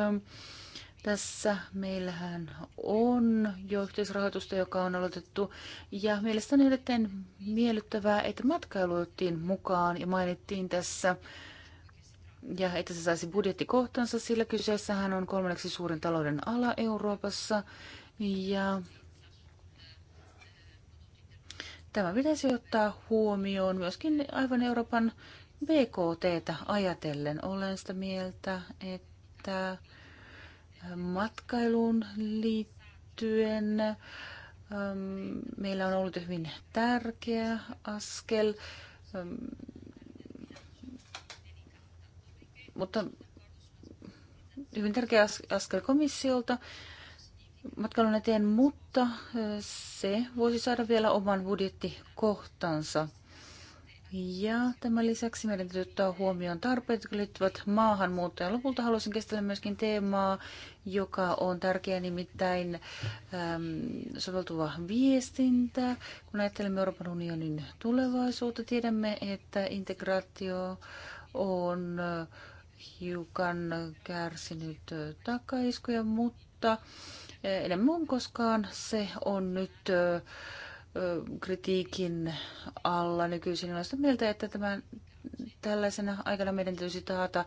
Tässä meillähän on jo yhteisrahoitusta, joka on aloitettu. Ja mielestäni on miellyttävää, että matkailu otettiin mukaan ja mainittiin tässä ja että se saisi budjettikohtansa, sillä kyseessähän on kolmanneksi suurin talouden ala Euroopassa ja tämä pitäisi ottaa huomioon myöskin aivan Euroopan BKT ajatellen. Olen sitä mieltä, että matkailuun liittyen ähm, meillä on ollut hyvin tärkeä askel ähm, mutta hyvin tärkeä askel komissiolta matkailun eteen, mutta se voisi saada vielä oman budjettikohtansa. Ja tämän lisäksi meidän täytyy ottaa huomioon tarpeet, jotka liittyvät maahanmuuttoon. Lopulta haluaisin kestää myöskin teemaa, joka on tärkeä nimittäin äm, soveltuva viestintä. Kun ajattelemme Euroopan unionin tulevaisuutta, tiedämme, että integraatio on äh, hiukan kärsinyt takaiskuja, mutta eh, enemmän koskaan se on nyt eh, eh, kritiikin alla nykyisin. Olen sitä mieltä, että tämän, tällaisena aikana meidän täytyisi taata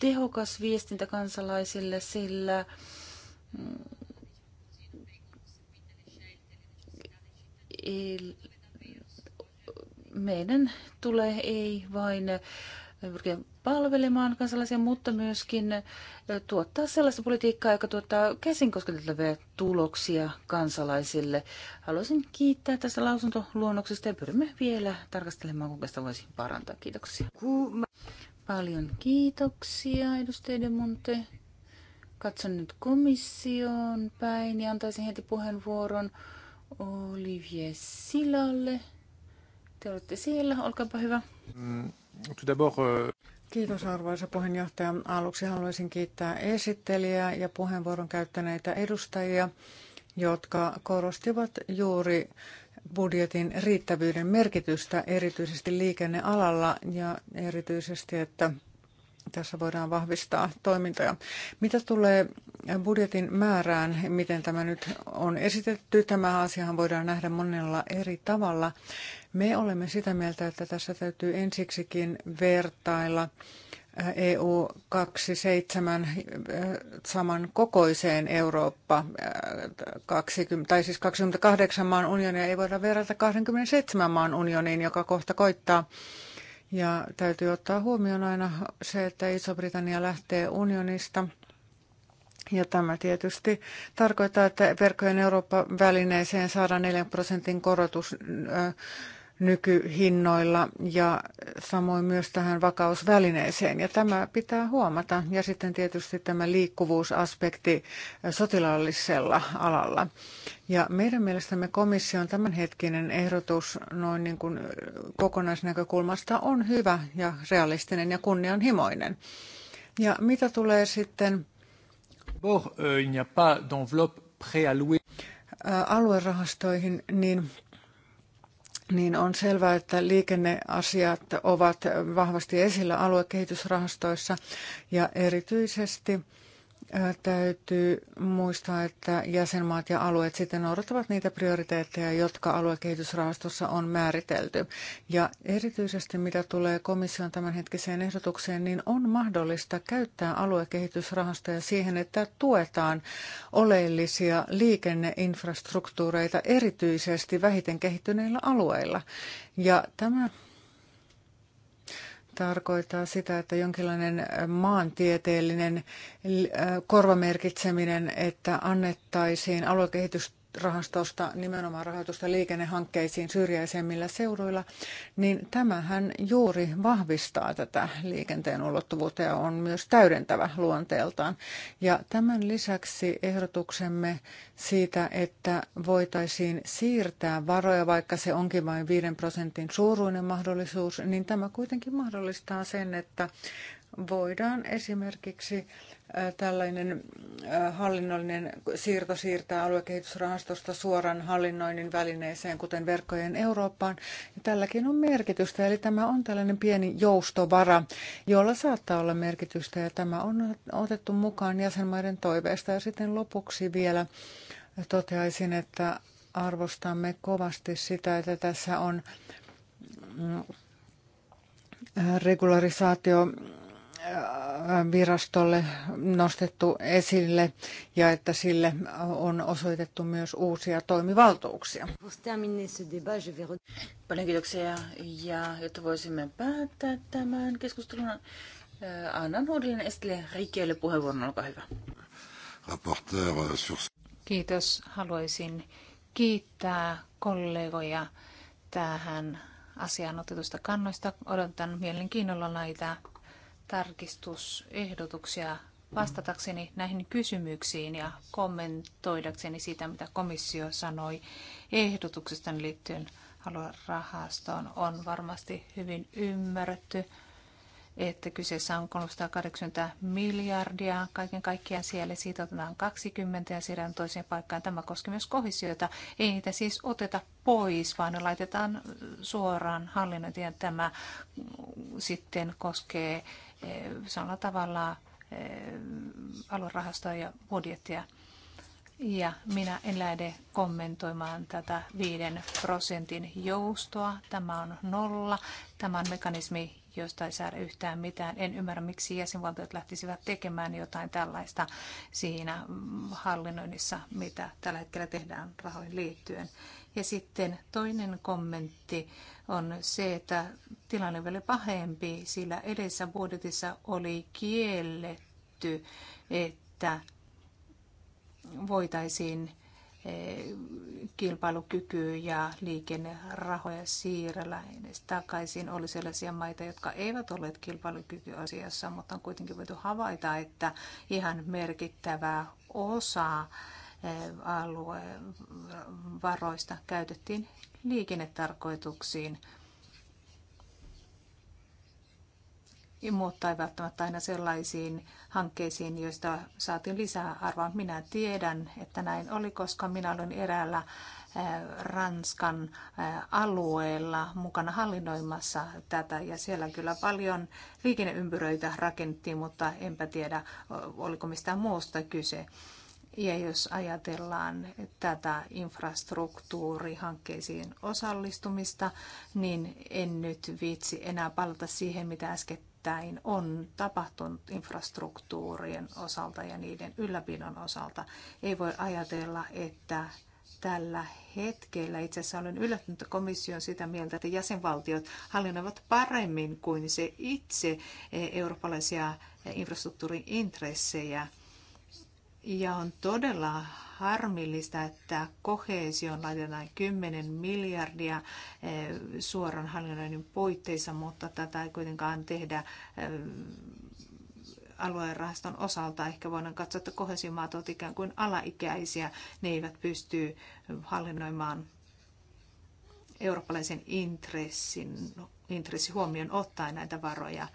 tehokas viestintä kansalaisille, sillä mm, meidän tulee ei vain palvelemaan kansalaisia, mutta myöskin tuottaa sellaista politiikkaa, joka tuottaa käsin kosketeltavia tuloksia kansalaisille. Haluaisin kiittää tästä lausuntoluonnoksesta ja pyrimme vielä tarkastelemaan, kuinka sitä voisi parantaa. Kiitoksia. Paljon kiitoksia, edustaja De Monte. Katson nyt komissioon päin ja antaisin heti puheenvuoron Olivier Silalle. Te olette siellä, olkaapa hyvä. Mm, tout d'abord, euh, Kiitos arvoisa puheenjohtaja. Aluksi haluaisin kiittää esittelijää ja puheenvuoron käyttäneitä edustajia, jotka korostivat juuri budjetin riittävyyden merkitystä erityisesti liikennealalla ja erityisesti, että tässä voidaan vahvistaa toimintoja. Mitä tulee budjetin määrään, miten tämä nyt on esitetty, tämä asiahan voidaan nähdä monella eri tavalla. Me olemme sitä mieltä, että tässä täytyy ensiksikin vertailla EU 27 saman kokoiseen Eurooppa 20, tai siis 28 maan unionia ei voida verrata 27 maan unioniin, joka kohta koittaa. Ja täytyy ottaa huomioon aina se, että Iso-Britannia lähtee unionista. Ja tämä tietysti tarkoittaa, että verkkojen Eurooppa-välineeseen saadaan 4 prosentin korotus nykyhinnoilla ja samoin myös tähän vakausvälineeseen. Ja tämä pitää huomata. Ja sitten tietysti tämä liikkuvuusaspekti sotilaallisella alalla. Ja meidän mielestämme komission tämänhetkinen ehdotus noin niin kuin kokonaisnäkökulmasta on hyvä ja realistinen ja kunnianhimoinen. Ja mitä tulee sitten... Bon, euh, il n'y a pas d'enveloppe préallouée aluerahastoihin, niin niin on selvää, että liikenneasiat ovat vahvasti esillä aluekehitysrahastoissa ja erityisesti täytyy muistaa, että jäsenmaat ja alueet sitten noudattavat niitä prioriteetteja, jotka aluekehitysrahastossa on määritelty. Ja erityisesti mitä tulee komission tämänhetkiseen ehdotukseen, niin on mahdollista käyttää aluekehitysrahastoja siihen, että tuetaan oleellisia liikenneinfrastruktuureita erityisesti vähiten kehittyneillä alueilla. Ja tämä tarkoittaa sitä, että jonkinlainen maantieteellinen äh, korvamerkitseminen, että annettaisiin aluekehitys rahastosta nimenomaan rahoitusta liikennehankkeisiin syrjäisemmillä seuduilla, niin tämähän juuri vahvistaa tätä liikenteen ulottuvuutta ja on myös täydentävä luonteeltaan. Ja tämän lisäksi ehdotuksemme siitä, että voitaisiin siirtää varoja, vaikka se onkin vain 5 prosentin suuruinen mahdollisuus, niin tämä kuitenkin mahdollistaa sen, että voidaan esimerkiksi tällainen hallinnollinen siirto siirtää aluekehitysrahastosta suoran hallinnoinnin välineeseen, kuten verkkojen Eurooppaan. Ja tälläkin on merkitystä, eli tämä on tällainen pieni joustovara, jolla saattaa olla merkitystä, ja tämä on otettu mukaan jäsenmaiden toiveesta. Ja sitten lopuksi vielä toteaisin, että arvostamme kovasti sitä, että tässä on mm, regularisaatio virastolle nostettu esille ja että sille on osoitettu myös uusia toimivaltuuksia. Paljon kiitoksia ja jotta voisimme päättää tämän keskustelun, äh, annan uudelleen esille Rikelle puheenvuoron, olkaa hyvä. Äh, Kiitos. Haluaisin kiittää kollegoja tähän asiaan otetusta kannoista. Odotan mielenkiinnolla näitä tarkistusehdotuksia vastatakseni näihin kysymyksiin ja kommentoidakseni sitä, mitä komissio sanoi ehdotuksesta liittyen aluerahastoon. On varmasti hyvin ymmärretty, että kyseessä on 380 miljardia. Kaiken kaikkiaan siellä siitä otetaan 20 ja siirrytään toiseen paikkaan. Tämä koskee myös kohisiota. Ei niitä siis oteta pois, vaan ne laitetaan suoraan hallinnointiin. Tämä sitten koskee Eh, samalla tavalla eh, aluerahastoa ja budjettia. Ja minä en lähde kommentoimaan tätä 5 prosentin joustoa. Tämä on nolla. Tämä on mekanismi, josta ei saada yhtään mitään. En ymmärrä, miksi jäsenvaltiot lähtisivät tekemään jotain tällaista siinä mm, hallinnoinnissa, mitä tällä hetkellä tehdään rahoihin liittyen. Ja sitten toinen kommentti on se, että tilanne oli pahempi, sillä edessä budjetissa oli kielletty, että voitaisiin eh, kilpailukyky ja liikennerahoja siirrellä takaisin. Oli sellaisia maita, jotka eivät olleet kilpailukykyasiassa, mutta on kuitenkin voitu havaita, että ihan merkittävä osa aluevaroista käytettiin liikennetarkoituksiin, mutta ei välttämättä aina sellaisiin hankkeisiin, joista saatiin lisää arvoa. Minä tiedän, että näin oli, koska minä olin eräällä eh, Ranskan eh, alueella mukana hallinnoimassa tätä ja siellä kyllä paljon liikenneympyröitä rakennettiin, mutta enpä tiedä oliko mistään muusta kyse. Ja jos ajatellaan tätä infrastruktuurihankkeisiin osallistumista, niin en nyt viitsi enää palata siihen, mitä äskettäin on tapahtunut infrastruktuurien osalta ja niiden ylläpidon osalta. Ei voi ajatella, että tällä hetkellä. Itse asiassa olen yllättynyt, että komissio sitä mieltä, että jäsenvaltiot hallinnoivat paremmin kuin se itse e, eurooppalaisia infrastruktuurin intressejä – ja on todella harmillista, että koheesioon laitetaan 10 miljardia eh, suoran hallinnoinnin puitteissa, mutta tätä ei kuitenkaan tehdä eh, alueen rahaston osalta. Ehkä voidaan katsoa, että kohesimaat ovat ikään kuin alaikäisiä. Ne eivät pysty hallinnoimaan eurooppalaisen intressin, intressi huomioon ottaen näitä varoja.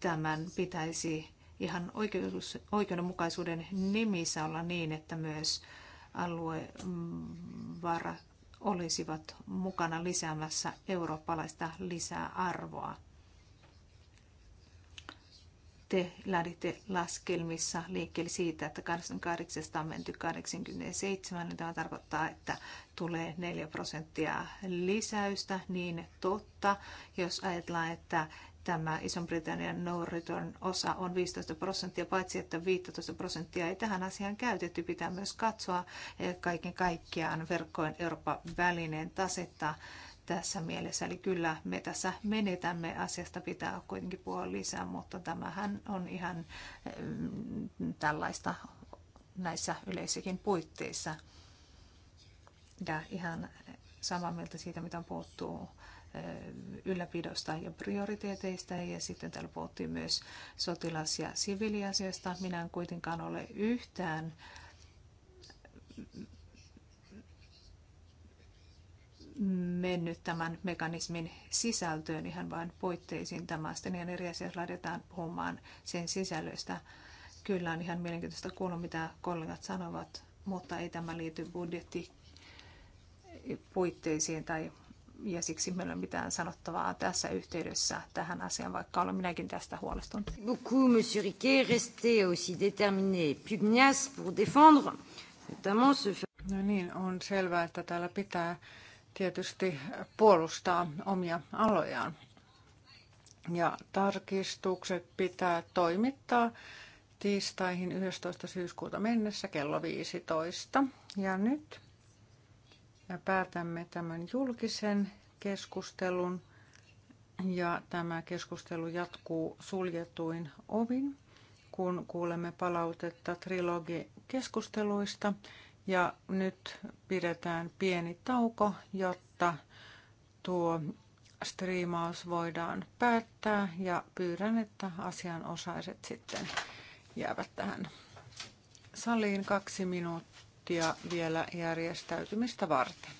Tämän pitäisi ihan oikeus, oikeudenmukaisuuden nimissä olla niin, että myös aluevarat mm, olisivat mukana lisäämässä eurooppalaista lisäarvoa. Te lähditte laskelmissa liikkeelle siitä, että 88 on menty 87, niin tämä tarkoittaa, että tulee 4 prosenttia lisäystä, niin totta. Jos ajatellaan, että tämä Ison-Britannian Return osa on 15 prosenttia, paitsi että 15 prosenttia ei tähän asiaan käytetty, pitää myös katsoa eh, kaiken kaikkiaan verkkojen Euroopan välineen tasetta tässä mielessä. Eli kyllä me tässä menetämme, asiasta pitää kuitenkin puhua lisää, mutta tämähän on ihan eh, tällaista näissä yleisikin puitteissa. Ja ihan samaa mieltä siitä, mitä puhuttu ylläpidosta ja prioriteeteista. Ja sitten täällä puhuttiin myös sotilas- ja siviiliasioista. Minä en kuitenkaan ole yhtään mennyt tämän mekanismin sisältöön ihan vain poitteisiin Tämä sitten ihan eri asiassa laitetaan puhumaan sen sisällöstä. Kyllä on ihan mielenkiintoista kuulla, mitä kollegat sanovat, mutta ei tämä liity budjetti puitteisiin tai ja siksi meillä ei ole mitään sanottavaa tässä yhteydessä tähän asiaan, vaikka olen minäkin tästä huolestunut. Beaucoup, monsieur Riquet. Restez aussi déterminé pugnace pour défendre notamment ce... No niin, on selvää, että täällä pitää tietysti puolustaa omia alojaan. Ja tarkistukset pitää toimittaa tiistaihin 11. syyskuuta mennessä kello 15. Ja nyt ja päätämme tämän julkisen keskustelun ja tämä keskustelu jatkuu suljetuin ovin, kun kuulemme palautetta trilogikeskusteluista. Ja nyt pidetään pieni tauko, jotta tuo striimaus voidaan päättää ja pyydän, että asianosaiset sitten jäävät tähän saliin kaksi minuuttia minuuttia vielä järjestäytymistä varten.